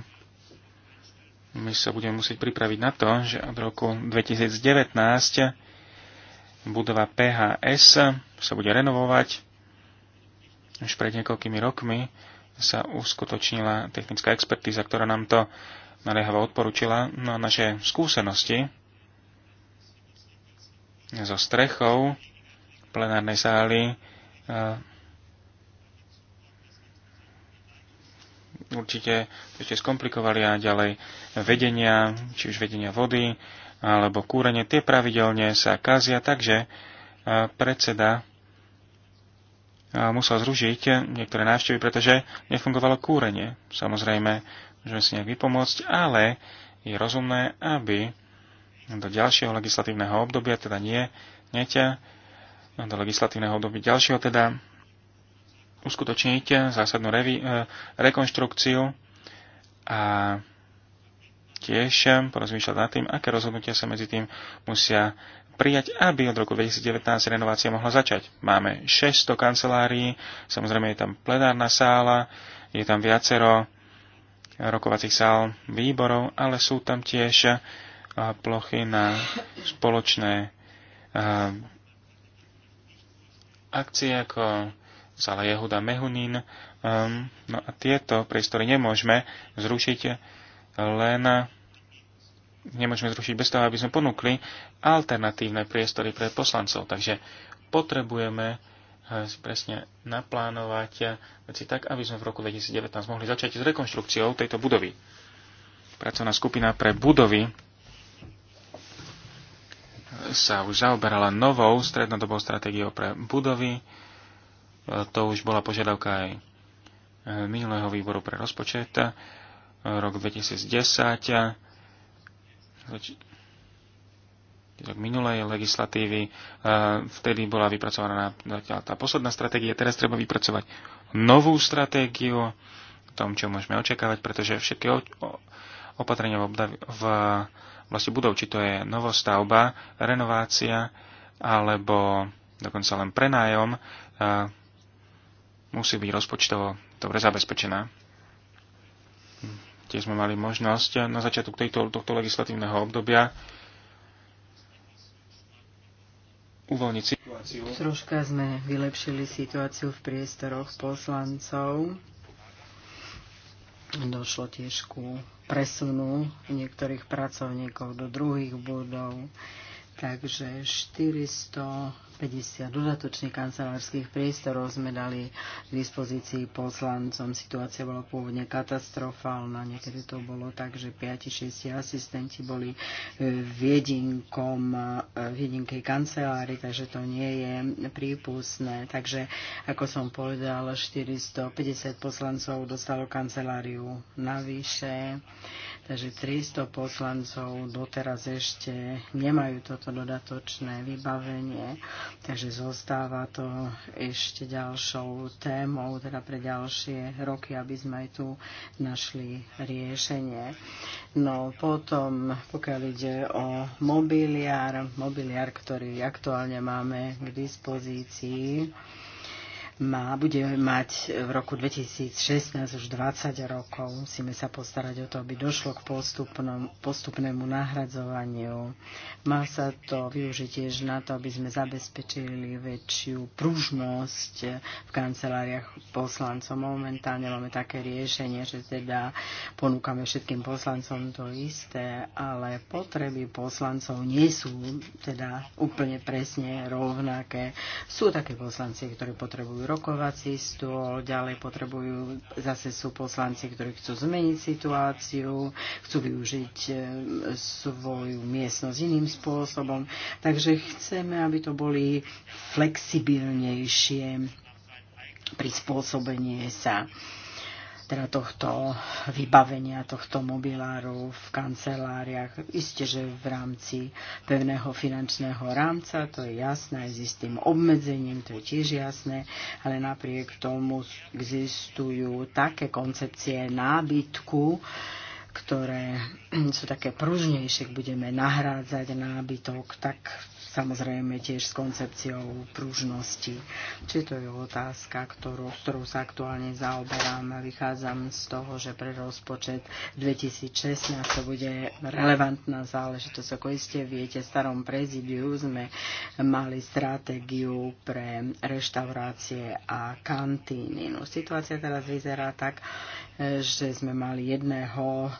my sa budeme musieť pripraviť na to, že od roku 2019 budova PHS sa bude renovovať. Už pred niekoľkými rokmi sa uskutočnila technická expertíza, ktorá nám to naliehavo odporúčila. No a naše skúsenosti so strechou plenárnej sály eh, určite ešte skomplikovali a ďalej vedenia, či už vedenia vody, alebo kúrenie, tie pravidelne sa kazia, takže e, predseda e, musel zružiť niektoré návštevy, pretože nefungovalo kúrenie. Samozrejme, môžeme si nejak vypomôcť, ale je rozumné, aby do ďalšieho legislatívneho obdobia, teda nie, neťa, do legislatívneho obdobia ďalšieho teda uskutočniť zásadnú revi- e, rekonštrukciu a tiež porozmýšľať nad tým, aké rozhodnutia sa medzi tým musia prijať, aby od roku 2019 renovácia mohla začať. Máme 600 kancelárií, samozrejme je tam plenárna sála, je tam viacero rokovacích sál výborov, ale sú tam tiež e, plochy na spoločné e, akcie ako Zala Jehuda Mehunín. Um, no a tieto priestory nemôžeme zrušiť len nemôžeme zrušiť bez toho, aby sme ponúkli alternatívne priestory pre poslancov. Takže potrebujeme eh, presne naplánovať eh, veci tak, aby sme v roku 2019 mohli začať s rekonštrukciou tejto budovy. Pracovná skupina pre budovy eh, sa už zaoberala novou strednodobou stratégiou pre budovy to už bola požiadavka aj e, minulého výboru pre rozpočet, e, rok 2010, e, rok minulej legislatívy, vtedy bola vypracovaná zatiaľ tá posledná stratégia, teraz treba vypracovať novú stratégiu, tom, čo môžeme očakávať, pretože všetky opatrenia v, v vlastne budov, či to je novostavba, renovácia alebo dokonca len prenájom, musí byť rozpočtovo dobre zabezpečená. Tiež sme mali možnosť na začiatku tejto, tohto legislatívneho obdobia uvoľniť situáciu. Troška sme vylepšili situáciu v priestoroch poslancov. Došlo tiež ku presunu niektorých pracovníkov do druhých budov. Takže 400 50 dodatočných kancelárskych priestorov sme dali k dispozícii poslancom. Situácia bola pôvodne katastrofálna, niekedy to bolo tak, že 5-6 asistenti boli e, v jedinkej e, kancelári, takže to nie je prípustné. Takže, ako som povedal, 450 poslancov dostalo kanceláriu navyše. Takže 300 poslancov doteraz ešte nemajú toto dodatočné vybavenie, takže zostáva to ešte ďalšou témou, teda pre ďalšie roky, aby sme aj tu našli riešenie. No potom, pokiaľ ide o mobiliár, mobiliár, ktorý aktuálne máme k dispozícii, má, budeme mať v roku 2016 už 20 rokov. Musíme sa postarať o to, aby došlo k postupnom, postupnému nahradzovaniu. Má sa to využiť tiež na to, aby sme zabezpečili väčšiu pružnosť v kanceláriách poslancov. Momentálne máme také riešenie, že teda ponúkame všetkým poslancom to isté, ale potreby poslancov nie sú teda úplne presne rovnaké. Sú také poslanci, ktorí potrebujú rokovací stôl, ďalej potrebujú, zase sú poslanci, ktorí chcú zmeniť situáciu, chcú využiť e, svoju miestnosť iným spôsobom. Takže chceme, aby to boli flexibilnejšie prispôsobenie sa teda tohto vybavenia, tohto mobiláru v kanceláriách. Isté, že v rámci pevného finančného rámca, to je jasné, aj s istým obmedzením, to je tiež jasné, ale napriek tomu existujú také koncepcie nábytku, ktoré sú také pružnejšie, budeme nahrádzať nábytok, tak samozrejme tiež s koncepciou pružnosti. Či to je otázka, ktorú, ktorú sa aktuálne zaoberám a vychádzam z toho, že pre rozpočet 2016 to bude relevantná záležitosť. Ako iste viete, v starom prezidiu sme mali stratégiu pre reštaurácie a kantíny. No, situácia teraz vyzerá tak, že sme mali jedného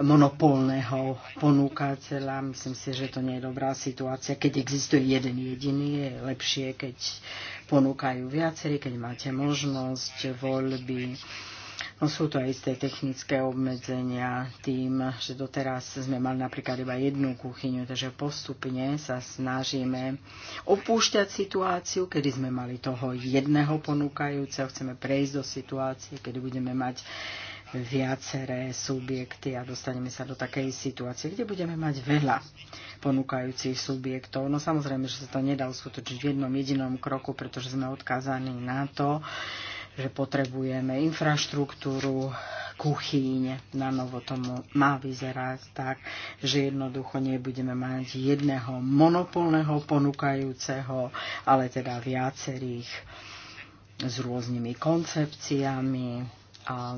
monopolného ponúkateľa. Myslím si, že to nie je dobrá situácia. Keď existuje jeden jediný, je lepšie, keď ponúkajú viacerí, keď máte možnosť voľby. No, sú to aj isté technické obmedzenia tým, že doteraz sme mali napríklad iba jednu kuchyňu, takže postupne sa snažíme opúšťať situáciu, kedy sme mali toho jedného ponúkajúceho, chceme prejsť do situácie, kedy budeme mať viaceré subjekty a dostaneme sa do takej situácie, kde budeme mať veľa ponúkajúcich subjektov. No samozrejme, že sa to nedá uskutočniť v jednom jedinom kroku, pretože sme odkázaní na to, že potrebujeme infraštruktúru, kuchyň. Na novo tomu má vyzerať tak, že jednoducho nebudeme mať jedného monopolného ponúkajúceho, ale teda viacerých s rôznymi koncepciami a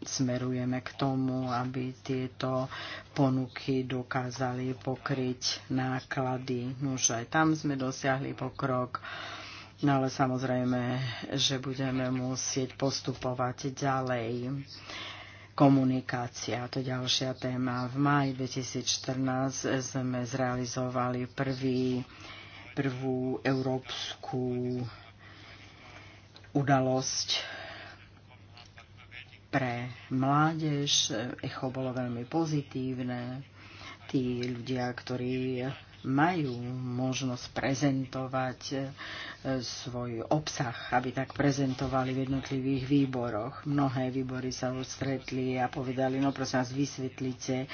smerujeme k tomu, aby tieto ponuky dokázali pokryť náklady. Nože tam sme dosiahli pokrok, no ale samozrejme, že budeme musieť postupovať ďalej. Komunikácia, to je ďalšia téma. V máji 2014 sme zrealizovali prvý, prvú európsku udalosť pre mládež. Eh, echo bolo veľmi pozitívne. Tí ľudia, ktorí majú možnosť prezentovať eh, svoj obsah, aby tak prezentovali v jednotlivých výboroch. Mnohé výbory sa odstretli a povedali, no prosím vás, vysvetlite,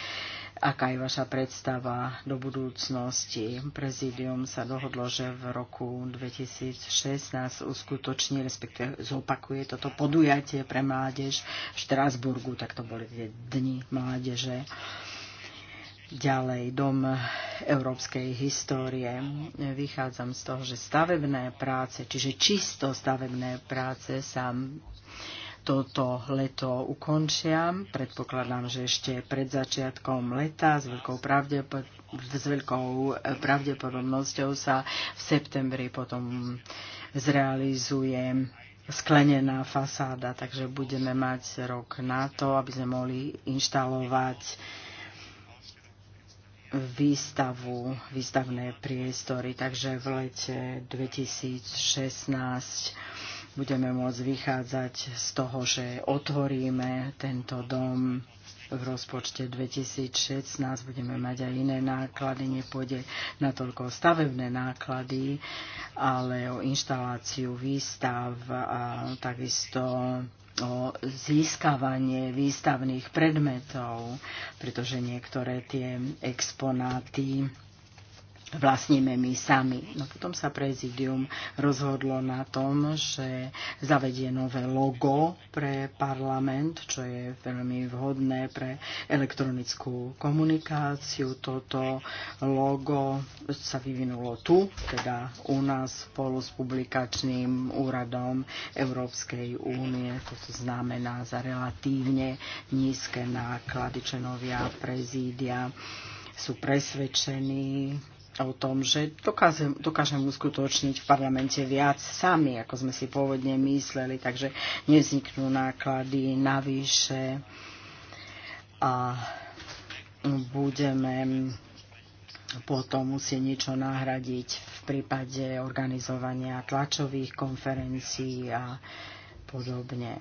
Aká je vaša predstava do budúcnosti? Prezidium sa dohodlo, že v roku 2016 uskutoční, respektíve zopakuje toto podujatie pre mládež v Štrásburgu, tak to boli tie dni mládeže. Ďalej, dom európskej histórie. Vychádzam z toho, že stavebné práce, čiže čisto stavebné práce sa toto leto ukončia. Predpokladám, že ešte pred začiatkom leta s veľkou, pravdepod- s veľkou eh, pravdepodobnosťou sa v septembri potom zrealizuje sklenená fasáda, takže budeme mať rok na to, aby sme mohli inštalovať výstavu, výstavné priestory, takže v lete 2016 budeme môcť vychádzať z toho, že otvoríme tento dom v rozpočte 2016 budeme mať aj iné náklady, nepôjde na toľko stavebné náklady, ale o inštaláciu výstav a takisto o získavanie výstavných predmetov, pretože niektoré tie exponáty vlastníme my sami. No potom sa prezidium rozhodlo na tom, že zavedie nové logo pre parlament, čo je veľmi vhodné pre elektronickú komunikáciu. Toto logo sa vyvinulo tu, teda u nás spolu s publikačným úradom Európskej únie. Toto znamená za relatívne nízke náklady členovia prezídia sú presvedčení, o tom, že dokážem, dokážem uskutočniť v parlamente viac sami, ako sme si pôvodne mysleli, takže nevzniknú náklady navyše a budeme potom musieť niečo nahradiť v prípade organizovania tlačových konferencií a podobne.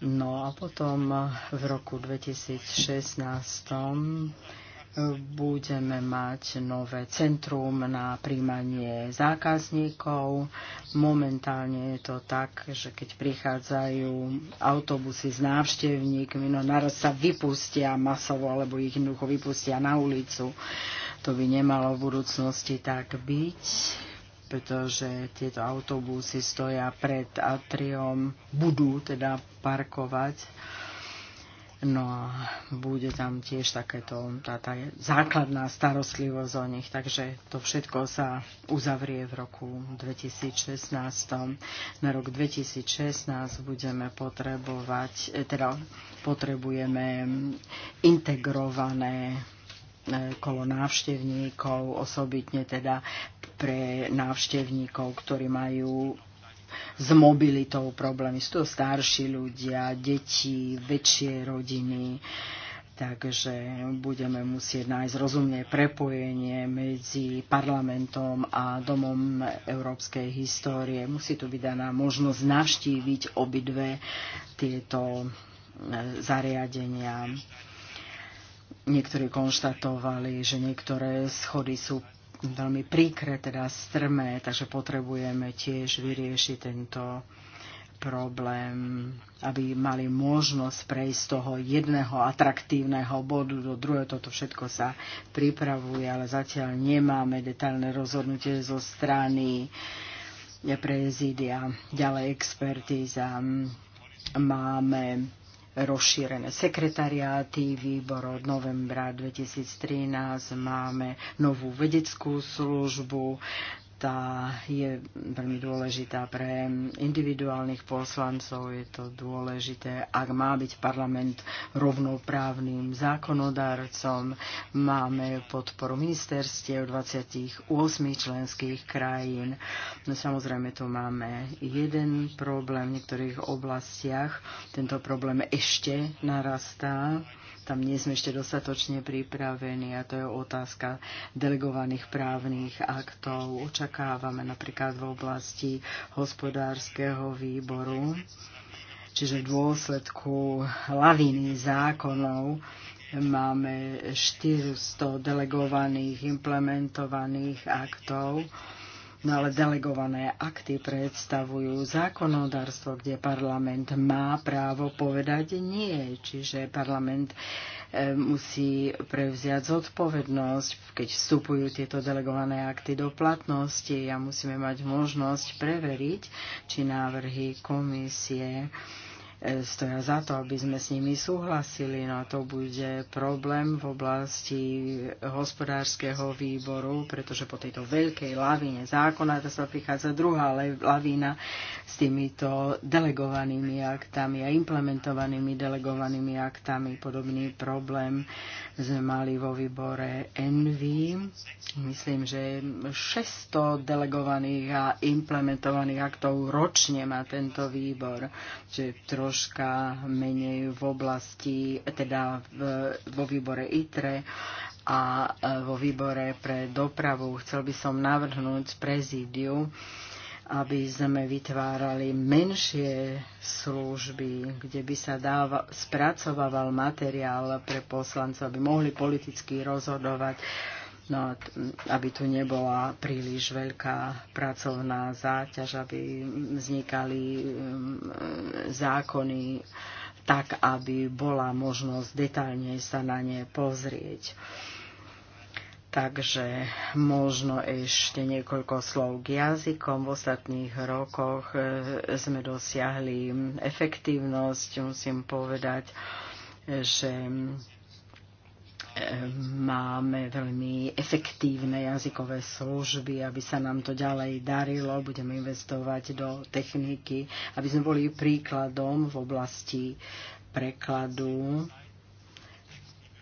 No a potom v roku 2016 budeme mať nové centrum na príjmanie zákazníkov. Momentálne je to tak, že keď prichádzajú autobusy s návštevníkmi, no naraz sa vypustia masovo, alebo ich jednoducho vypustia na ulicu. To by nemalo v budúcnosti tak byť pretože tieto autobusy stoja pred atriom, budú teda parkovať No a bude tam tiež takéto, tá, tá základná starostlivosť o nich, takže to všetko sa uzavrie v roku 2016. Na rok 2016 budeme potrebovať, eh, teda potrebujeme integrované eh, kolo návštevníkov, osobitne teda pre návštevníkov, ktorí majú s mobilitou problémy. Sú to starší ľudia, deti, väčšie rodiny. Takže budeme musieť nájsť rozumné prepojenie medzi parlamentom a domom európskej histórie. Musí tu byť daná možnosť navštíviť obidve tieto e, zariadenia. Niektorí konštatovali, že niektoré schody sú veľmi príkre, teda strmé, takže potrebujeme tiež vyriešiť tento problém, aby mali možnosť prejsť z toho jedného atraktívneho bodu do druhého. Toto všetko sa pripravuje, ale zatiaľ nemáme detailné rozhodnutie zo strany prezídia. Ďalej expertíza. Máme rozšírené sekretariáty výboru od novembra 2013. Máme novú vedeckú službu, tá je veľmi dôležitá pre individuálnych poslancov, je to dôležité, ak má byť parlament rovnoprávnym zákonodárcom. Máme podporu ministerstiev 28 členských krajín. No, samozrejme, tu máme jeden problém v niektorých oblastiach. Tento problém ešte narastá tam nie sme ešte dostatočne pripravení a to je otázka delegovaných právnych aktov. Očakávame napríklad v oblasti hospodárskeho výboru, čiže v dôsledku laviny zákonov, máme 400 delegovaných implementovaných aktov No ale delegované akty predstavujú zákonodárstvo, kde parlament má právo povedať nie. Čiže parlament e, musí prevziať zodpovednosť, keď vstupujú tieto delegované akty do platnosti a musíme mať možnosť preveriť, či návrhy komisie stoja za to, aby sme s nimi súhlasili. No a to bude problém v oblasti hospodárskeho výboru, pretože po tejto veľkej lavine zákona sa prichádza druhá lavína s týmito delegovanými aktami a implementovanými delegovanými aktami. Podobný problém sme mali vo výbore Envy. Myslím, že 600 delegovaných a implementovaných aktov ročne má tento výbor, čiže troška menej v oblasti, teda v, vo výbore ITRE a e, vo výbore pre dopravu. Chcel by som navrhnúť prezídiu, aby sme vytvárali menšie služby, kde by sa dáva, spracovával materiál pre poslancov, aby mohli politicky rozhodovať, no, aby tu nebola príliš veľká pracovná záťaž, aby vznikali um, zákony tak, aby bola možnosť detailne sa na ne pozrieť. Takže možno ešte niekoľko slov k jazykom. V ostatných rokoch e, sme dosiahli efektívnosť. Musím povedať, že e, máme veľmi efektívne jazykové služby, aby sa nám to ďalej darilo. Budeme investovať do techniky, aby sme boli príkladom v oblasti prekladu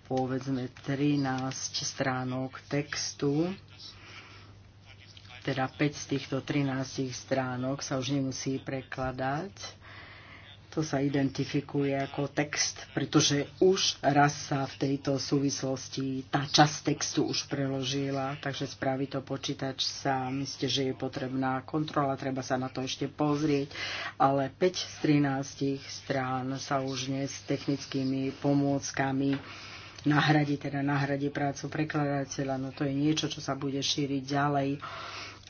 povedzme 13 stránok textu, teda 5 z týchto 13 stránok sa už nemusí prekladať. To sa identifikuje ako text, pretože už raz sa v tejto súvislosti tá časť textu už preložila, takže spraví to počítač sa. Myslíte, že je potrebná kontrola, treba sa na to ešte pozrieť, ale 5 z 13 strán sa už dnes s technickými pomôckami nahradí, teda nahradí prácu prekladateľa. No to je niečo, čo sa bude šíriť ďalej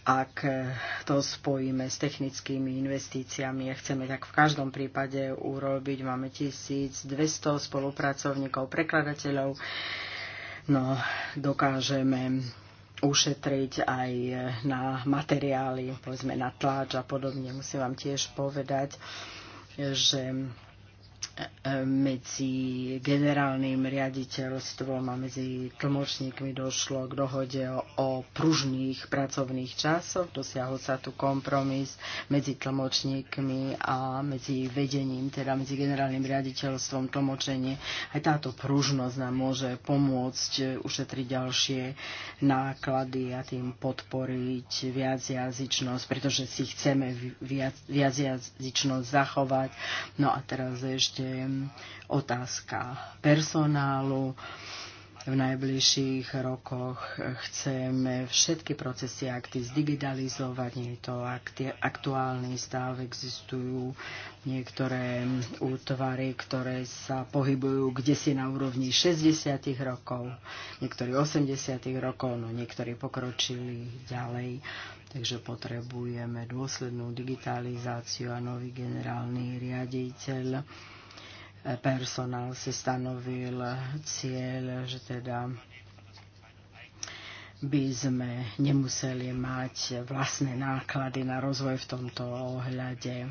ak to spojíme s technickými investíciami a chceme tak v každom prípade urobiť. Máme 1200 spolupracovníkov, prekladateľov. No, dokážeme ušetriť aj na materiály, povedzme na tláč a podobne. Musím vám tiež povedať, že medzi generálnym riaditeľstvom a medzi tlmočníkmi došlo k dohode o pružných pracovných časoch. Dosiahol sa tu kompromis medzi tlmočníkmi a medzi vedením, teda medzi generálnym riaditeľstvom tlmočenie. Aj táto pružnosť nám môže pomôcť ušetriť ďalšie náklady a tým podporiť viac jazyčnosť, pretože si chceme viac, viac jazyčnosť zachovať. No a teraz ešte otázka personálu. V najbližších rokoch chceme všetky procesy akty zdigitalizovať, nie je to aktuálny stav, existujú niektoré útvary, ktoré sa pohybujú kde si na úrovni 60 rokov, niektorí 80 rokov, no niektorí pokročili ďalej. Takže potrebujeme dôslednú digitalizáciu a nový generálny riaditeľ personál si stanovil cieľ, že teda by sme nemuseli mať vlastné náklady na rozvoj v tomto ohľade.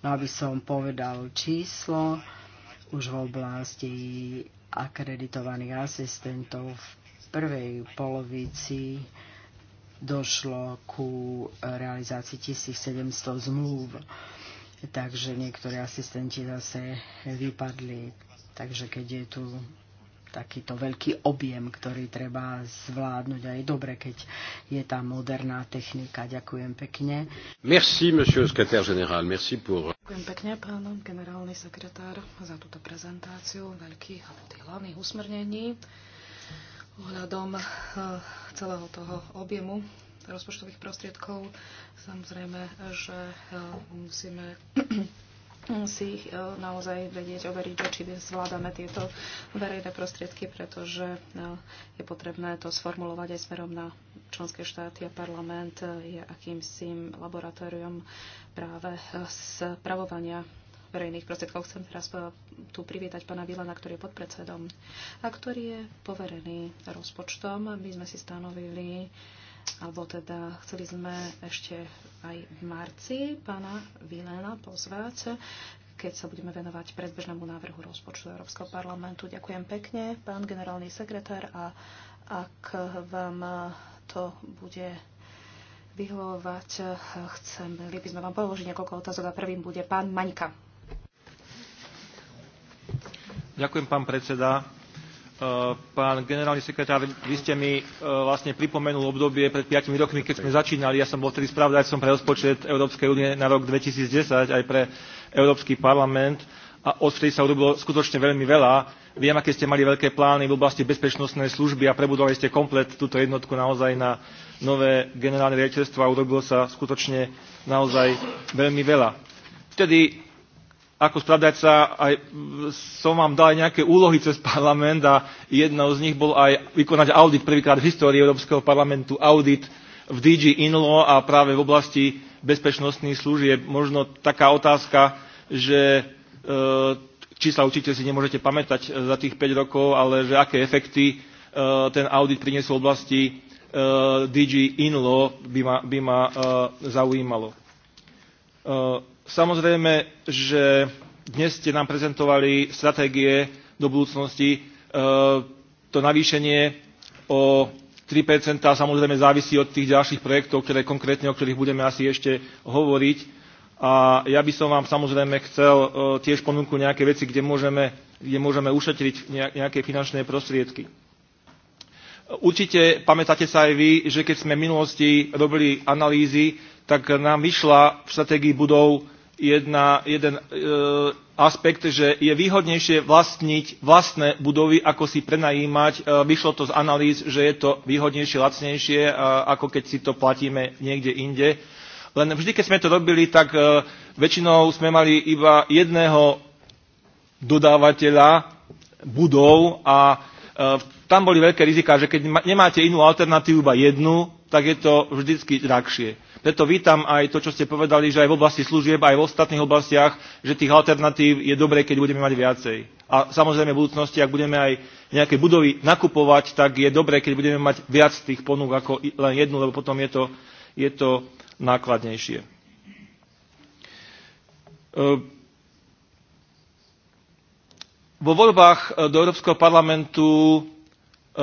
No aby som povedal číslo, už v oblasti akreditovaných asistentov v prvej polovici došlo ku realizácii 1700 zmluv takže niektorí asistenti zase vypadli. Takže keď je tu takýto veľký objem, ktorý treba zvládnuť a je dobre, keď je tá moderná technika. Ďakujem pekne. Merci, monsieur secrétaire général. Merci pour... Ďakujem pekne, pán generálny sekretár, za túto prezentáciu veľkých tých hlavných usmernení ohľadom eh, celého toho objemu rozpočtových prostriedkov. Samozrejme, že e, musíme si ich e, naozaj vedieť overiť, že či zvládame tieto verejné prostriedky, pretože e, je potrebné to sformulovať aj smerom na členské štáty a parlament je akýmsi laboratóriom práve spravovania verejných prostriedkov. Chcem teraz tu privítať pána Vilana, ktorý je podpredsedom a ktorý je poverený rozpočtom. My sme si stanovili alebo teda chceli sme ešte aj v marci pána Vilena pozvať, keď sa budeme venovať predbežnému návrhu rozpočtu Európskeho parlamentu. Ďakujem pekne, pán generálny sekretár, a ak vám to bude vyhovovať, chceli by sme vám položiť niekoľko otázok a prvým bude pán Maňka. Ďakujem, pán predseda. Eh, pán generálny sekretár, vy ste mi eh, vlastne pripomenul obdobie pred 5 rokmi, keď sme začínali. Ja som bol vtedy spravodajcom pre rozpočet Európskej únie na rok 2010 aj pre Európsky parlament a odvtedy sa urobilo skutočne veľmi veľa. Viem, aké ste mali veľké plány v oblasti bezpečnostnej služby a prebudovali ste komplet túto jednotku naozaj na nové generálne riaditeľstvo a urobilo sa skutočne naozaj veľmi veľa. Vtedy ako sa, aj, som vám dal aj nejaké úlohy cez parlament a jednou z nich bol aj vykonať audit prvýkrát v histórii Európskeho parlamentu, audit v DG Inlo a práve v oblasti bezpečnostných služieb. Možno taká otázka, že e, čísla určite si nemôžete pamätať e, za tých 5 rokov, ale že aké efekty e, ten audit priniesol v oblasti DG Inlo by ma, by ma zaujímalo. Samozrejme, že dnes ste nám prezentovali stratégie do budúcnosti. E, to navýšenie o 3 samozrejme závisí od tých ďalších projektov, ktoré konkrétne, o ktorých budeme asi ešte hovoriť. A ja by som vám samozrejme chcel e, tiež ponúknuť nejaké veci, kde môžeme, kde môžeme ušetriť nejaké finančné prostriedky. Určite pamätáte sa aj vy, že keď sme v minulosti robili analýzy, tak nám vyšla v stratégii budov jedna, jeden e, aspekt, že je výhodnejšie vlastniť vlastné budovy, ako si prenajímať. E, vyšlo to z analýz, že je to výhodnejšie, lacnejšie, e, ako keď si to platíme niekde inde. Len vždy, keď sme to robili, tak e, väčšinou sme mali iba jedného dodávateľa budov a e, tam boli veľké riziká, že keď nemáte inú alternatívu, iba jednu, tak je to vždycky drahšie. Preto vítam aj to, čo ste povedali, že aj v oblasti služieb, aj v ostatných oblastiach, že tých alternatív je dobré, keď budeme mať viacej. A samozrejme v budúcnosti, ak budeme aj nejaké budovy nakupovať, tak je dobré, keď budeme mať viac tých ponúk ako len jednu, lebo potom je to, je to nákladnejšie. E, vo voľbách e, do Európskeho parlamentu e,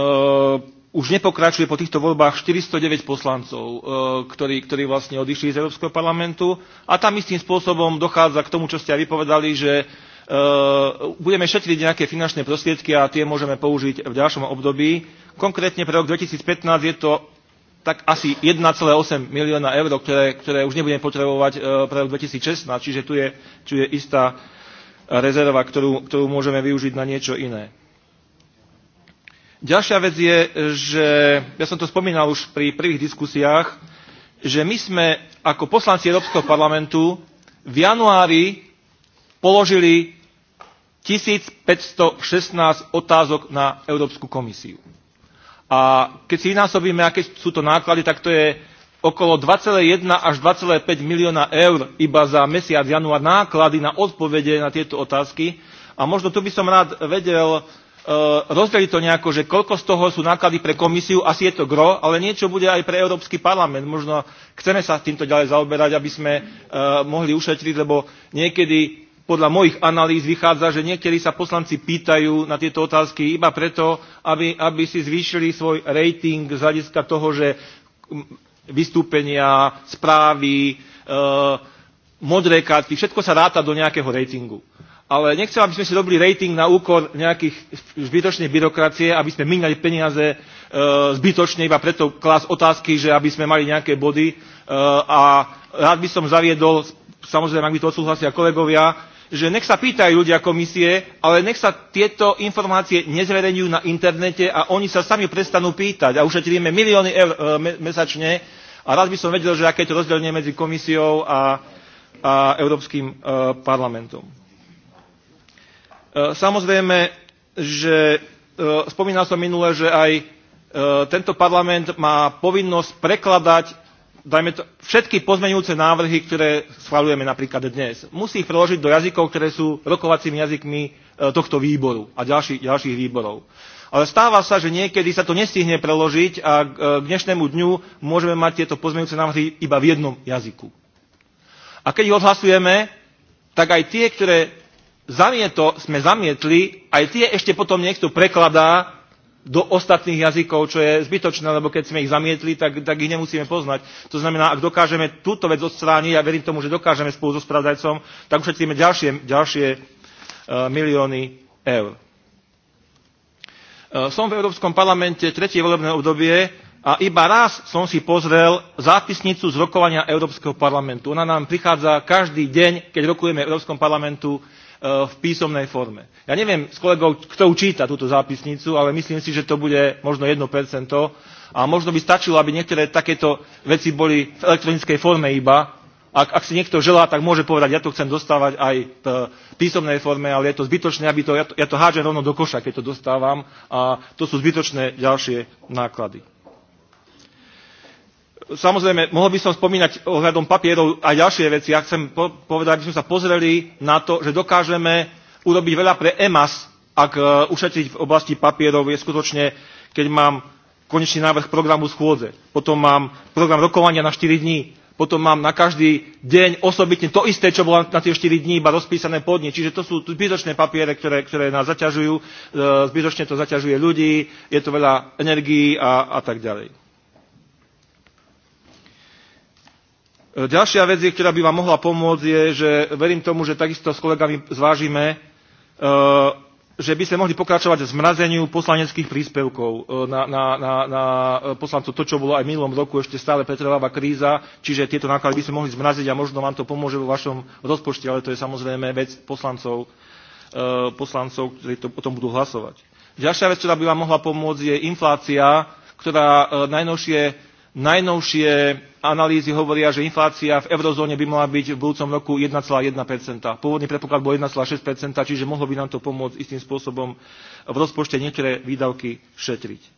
už nepokračuje po týchto voľbách 409 poslancov, e, ktorí, ktorí vlastne odišli z Európskeho parlamentu. A tam istým spôsobom dochádza k tomu, čo ste aj vypovedali, že e, budeme šetriť nejaké finančné prostriedky a tie môžeme použiť v ďalšom období. Konkrétne pre rok 2015 je to tak asi 1,8 milióna eur, ktoré, ktoré už nebudeme potrebovať e, pre rok 2016, čiže tu je, tu je istá rezerva, ktorú, ktorú môžeme využiť na niečo iné. Ďalšia vec je, že ja som to spomínal už pri prvých diskusiách, že my sme ako poslanci Európskeho parlamentu v januári položili 1516 otázok na Európsku komisiu. A keď si vynásobíme, aké sú to náklady, tak to je okolo 2,1 až 2,5 milióna eur iba za mesiac január náklady na odpovede na tieto otázky. A možno tu by som rád vedel, Eh, rozdeliť to nejako, že koľko z toho sú náklady pre komisiu, asi je to gro, ale niečo bude aj pre Európsky parlament. Možno chceme sa týmto ďalej zaoberať, aby sme eh, mohli ušetriť, lebo niekedy podľa mojich analýz vychádza, že niekedy sa poslanci pýtajú na tieto otázky iba preto, aby, aby si zvýšili svoj rating z hľadiska toho, že mm, vystúpenia, správy, eh, modré karty, všetko sa ráta do nejakého ratingu ale nechcem, aby sme si dobili rating na úkor nejakých zbytočnej byrokracie, aby sme minali peniaze e, zbytočne, iba preto klas otázky, že aby sme mali nejaké body. E, a rád by som zaviedol, samozrejme, ak by to odsúhlasia kolegovia, že nech sa pýtajú ľudia komisie, ale nech sa tieto informácie nezverejňujú na internete a oni sa sami prestanú pýtať a ušetríme milióny eur e, mesačne. A rád by som vedel, že aké je to rozdelenie medzi komisiou a, a Európskym e, parlamentom. E, samozrejme, že e, spomínal som minule, že aj e, tento parlament má povinnosť prekladať dajme to, všetky pozmeňujúce návrhy, ktoré schvaľujeme napríklad dnes. Musí ich preložiť do jazykov, ktoré sú rokovacími jazykmi tohto výboru a ďalší, ďalších výborov. Ale stáva sa, že niekedy sa to nestihne preložiť a k dnešnému dňu môžeme mať tieto pozmeňujúce návrhy iba v jednom jazyku. A keď ich odhlasujeme, tak aj tie, ktoré zamieto, sme zamietli, aj tie ešte potom niekto prekladá do ostatných jazykov, čo je zbytočné, lebo keď sme ich zamietli, tak, tak ich nemusíme poznať. To znamená, ak dokážeme túto vec odstrániť, ja verím tomu, že dokážeme spolu so spravdajcom, tak ušetríme ďalšie, ďalšie uh, milióny eur. E, som v Európskom parlamente tretie volebné obdobie a iba raz som si pozrel zápisnicu z rokovania Európskeho parlamentu. Ona nám prichádza každý deň, keď rokujeme v Európskom parlamentu E, v písomnej forme. Ja neviem s kolegou, kto číta túto zápisnicu, ale myslím si, že to bude možno 1% a možno by stačilo, aby niektoré takéto veci boli v elektronickej forme iba. Ak, ak si niekto želá, tak môže povedať, ja to chcem dostávať aj v e, písomnej forme, ale je to zbytočné, aby to, ja, to, ja to hádžem rovno do koša, keď to dostávam a to sú zbytočné ďalšie náklady. Samozrejme, mohol by som spomínať ohľadom papierov aj ďalšie veci. Ja chcem povedať, aby sme sa pozreli na to, že dokážeme urobiť veľa pre EMAS, ak e, ušetriť v oblasti papierov je skutočne, keď mám konečný návrh programu schôdze, potom mám program rokovania na 4 dní, potom mám na každý deň osobitne to isté, čo bolo na tie 4 dní, iba rozpísané podne. Čiže to sú zbytočné papiere, ktoré, ktoré nás zaťažujú, e, zbytočne to zaťažuje ľudí, je to veľa energií a, a tak ďalej. E, ďalšia vec, ktorá by vám mohla pomôcť, je, že verím tomu, že takisto s kolegami zvážime, e, že by sme mohli pokračovať v zmrazeniu poslaneckých príspevkov e, na, na, na, na poslancov. To, čo bolo aj v minulom roku, ešte stále pretrváva kríza, čiže tieto náklady by sme mohli zmraziť a možno vám to pomôže vo vašom rozpočte, ale to je samozrejme vec poslancov, poslancov ktorí to, o tom budú hlasovať. Ďalšia vec, ktorá by vám mohla pomôcť, je inflácia, ktorá najnovšie Najnovšie analýzy hovoria, že inflácia v eurozóne by mala byť v budúcom roku 1,1 Pôvodný predpoklad bol 1,6 čiže mohlo by nám to pomôcť istým spôsobom v rozpočte niektoré výdavky šetriť. E,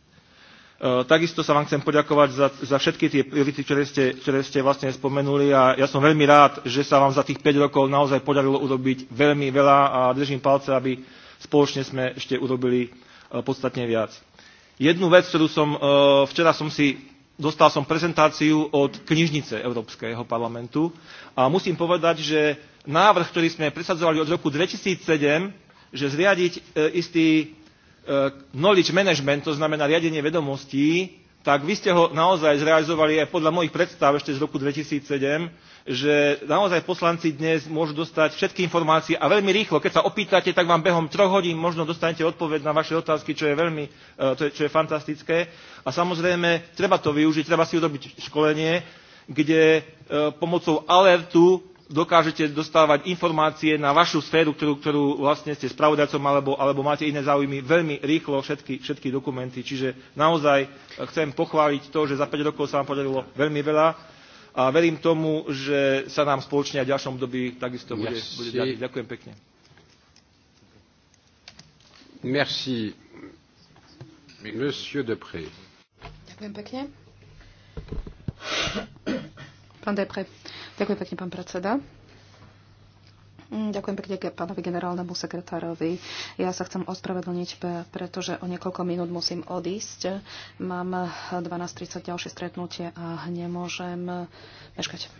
takisto sa vám chcem poďakovať za, za všetky tie priority, ktoré ste, ktoré ste vlastne spomenuli a ja som veľmi rád, že sa vám za tých 5 rokov naozaj podarilo urobiť veľmi veľa a držím palce, aby spoločne sme ešte urobili e, podstatne viac. Jednu vec, ktorú som e, včera som si dostal som prezentáciu od knižnice Európskeho parlamentu a musím povedať, že návrh, ktorý sme presadzovali od roku 2007, že zriadiť e, istý e, knowledge management, to znamená riadenie vedomostí, tak vy ste ho naozaj zrealizovali aj podľa mojich predstav ešte z roku 2007, že naozaj poslanci dnes môžu dostať všetky informácie a veľmi rýchlo, keď sa opýtate, tak vám behom troch hodín možno dostanete odpoveď na vaše otázky, čo je veľmi, čo e, je, čo je fantastické. A samozrejme, treba to využiť, treba si urobiť školenie, kde e, pomocou alertu dokážete dostávať informácie na vašu sféru, ktorú, ktorú vlastne ste spravodajcom alebo, alebo máte iné záujmy, veľmi rýchlo všetky, všetky dokumenty. Čiže naozaj chcem pochváliť to, že za 5 rokov sa vám podarilo veľmi veľa a verím tomu, že sa nám spoločne aj v ďalšom dobi takisto bude, bude dať. Ďakujem pekne. Merci. Monsieur Depré. Ďakujem pekne. Pán Depré. Ďakujem pekne, pán predseda. Ďakujem pekne pánovi generálnemu sekretárovi. Ja sa chcem ospravedlniť, pretože o niekoľko minút musím odísť. Mám 12.30 ďalšie stretnutie a nemôžem meškať.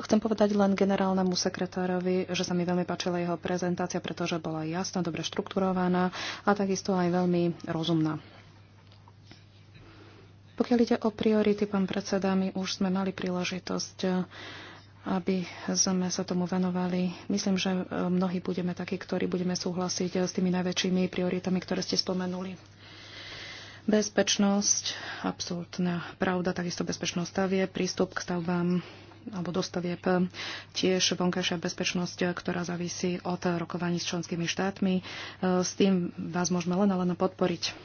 Chcem povedať len generálnemu sekretárovi, že sa mi veľmi páčila jeho prezentácia, pretože bola jasná, dobre štrukturovaná a takisto aj veľmi rozumná. Pokiaľ ide o priority, pán predseda, my už sme mali príležitosť eh, aby sme sa tomu venovali. Myslím, že eh, mnohí budeme takí, ktorí budeme súhlasiť eh, s tými najväčšími prioritami, ktoré ste spomenuli. Bezpečnosť, absolútna pravda, takisto bezpečnosť stavie, prístup k stavbám alebo dostavieb, tiež vonkajšia bezpečnosť, ktorá závisí od rokovaní s členskými štátmi. S tým vás môžeme len len podporiť.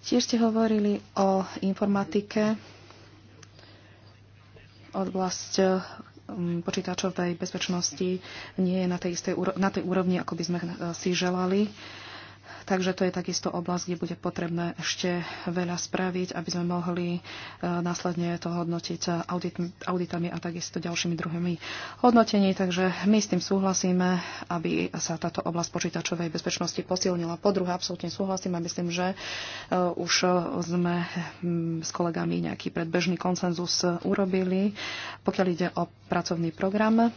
Tiež ste hovorili o informatike, oblasť um, počítačovej bezpečnosti nie je na tej, istej, na tej úrovni, ako by sme eh, si želali. Takže to je takisto oblasť, kde bude potrebné ešte veľa spraviť, aby sme mohli e, následne to hodnotiť audit, auditami a takisto ďalšími druhými hodnotení. Takže my s tým súhlasíme, aby sa táto oblasť počítačovej bezpečnosti posilnila. Po druhé, absolútne súhlasím a myslím, že e, už e, sme hm, s kolegami nejaký predbežný konsenzus urobili, pokiaľ ide o pracovný program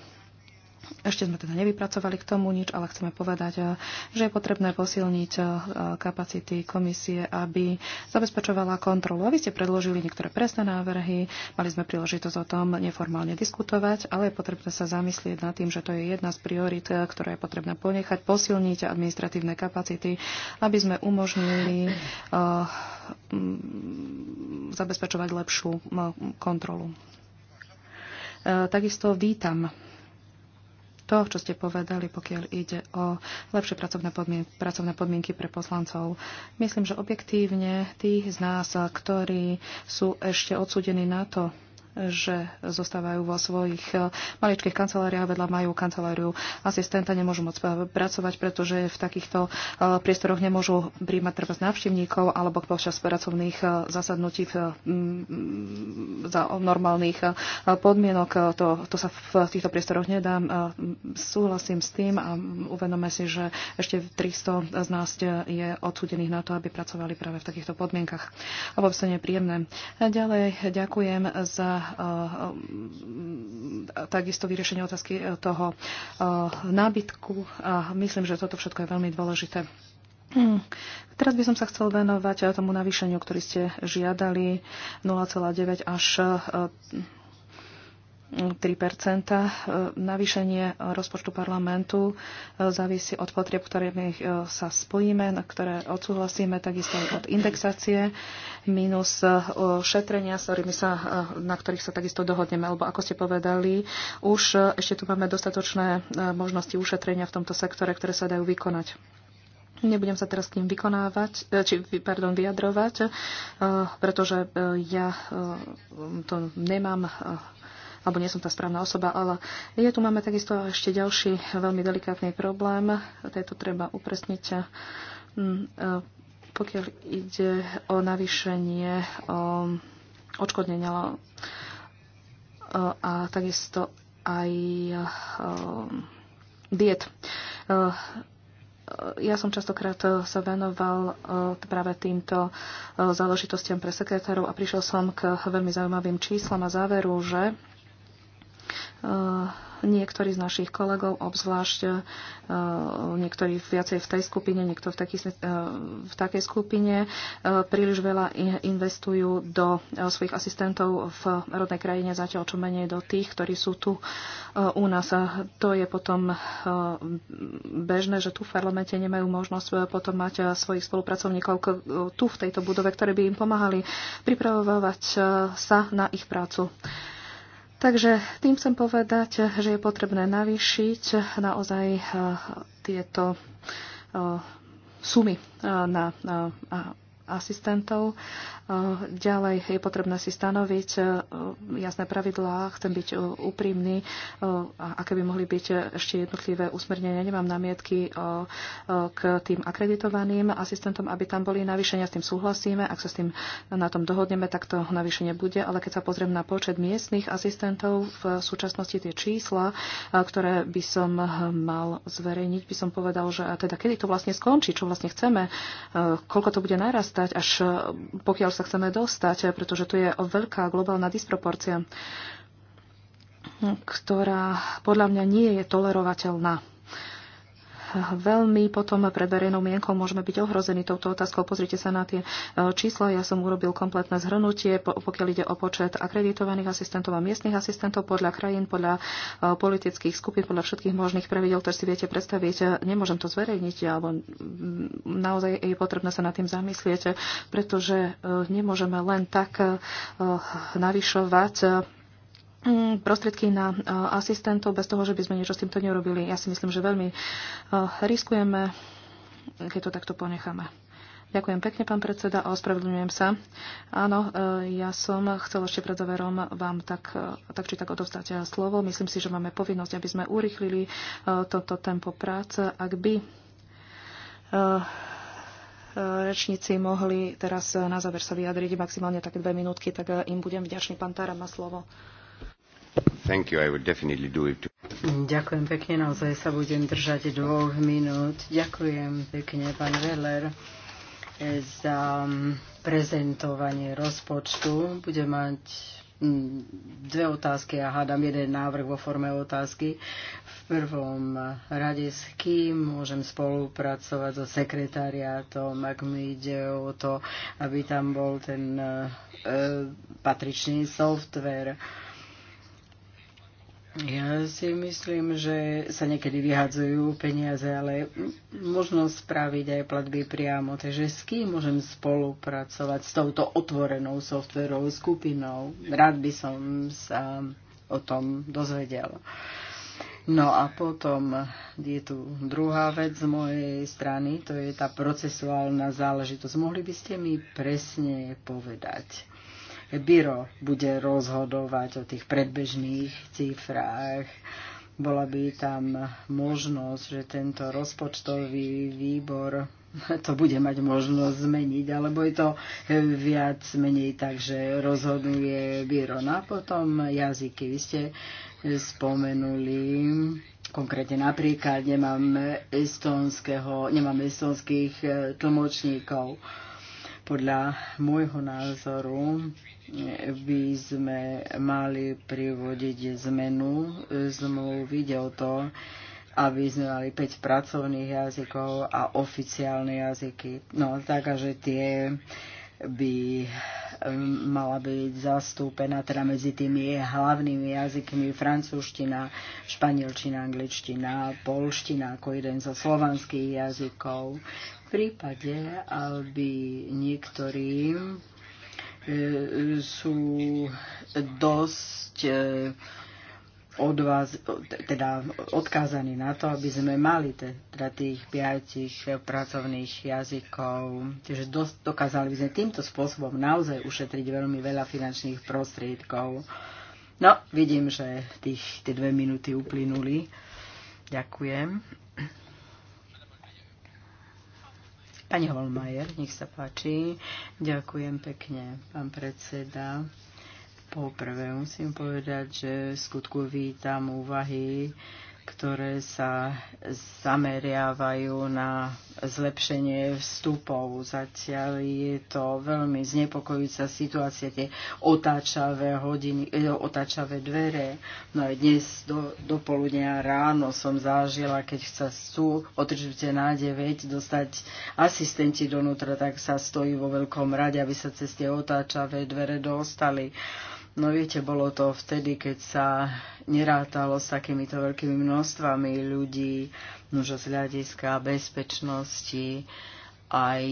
ešte sme teda nevypracovali k tomu nič, ale chceme povedať, eh, že je potrebné posilniť eh, kapacity komisie, aby zabezpečovala kontrolu. A vy ste predložili niektoré presné návrhy, mali sme príležitosť o tom neformálne diskutovať, ale je potrebné sa zamyslieť nad tým, že to je jedna z priorit, eh, ktoré je potrebné ponechať, posilniť administratívne kapacity, aby sme umožnili zabezpečovať lepšiu kontrolu. Takisto vítam to, čo ste povedali, pokiaľ ide o lepšie pracovné, podmienky, pracovné podmienky pre poslancov. Myslím, že objektívne tých z nás, ktorí sú ešte odsudení na to, že zostávajú vo svojich eh, maličkých kanceláriách, vedľa majú kanceláriu asistenta, nemôžu moc eh, pracovať, pretože v takýchto eh, priestoroch nemôžu príjmať treba návštevníkov alebo počas pracovných zasadnutí v, mm, za normálnych podmienok. To, to sa v týchto priestoroch nedá. Súhlasím s tým a uvedome si, že ešte 300 z nás je odsudených na to, aby pracovali práve v takýchto podmienkach. A vôbec to nie je príjemné. Ďalej ďakujem za Eh, takisto vyriešenie otázky eh, toho eh, nábytku a myslím, že toto všetko je veľmi dôležité. Hmm. Teraz by som sa chcel venovať tomu navýšeniu, ktorý ste žiadali 0,9 až 3 Navýšenie rozpočtu parlamentu eh, závisí od potrieb, ktorými eh, sa spojíme, na ktoré odsúhlasíme, takisto aj od indexácie, minus eh, šetrenia, sa, na ktorých sa takisto dohodneme. Lebo ako ste povedali, už ešte tu máme dostatočné možnosti ušetrenia v tomto sektore, ktoré sa dajú vykonať. Nebudem sa teraz k ním vykonávať, či, pardon, vyjadrovať, pretože ja to nemám alebo nie som tá správna osoba, ale je tu máme takisto ešte ďalší veľmi delikátny problém. Tejto treba upresniť mm, e, pokiaľ ide o navýšenie o odškodnenia e, a takisto aj e, diet. Ja som častokrát sa venoval práve týmto záležitostiam pre sekretárov a prišiel som k veľmi zaujímavým číslam a záveru, že Eh, niektorí z našich kolegov, obzvlášť eh, niektorí viacej v tej skupine, niekto v, taký, eh, v takej skupine, príliš veľa investujú do svojich asistentov v rodnej krajine, zatiaľ čo menej do tých, ktorí sú tu u nás. To je potom bežné, že tu v parlamente nemajú možnosť potom mať svojich spolupracovníkov tu v tejto budove, ktoré by im pomáhali pripravovať sa na ich prácu. Takže tým chcem povedať, že je potrebné navýšiť naozaj eh, tieto eh, sumy eh, na asistentov. E, ďalej je potrebné si stanoviť e, jasné pravidlá, chcem byť e, úprimný, aké by mohli byť ešte jednotlivé usmernenia. Nemám namietky k tým akreditovaným asistentom, aby tam boli navýšenia, s tým súhlasíme. Ak sa s tým na tom dohodneme, tak to navýšenie bude, ale keď sa pozriem na počet miestnych asistentov, v súčasnosti tie čísla, ktoré by som mal zverejniť, by som povedal, že teda kedy to vlastne skončí, čo vlastne chceme, koľko to bude narast dostať, až e, pokiaľ sa chceme dostať, e, pretože tu je veľká globálna disproporcia, ktorá podľa mňa nie je tolerovateľná veľmi potom pred verejnou mienkou môžeme byť ohrození touto otázkou. Pozrite sa na tie e, čísla. Ja som urobil kompletné zhrnutie, pokiaľ ide o počet akreditovaných asistentov a miestnych asistentov podľa krajín, podľa e, politických skupín, podľa všetkých možných pravidel, ktoré si viete predstaviť. Nemôžem to zverejniť, alebo naozaj je potrebné sa nad tým zamyslieť, pretože e, nemôžeme len tak navyšovať Mm, prostriedky na e, asistentov bez toho, že by sme niečo s týmto neurobili. Ja si myslím, že veľmi e, riskujeme, keď to takto ponecháme. Ďakujem pekne, pán predseda, a ospravedlňujem sa. Áno, e, ja som chcel ešte pred záverom vám tak, tak či tak odovzdať slovo. Myslím si, že máme povinnosť, aby sme urychlili toto tempo práce. Ak by rečníci mohli teraz na záver sa vyjadriť maximálne také dve minútky, tak im budem vďačný. Pán Tára má slovo. Thank you, I would definitely do it. Ďakujem pekne, naozaj sa budem držať dvoch minút. Ďakujem pekne, pán Veller, za mm, prezentovanie rozpočtu. Budem mať mm, dve otázky a hádam jeden návrh vo forme otázky. V prvom rade s kým môžem spolupracovať so sekretariátom, ak mi ide o to, aby tam bol ten eh, patričný software ja si myslím, že sa niekedy vyhadzujú peniaze, ale možno spraviť aj platby priamo. Takže s kým môžem spolupracovať s touto otvorenou softverovou skupinou? Rád by som sa o tom dozvedel. No a potom je tu druhá vec z mojej strany, to je tá procesuálna záležitosť. Mohli by ste mi presne povedať, byro bude rozhodovať o tých predbežných cifrách. Bola by tam možnosť, že tento rozpočtový výbor to bude mať možnosť zmeniť, alebo je to viac menej tak, že rozhoduje byro. No a potom jazyky. Vy ste spomenuli konkrétne napríklad nemám, estonského, nemám estonských tlmočníkov. Uh, podľa môjho názoru by sme mali privodiť zmenu zmluvy. Ide o to, aby sme mali 5 pracovných jazykov a oficiálne jazyky. No, takže tie by mala byť zastúpená teda medzi tými hlavnými jazykmi francúzština, španielčina, angličtina, polština ako jeden zo slovanských jazykov. V prípade, aby niektorým e, e, sú dosť e, od vás, teda odkázaní na to, aby sme mali teda tých piatich pracovných jazykov. Čiže dokázali by sme týmto spôsobom naozaj ušetriť veľmi veľa finančných prostriedkov. No, vidím, že tých, tie dve minúty uplynuli. Ďakujem. Pani Holmajer, nech sa páči. Ďakujem pekne, pán predseda. Poprvé musím povedať, že skutku vítam úvahy, ktoré sa zameriavajú na zlepšenie vstupov. Zatiaľ je to veľmi znepokojúca situácia, tie otáčavé, hodiny, e, otáčavé dvere. No aj dnes do, do poludnia ráno som zažila, keď sa sú otržite na 9 dostať asistenti donútra, tak sa stojí vo veľkom rade, aby sa cez tie otáčavé dvere dostali. No viete, bolo to vtedy, keď sa nerátalo s takýmito veľkými množstvami ľudí, nože z hľadiska bezpečnosti, aj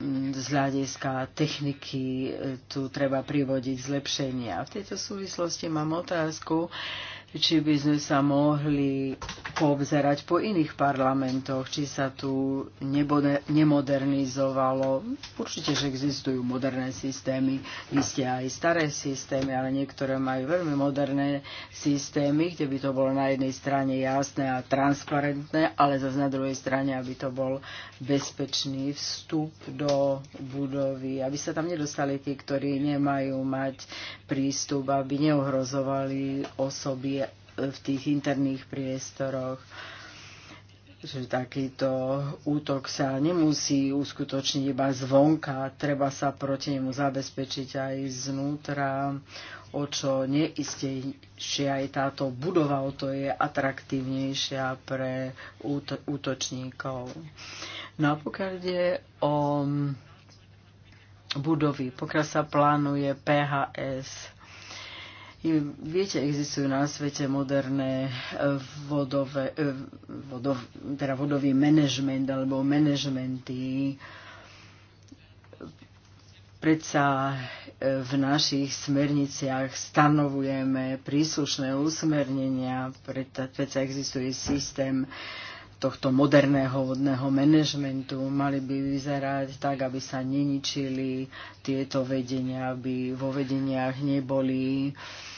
mm, z hľadiska techniky e, tu treba privodiť zlepšenia. V tejto súvislosti mám otázku, či by sme sa mohli poobzerať po iných parlamentoch, či sa tu nebode, nemodernizovalo. Určite, že existujú moderné systémy, isté aj staré systémy, ale niektoré majú veľmi moderné systémy, kde by to bolo na jednej strane jasné a transparentné, ale zase na druhej strane, aby to bol bezpečný vstup do budovy, aby sa tam nedostali tí, ktorí nemajú mať prístup, aby neohrozovali osoby v tých interných priestoroch že takýto útok sa nemusí uskutočniť iba zvonka, treba sa proti nemu zabezpečiť aj znútra, o čo neistejšia aj táto budova, o to je atraktívnejšia pre útočníkov. No a pokiaľ ide o budovy, pokiaľ sa plánuje PHS, Viete, existujú na svete moderné e, vodové, e, vodov, teda vodový manažment alebo manažmenty. Predsa e, v našich smerniciach stanovujeme príslušné usmernenia, predsa, existuje systém tohto moderného vodného manažmentu mali by vyzerať tak, aby sa neničili tieto vedenia, aby vo vedeniach neboli uh,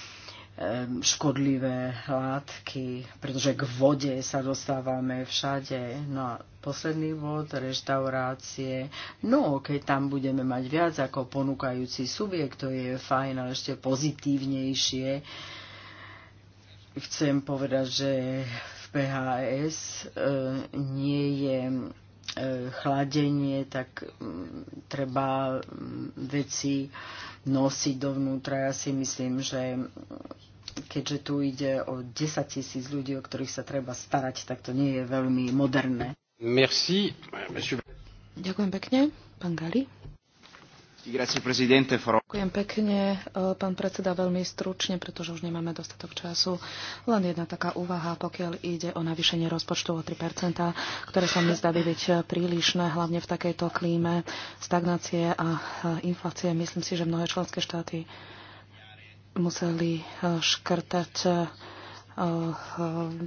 škodlivé látky, pretože k vode sa dostávame všade. No a posledný bod, reštaurácie. No, keď tam budeme mať viac ako ponúkajúci subjekt, to je fajn, ale ešte pozitívnejšie. Chcem povedať, že v PHS e, nie je chladenie, tak treba veci nosiť dovnútra. Ja si myslím, že keďže tu ide o 10 tisíc ľudí, o ktorých sa treba starať, tak to nie je veľmi moderné. Merci. Ďakujem pekne. Pán Gali. Ďakujem pekne, eh, pán predseda, veľmi stručne, pretože už nemáme dostatok času. Len jedna taká úvaha, pokiaľ ide o navýšenie rozpočtu o 3%, ktoré sa mi zdá by byť eh, prílišné, hlavne v takejto klíme stagnácie a eh, inflácie. Myslím si, že mnohé členské štáty museli škrtať Eh,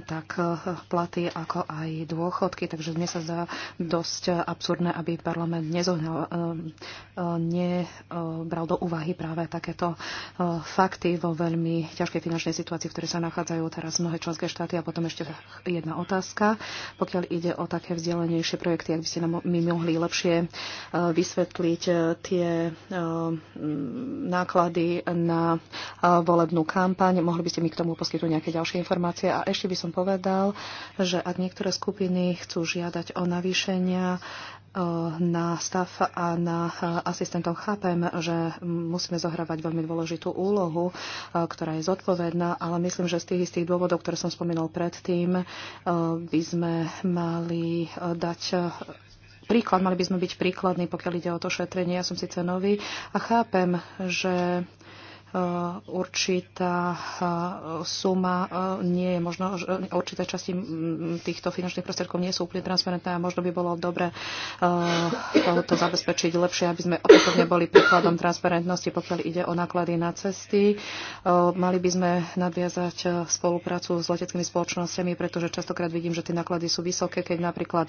tak eh, platy ako aj dôchodky. Takže mne sa zdá dosť absurdné, aby parlament nezohnal, eh, nebral do úvahy práve takéto fakty vo veľmi ťažkej finančnej situácii, v ktorej sa nachádzajú teraz mnohé členské štáty. A potom ešte jedna otázka. Pokiaľ ide o také vzdelenejšie projekty, ak by ste nám my mohli lepšie vysvetliť tie náklady na volebnú kampaň, mohli by ste mi k tomu poskytnúť nejaké ďalšie ďalšie informácie. A ešte by som povedal, že ak niektoré skupiny chcú žiadať o navýšenia, e, na stav a na e, asistentov. Chápem, že musíme zohrávať veľmi dôležitú úlohu, e, ktorá je zodpovedná, ale myslím, že z tých istých dôvodov, ktoré som spomínal predtým, by sme mali dať príklad, mali by sme byť príkladní, pokiaľ ide o to šetrenie. Ja som síce nový a chápem, že Eh, určitá eh, suma eh, nie je možno, určité časti mm, týchto finančných prostriedkov nie sú úplne transparentné a možno by bolo dobre to zabezpečiť lepšie, aby sme opätovne boli príkladom transparentnosti, pokiaľ ide o náklady na cesty. Mali by sme nadviazať spoluprácu s leteckými spoločnosťami, pretože častokrát vidím, že tie náklady sú vysoké, keď napríklad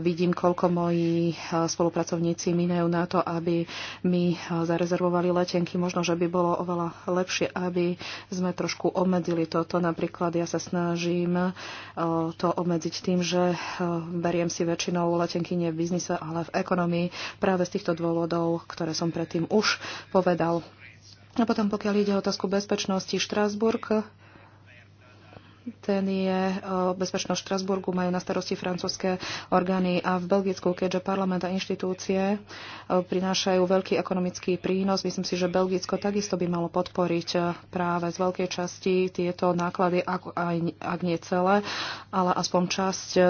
vidím, koľko moji spolupracovníci minajú na to, aby mi zarezervovali letenky. Možno, že by bolo bolo oveľa lepšie, aby sme trošku obmedzili toto. Napríklad ja sa snažím eh, to obmedziť tým, že eh, beriem si väčšinou letenky nie v biznise, ale v ekonomii práve z týchto dôvodov, ktoré som predtým už povedal. A potom, pokiaľ ide o otázku bezpečnosti, Štrásburg ten je bezpečnosť Štrasburgu, majú na starosti francúzske orgány a v Belgicku, keďže parlament a inštitúcie prinášajú veľký ekonomický prínos, myslím si, že Belgicko takisto by malo podporiť e, práve z veľkej časti tieto náklady, ak, aj, ak nie celé, ale aspoň časť e,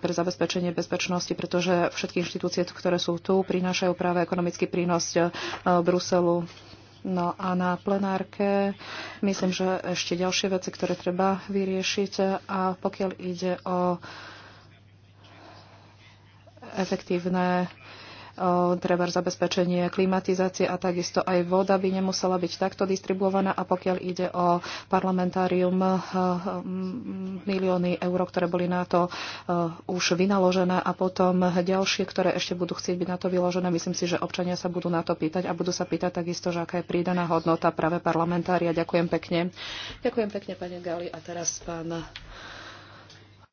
pre zabezpečenie bezpečnosti, pretože všetky inštitúcie, ktoré sú tu, prinášajú práve ekonomický prínos e, Bruselu No a na plenárke myslím, že ešte ďalšie veci, ktoré treba vyriešiť. A pokiaľ ide o efektívne treba zabezpečenie klimatizácie a takisto aj voda by nemusela byť takto distribuovaná a pokiaľ ide o parlamentárium eh, eh, milióny eur, ktoré boli na to eh, už vynaložené a potom ďalšie, ktoré ešte budú chcieť byť na to vyložené, myslím si, že občania sa budú na to pýtať a budú sa pýtať takisto, že aká je prídaná hodnota práve parlamentária. Ďakujem pekne. Ďakujem pekne, pani Gali. A teraz pán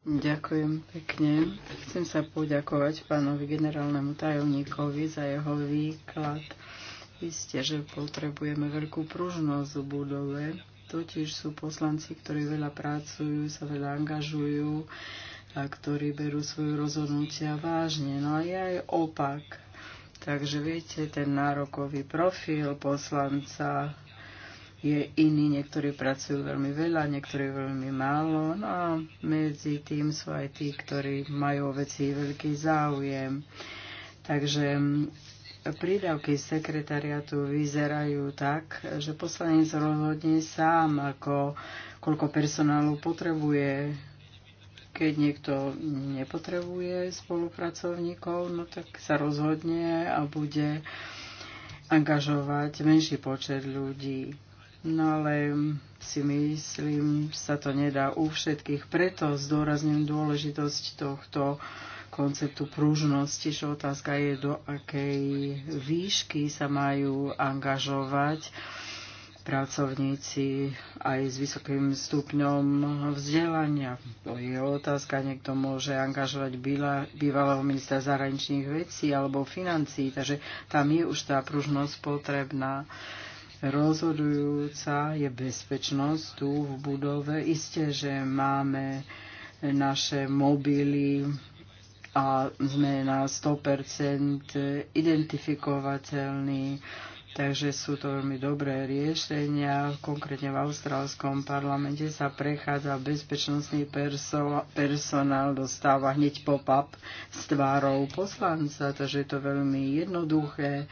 Ďakujem pekne. Chcem sa poďakovať pánovi generálnemu tajomníkovi za jeho výklad. Isté, že potrebujeme veľkú pružnosť v budove, totiž sú poslanci, ktorí veľa pracujú, sa veľa angažujú a ktorí berú svoje rozhodnutia vážne. No a je aj opak. Takže viete, ten nárokový profil poslanca je iný, niektorí pracujú veľmi veľa, niektorí veľmi málo, no a medzi tým sú aj tí, ktorí majú o veci veľký záujem. Takže mm, prídavky sekretariatu vyzerajú tak, že poslanec rozhodne sám, ako koľko personálu potrebuje. Keď niekto nepotrebuje spolupracovníkov, no tak sa rozhodne a bude angažovať menší počet ľudí No ale si myslím, sa to nedá u všetkých. Preto zdôrazňujem dôležitosť tohto konceptu pružnosti, že otázka je, do akej výšky sa majú angažovať pracovníci aj s vysokým stupňom vzdelania. To je otázka, niekto môže angažovať bývalého ministra zahraničných vecí alebo financií, takže tam je už tá pružnosť potrebná. Uh, rozhodujúca je bezpečnosť tu v budove. Isté, že máme naše mobily a sme na 100% identifikovateľní, takže sú to veľmi dobré riešenia. Konkrétne v austrálskom parlamente sa prechádza bezpečnostný perso- personál, dostáva hneď pop-up s tvárou poslanca, takže je to veľmi jednoduché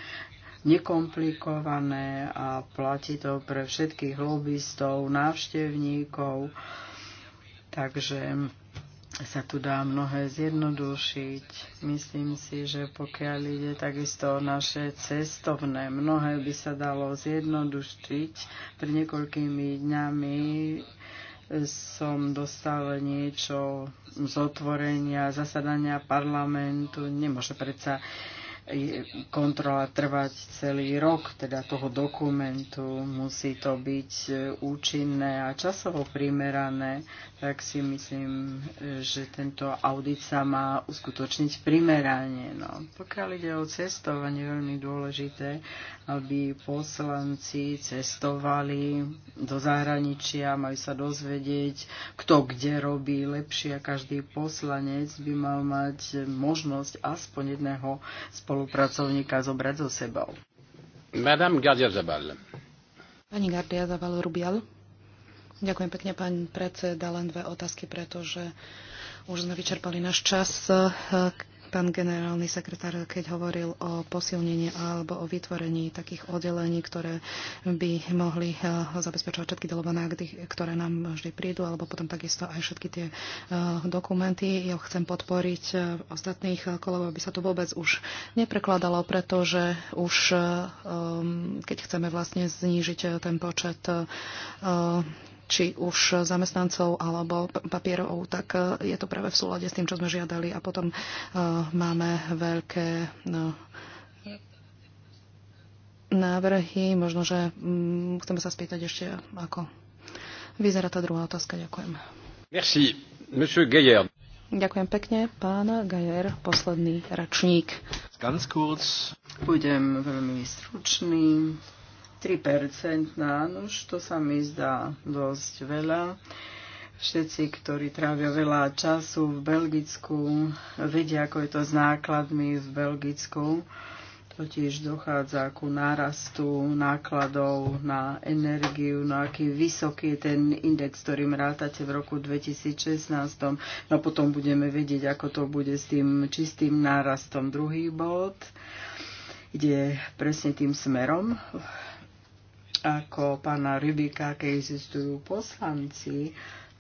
nekomplikované a platí to pre všetkých lobbystov, návštevníkov. Takže sa tu dá mnohé zjednodušiť. Myslím si, že pokiaľ ide takisto o naše cestovné, mnohé by sa dalo zjednodušiť. Pred niekoľkými dňami som dostal niečo z otvorenia zasadania parlamentu. Nemôže predsa kontrola trvať celý rok, teda toho dokumentu. Musí to byť e, účinné a časovo primerané, tak si myslím, e, že tento audit sa má uskutočniť primerane. No, pokiaľ ide o cestovanie, je veľmi dôležité, aby poslanci cestovali do zahraničia, majú sa dozvedieť, kto kde robí lepšie a každý poslanec by mal mať možnosť aspoň jedného spoločného spolupracovníka zobrať so sebou. Madame Gardia Pani Gardia Zabal Rubial. Ďakujem pekne, pán predseda. Len dve otázky, pretože už sme vyčerpali náš čas pán generálny sekretár, keď hovoril o posilnení alebo o vytvorení takých oddelení, ktoré by mohli eh, zabezpečovať všetky delované akty, ktoré nám vždy prídu, alebo potom takisto aj všetky tie eh, dokumenty. Ja chcem podporiť eh, ostatných kolegov, aby sa to vôbec už neprekladalo, pretože už keď chceme vlastne znížiť ten počet či už zamestnancov alebo papierov, tak e, je to práve v súlade s tým, čo sme žiadali. A potom uh, máme veľké no, návrhy. Možno, že um, chceme sa spýtať ešte, ako vyzerá tá druhá otázka. Ďakujem. Merci, monsieur Geyer. Ďakujem pekne, pán Gajer, posledný račník. Ganz kurz. Budem veľmi stručný. 3%, nuž to sa mi zdá dosť veľa. Všetci, ktorí trávia veľa času v Belgicku, vedia, ako je to s nákladmi v Belgicku. Totiž dochádza ku nárastu nákladov na energiu, no aký vysoký je ten index, ktorým rátate v roku 2016. No potom budeme vedieť, ako to bude s tým čistým nárastom. Druhý bod ide presne tým smerom, ako pána Rybika, keď existujú poslanci,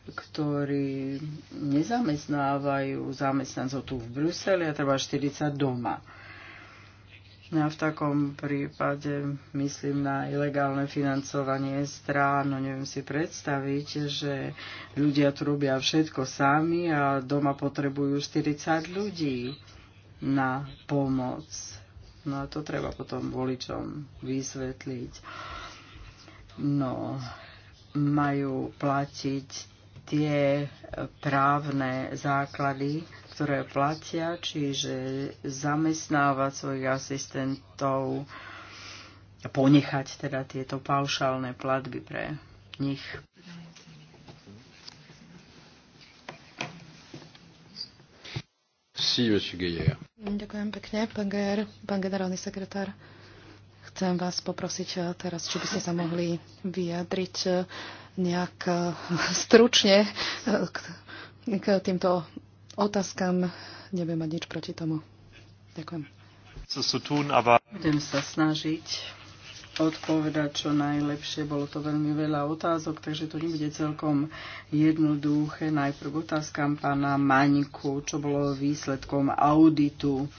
ktorí nezamestnávajú zamestnancov tu v Bruseli a treba 40 doma. No a v takom prípade myslím na ilegálne financovanie strán. No neviem si predstaviť, že ľudia tu robia všetko sami a doma potrebujú 40 ľudí na pomoc. No a to treba potom voličom vysvetliť no, majú platiť tie právne základy, ktoré platia, čiže zamestnávať svojich asistentov, ponechať teda tieto paušálne platby pre nich. Si, Ďakujem pekne, pán Gajer, pán generálny sekretár. Chcem vás poprosiť eh, teraz, či by ste sa mohli vyjadriť eh, nejak eh, stručne k týmto otázkam. Nebudem mať nič proti tomu. Ďakujem. Budem sa snažiť odpovedať čo najlepšie. Bolo to veľmi veľa otázok, takže to nebude celkom jednoduché. Najprv otázkam pána Maňku, čo bolo výsledkom auditu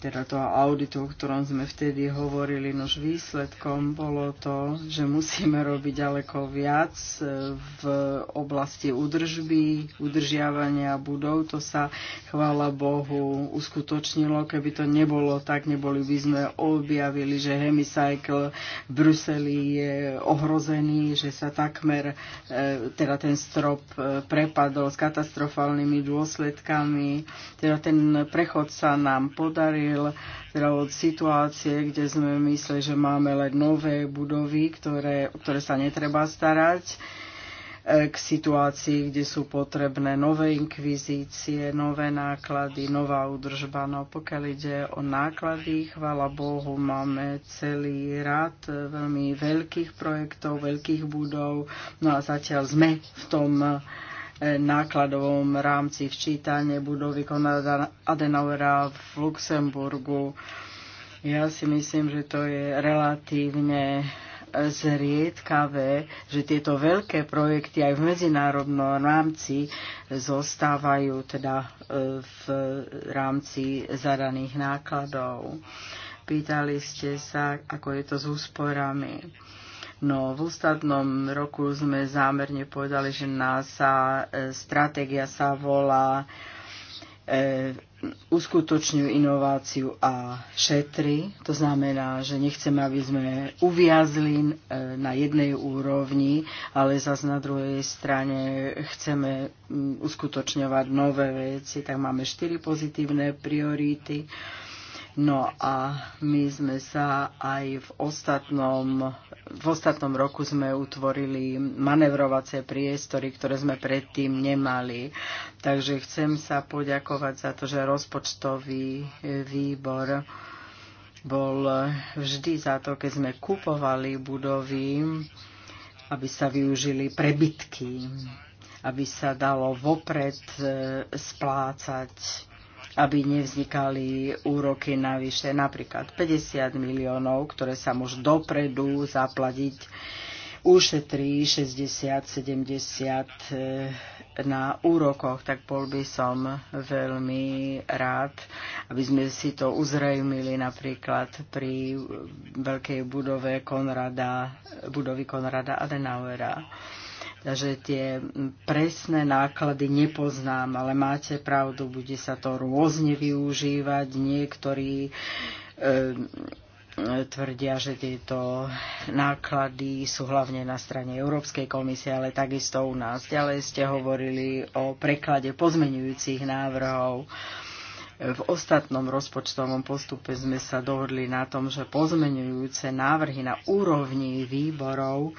teda toho auditu, o ktorom sme vtedy hovorili, nož výsledkom bolo to, že musíme robiť ďaleko viac e, v oblasti udržby, udržiavania budov. To sa, chvála Bohu, uskutočnilo. Keby to nebolo tak, neboli by sme objavili, že Hemicycle v Bruseli je ohrozený, že sa takmer e, teda ten strop e, prepadol s katastrofálnymi dôsledkami. Teda ten prechod sa nám podaril vytvoril teda od situácie, kde sme mysleli, že máme len nové budovy, ktoré, o ktoré sa netreba starať, e, k situácii, kde sú potrebné nové inkvizície, nové náklady, nová údržba. No pokiaľ ide o náklady, chvála Bohu, máme celý rad veľmi veľkých projektov, veľkých budov. No a zatiaľ sme v tom nákladovom rámci včítanie budovy Konrada Adenauera v Luxemburgu. Ja si myslím, že to je relatívne e, zriedkavé, že tieto veľké projekty aj v medzinárodnom rámci zostávajú teda e, v rámci zadaných nákladov. Pýtali ste sa, ako je to s úsporami. No v ústavnom roku sme zámerne povedali, že NASA e, stratégia sa volá e, uskutočňujú inováciu a šetri. To znamená, že nechceme, aby sme uviazli e, na jednej úrovni, ale zase na druhej strane chceme mm, uskutočňovať nové veci. Tak máme štyri pozitívne priority. No a my sme sa aj v ostatnom, v ostatnom roku sme utvorili manevrovacie priestory, ktoré sme predtým nemali. Takže chcem sa poďakovať za to, že rozpočtový e, výbor bol vždy za to, keď sme kupovali budovy, aby sa využili prebytky, aby sa dalo vopred e, splácať aby nevznikali úroky navyše, napríklad 50 miliónov, ktoré sa môžu dopredu zaplatiť, ušetrí 60-70 eh, na úrokoch, tak bol by som veľmi rád, aby sme si to uzrejmili napríklad pri veľkej budove Konrada, budovy Konrada Adenauera že tie presné náklady nepoznám, ale máte pravdu, bude sa to rôzne využívať. Niektorí e, tvrdia, že tieto náklady sú hlavne na strane Európskej komisie, ale takisto u nás. Ďalej ste hovorili o preklade pozmenujúcich návrhov. V ostatnom rozpočtovom postupe sme sa dohodli na tom, že pozmenujúce návrhy na úrovni výborov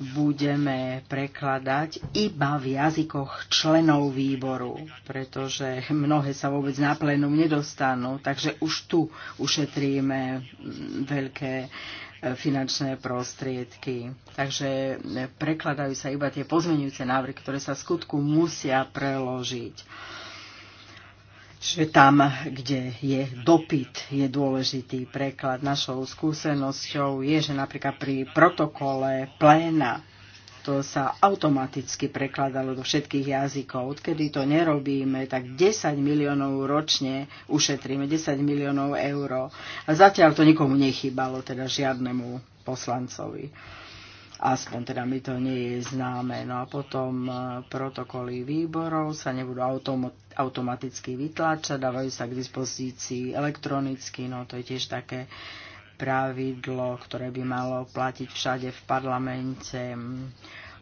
budeme prekladať iba v jazykoch členov výboru, pretože mnohé sa vôbec na plénum nedostanú, takže už tu ušetríme veľké e, finančné prostriedky. Takže e, prekladajú sa iba tie pozmenujúce návrhy, ktoré sa skutku musia preložiť že tam, kde je dopyt, je dôležitý preklad. Našou skúsenosťou je, že napríklad pri protokole pléna to sa automaticky prekladalo do všetkých jazykov. Odkedy to nerobíme, tak 10 miliónov ročne ušetríme, 10 miliónov eur. A zatiaľ to nikomu nechybalo, teda žiadnemu poslancovi aspoň teda mi to nie je známe. No a potom e, protokoly výborov sa nebudú automaticky vytláčať, dávajú sa k dispozícii elektronicky, no to je tiež také pravidlo, ktoré by malo platiť všade v parlamente.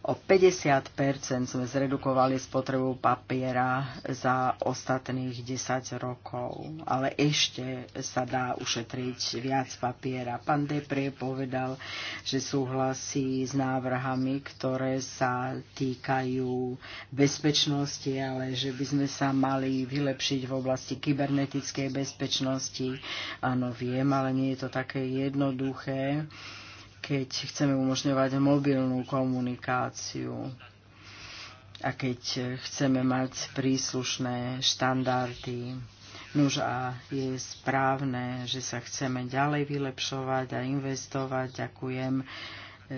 O 50 sme zredukovali spotrebu papiera za ostatných 10 rokov, ale ešte sa dá ušetriť viac papiera. Pán Depre povedal, že súhlasí s návrhami, ktoré sa týkajú bezpečnosti, ale že by sme sa mali vylepšiť v oblasti kybernetickej bezpečnosti. Áno, viem, ale nie je to také jednoduché keď chceme umožňovať mobilnú komunikáciu a keď chceme mať príslušné štandardy. Nuž a je správne, že sa chceme ďalej vylepšovať a investovať. Ďakujem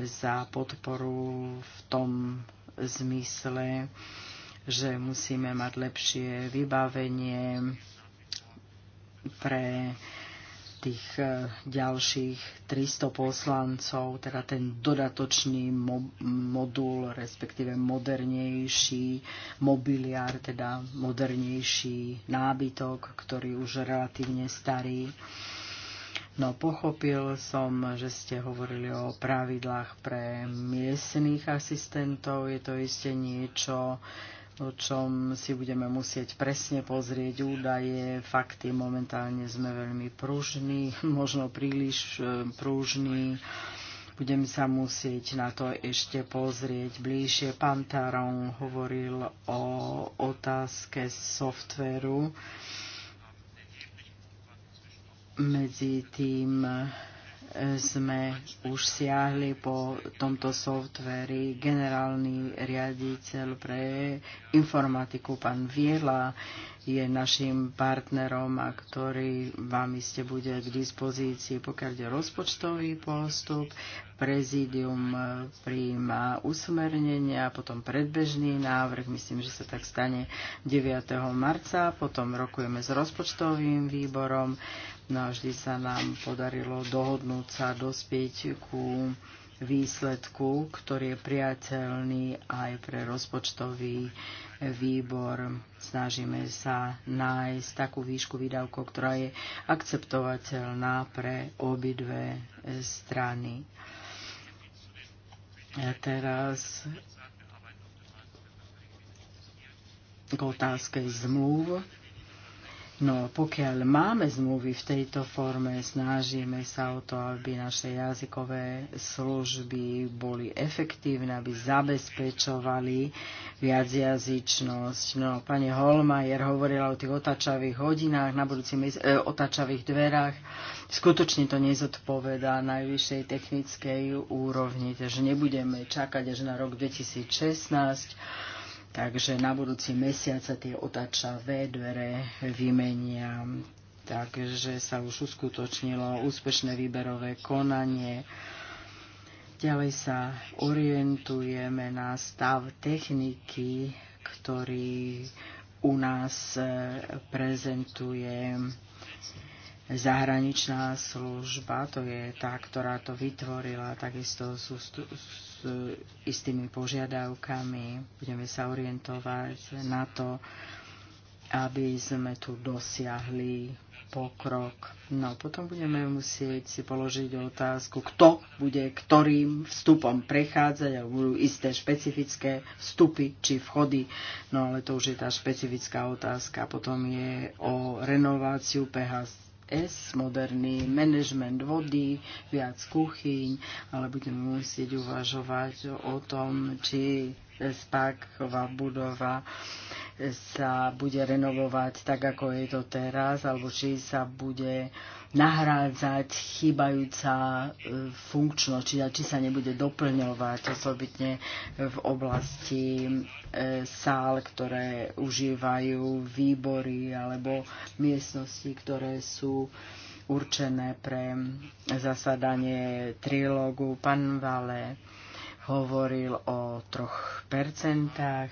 za podporu v tom zmysle, že musíme mať lepšie vybavenie pre tých e, ďalších 300 poslancov, teda ten dodatočný mo- modul, respektíve modernejší mobiliár, teda modernejší nábytok, ktorý už relatívne starý. No pochopil som, že ste hovorili o pravidlách pre miestnych asistentov. Je to iste niečo, o čom si budeme musieť presne pozrieť údaje, fakty. Momentálne sme veľmi pružní, možno príliš e, pružní. Budem sa musieť na to ešte pozrieť bližšie. Pán Taron hovoril o otázke softveru. Medzi tým sme už siahli po tomto softveri generálny riaditeľ pre informatiku, pán Viela, je našim partnerom a ktorý vám iste bude k dispozícii, pokiaľ je rozpočtový postup. Prezidium e, príjma usmernenia, potom predbežný návrh, myslím, že sa tak stane 9. marca, potom rokujeme s rozpočtovým výborom No a vždy sa nám podarilo dohodnúť sa, dospieť ku výsledku, ktorý je priateľný aj pre rozpočtový výbor. Snažíme sa nájsť takú výšku výdavkov, ktorá je akceptovateľná pre obidve strany. A teraz k otázke zmluv No pokiaľ máme zmluvy v tejto forme, snažíme sa o to, aby naše jazykové služby boli efektívne, aby zabezpečovali viacjazyčnosť. No, pani Holmajer hovorila o tých otačavých hodinách, na budúci mes- e, otačavých dverách. Skutočne to nezodpovedá najvyššej technickej úrovni, takže nebudeme čakať až na rok 2016 Takže na budúci mesiac sa tie V dvere vymenia. Takže sa už uskutočnilo úspešné výberové konanie. Ďalej sa orientujeme na stav techniky, ktorý u nás e, prezentuje zahraničná služba, to je tá, ktorá to vytvorila, takisto sú s e, istými požiadavkami. Budeme sa orientovať na to, aby sme tu dosiahli pokrok. No, potom budeme musieť si položiť otázku, kto bude ktorým vstupom prechádzať, a budú isté špecifické vstupy či vchody. No, ale to už je tá špecifická otázka. Potom je o renováciu PHC s, moderný management vody, viac kuchyň, ale budeme musieť uvažovať o tom, či spáková budova sa bude renovovať tak, ako je to teraz, alebo či sa bude nahrádzať chýbajúca e, funkčnosť, či sa nebude doplňovať, osobitne v oblasti sál, ktoré užívajú výbory alebo miestnosti, ktoré sú určené pre zasadanie trilógu. Pan Vale hovoril o troch percentách.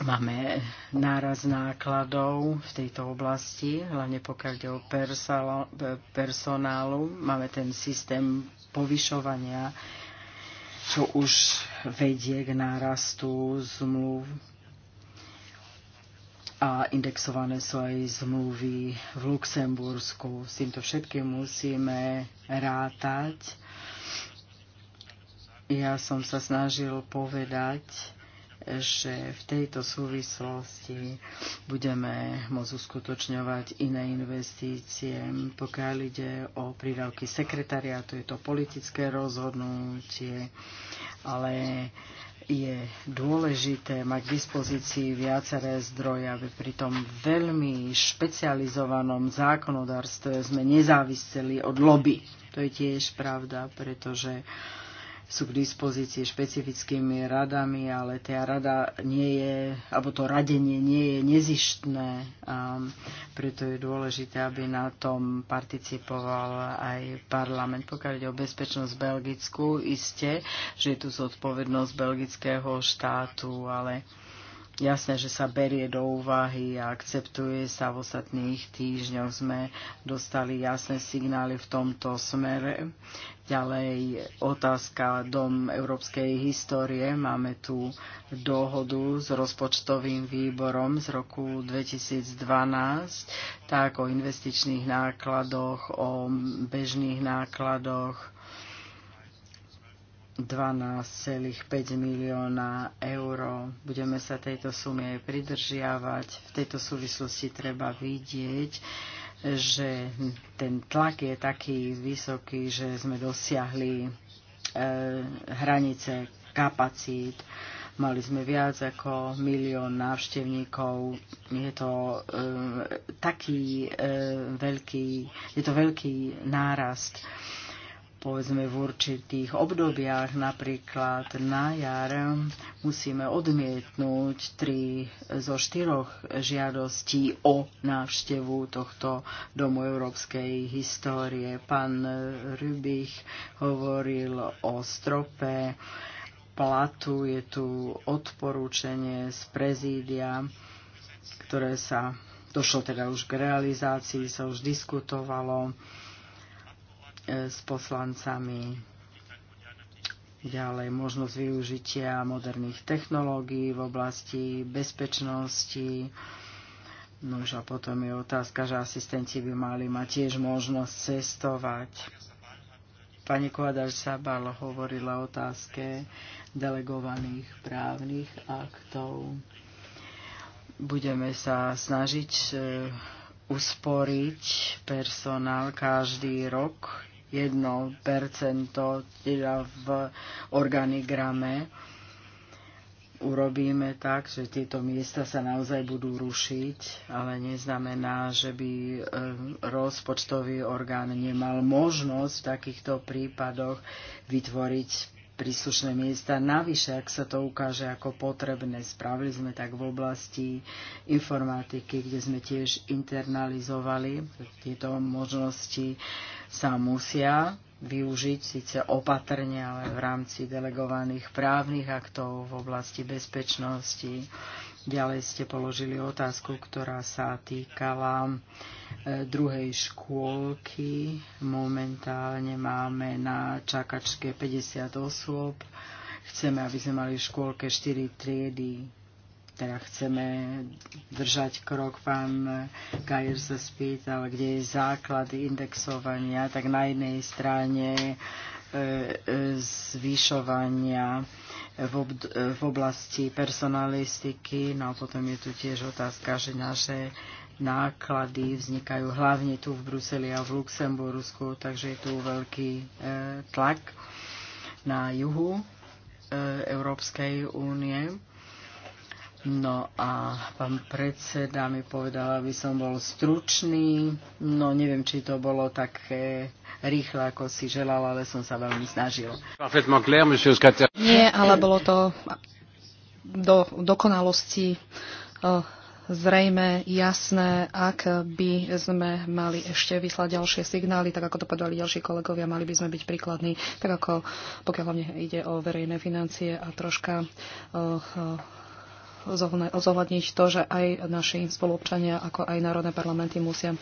Máme náraz nákladov v tejto oblasti, hlavne pokiaľ ide o personálu. Máme ten systém povyšovania čo už vedie k nárastu zmluv a indexované sú aj zmluvy v Luxembursku. S týmto všetkým musíme rátať. Ja som sa snažil povedať, že v tejto súvislosti budeme môcť uskutočňovať iné investície. Pokiaľ ide o prídavky sekretariátu, je to politické rozhodnutie, ale je dôležité mať k dispozícii viaceré zdroje, aby pri tom veľmi špecializovanom zákonodárstve sme nezáviseli od lobby. To je tiež pravda, pretože uh, sú k dispozícii špecifickými radami, ale tá rada nie je, alebo to radenie nie je nezištné, um, preto je dôležité, aby na tom participoval aj parlament. Pokiaľ ide o bezpečnosť v Belgicku, iste, že je tu zodpovednosť belgického štátu, ale Jasné, že sa berie do úvahy a akceptuje sa v ostatných týždňoch. Sme dostali jasné signály v tomto smere. Ďalej otázka Dom európskej histórie. Máme tu dohodu s rozpočtovým výborom z roku 2012, tak o investičných nákladoch, o bežných nákladoch 12,5 milióna eur. Budeme sa tejto sumy aj pridržiavať. V tejto súvislosti treba vidieť, že ten tlak je taký vysoký, že sme dosiahli e, hranice kapacít. Mali sme viac ako milión návštevníkov. Je to e, taký e, veľký, je to veľký nárast. E, povedzme v určitých obdobiach, napríklad na jar, musíme odmietnúť tri zo štyroch žiadostí o návštevu tohto domu európskej histórie. Pán Rybich hovoril o strope platu, je tu odporúčenie z prezídia, ktoré sa došlo teda už k realizácii, sa už diskutovalo E, s poslancami. Ďalej možnosť využitia moderných technológií v oblasti bezpečnosti. No už a potom je otázka, že asistenti by mali mať tiež možnosť cestovať. Pani Kovadaž Sabal hovorila o otázke delegovaných právnych aktov. Budeme sa snažiť e, usporiť personál každý rok teda v organigrame. Urobíme tak, že tieto miesta sa naozaj budú rušiť, ale neznamená, že by e, rozpočtový orgán nemal možnosť v takýchto prípadoch vytvoriť príslušné miesta. Navyše, ak sa to ukáže ako potrebné, spravili sme tak v oblasti informatiky, kde sme tiež internalizovali tieto možnosti sa musia využiť síce opatrne, ale v rámci delegovaných právnych aktov v oblasti bezpečnosti. Ďalej ste položili otázku, ktorá sa týkala e, druhej škôlky. Momentálne máme na čakačke 50 osôb. Chceme, aby sme mali v škôlke 4 triedy teda chceme držať krok. Pán Gajer sa spýtal, kde je základ indexovania, tak na jednej strane e, e, zvyšovania v, ob- v oblasti personalistiky. No a potom je tu tiež otázka, že naše náklady vznikajú hlavne tu v Bruseli a v Luxembursku, takže je tu veľký e, tlak na juhu e, Európskej únie No a pán predseda mi povedal, aby som bol stručný. No neviem, či to bolo také rýchle, ako si želal, ale som sa veľmi snažil. Nie, ale bolo to do dokonalosti eh, zrejme jasné, ak by sme mali ešte vyslať ďalšie signály, tak ako to povedali ďalší kolegovia, mali by sme byť príkladní, tak ako pokiaľ hlavne ide o verejné financie a troška eh, eh, zohľadniť to, že aj naši spolupčania, ako aj národné parlamenty musia e,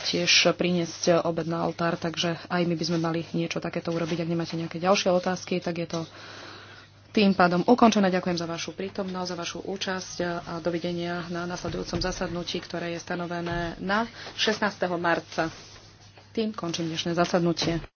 tiež priniesť obed na oltár, takže aj my by sme mali niečo takéto urobiť. Ak nemáte nejaké ďalšie otázky, tak je to tým pádom ukončené. Ďakujem za vašu prítomnosť, za vašu účasť a dovidenia na nasledujúcom zasadnutí, ktoré je stanovené na 16. marca. Tým končím dnešné zasadnutie.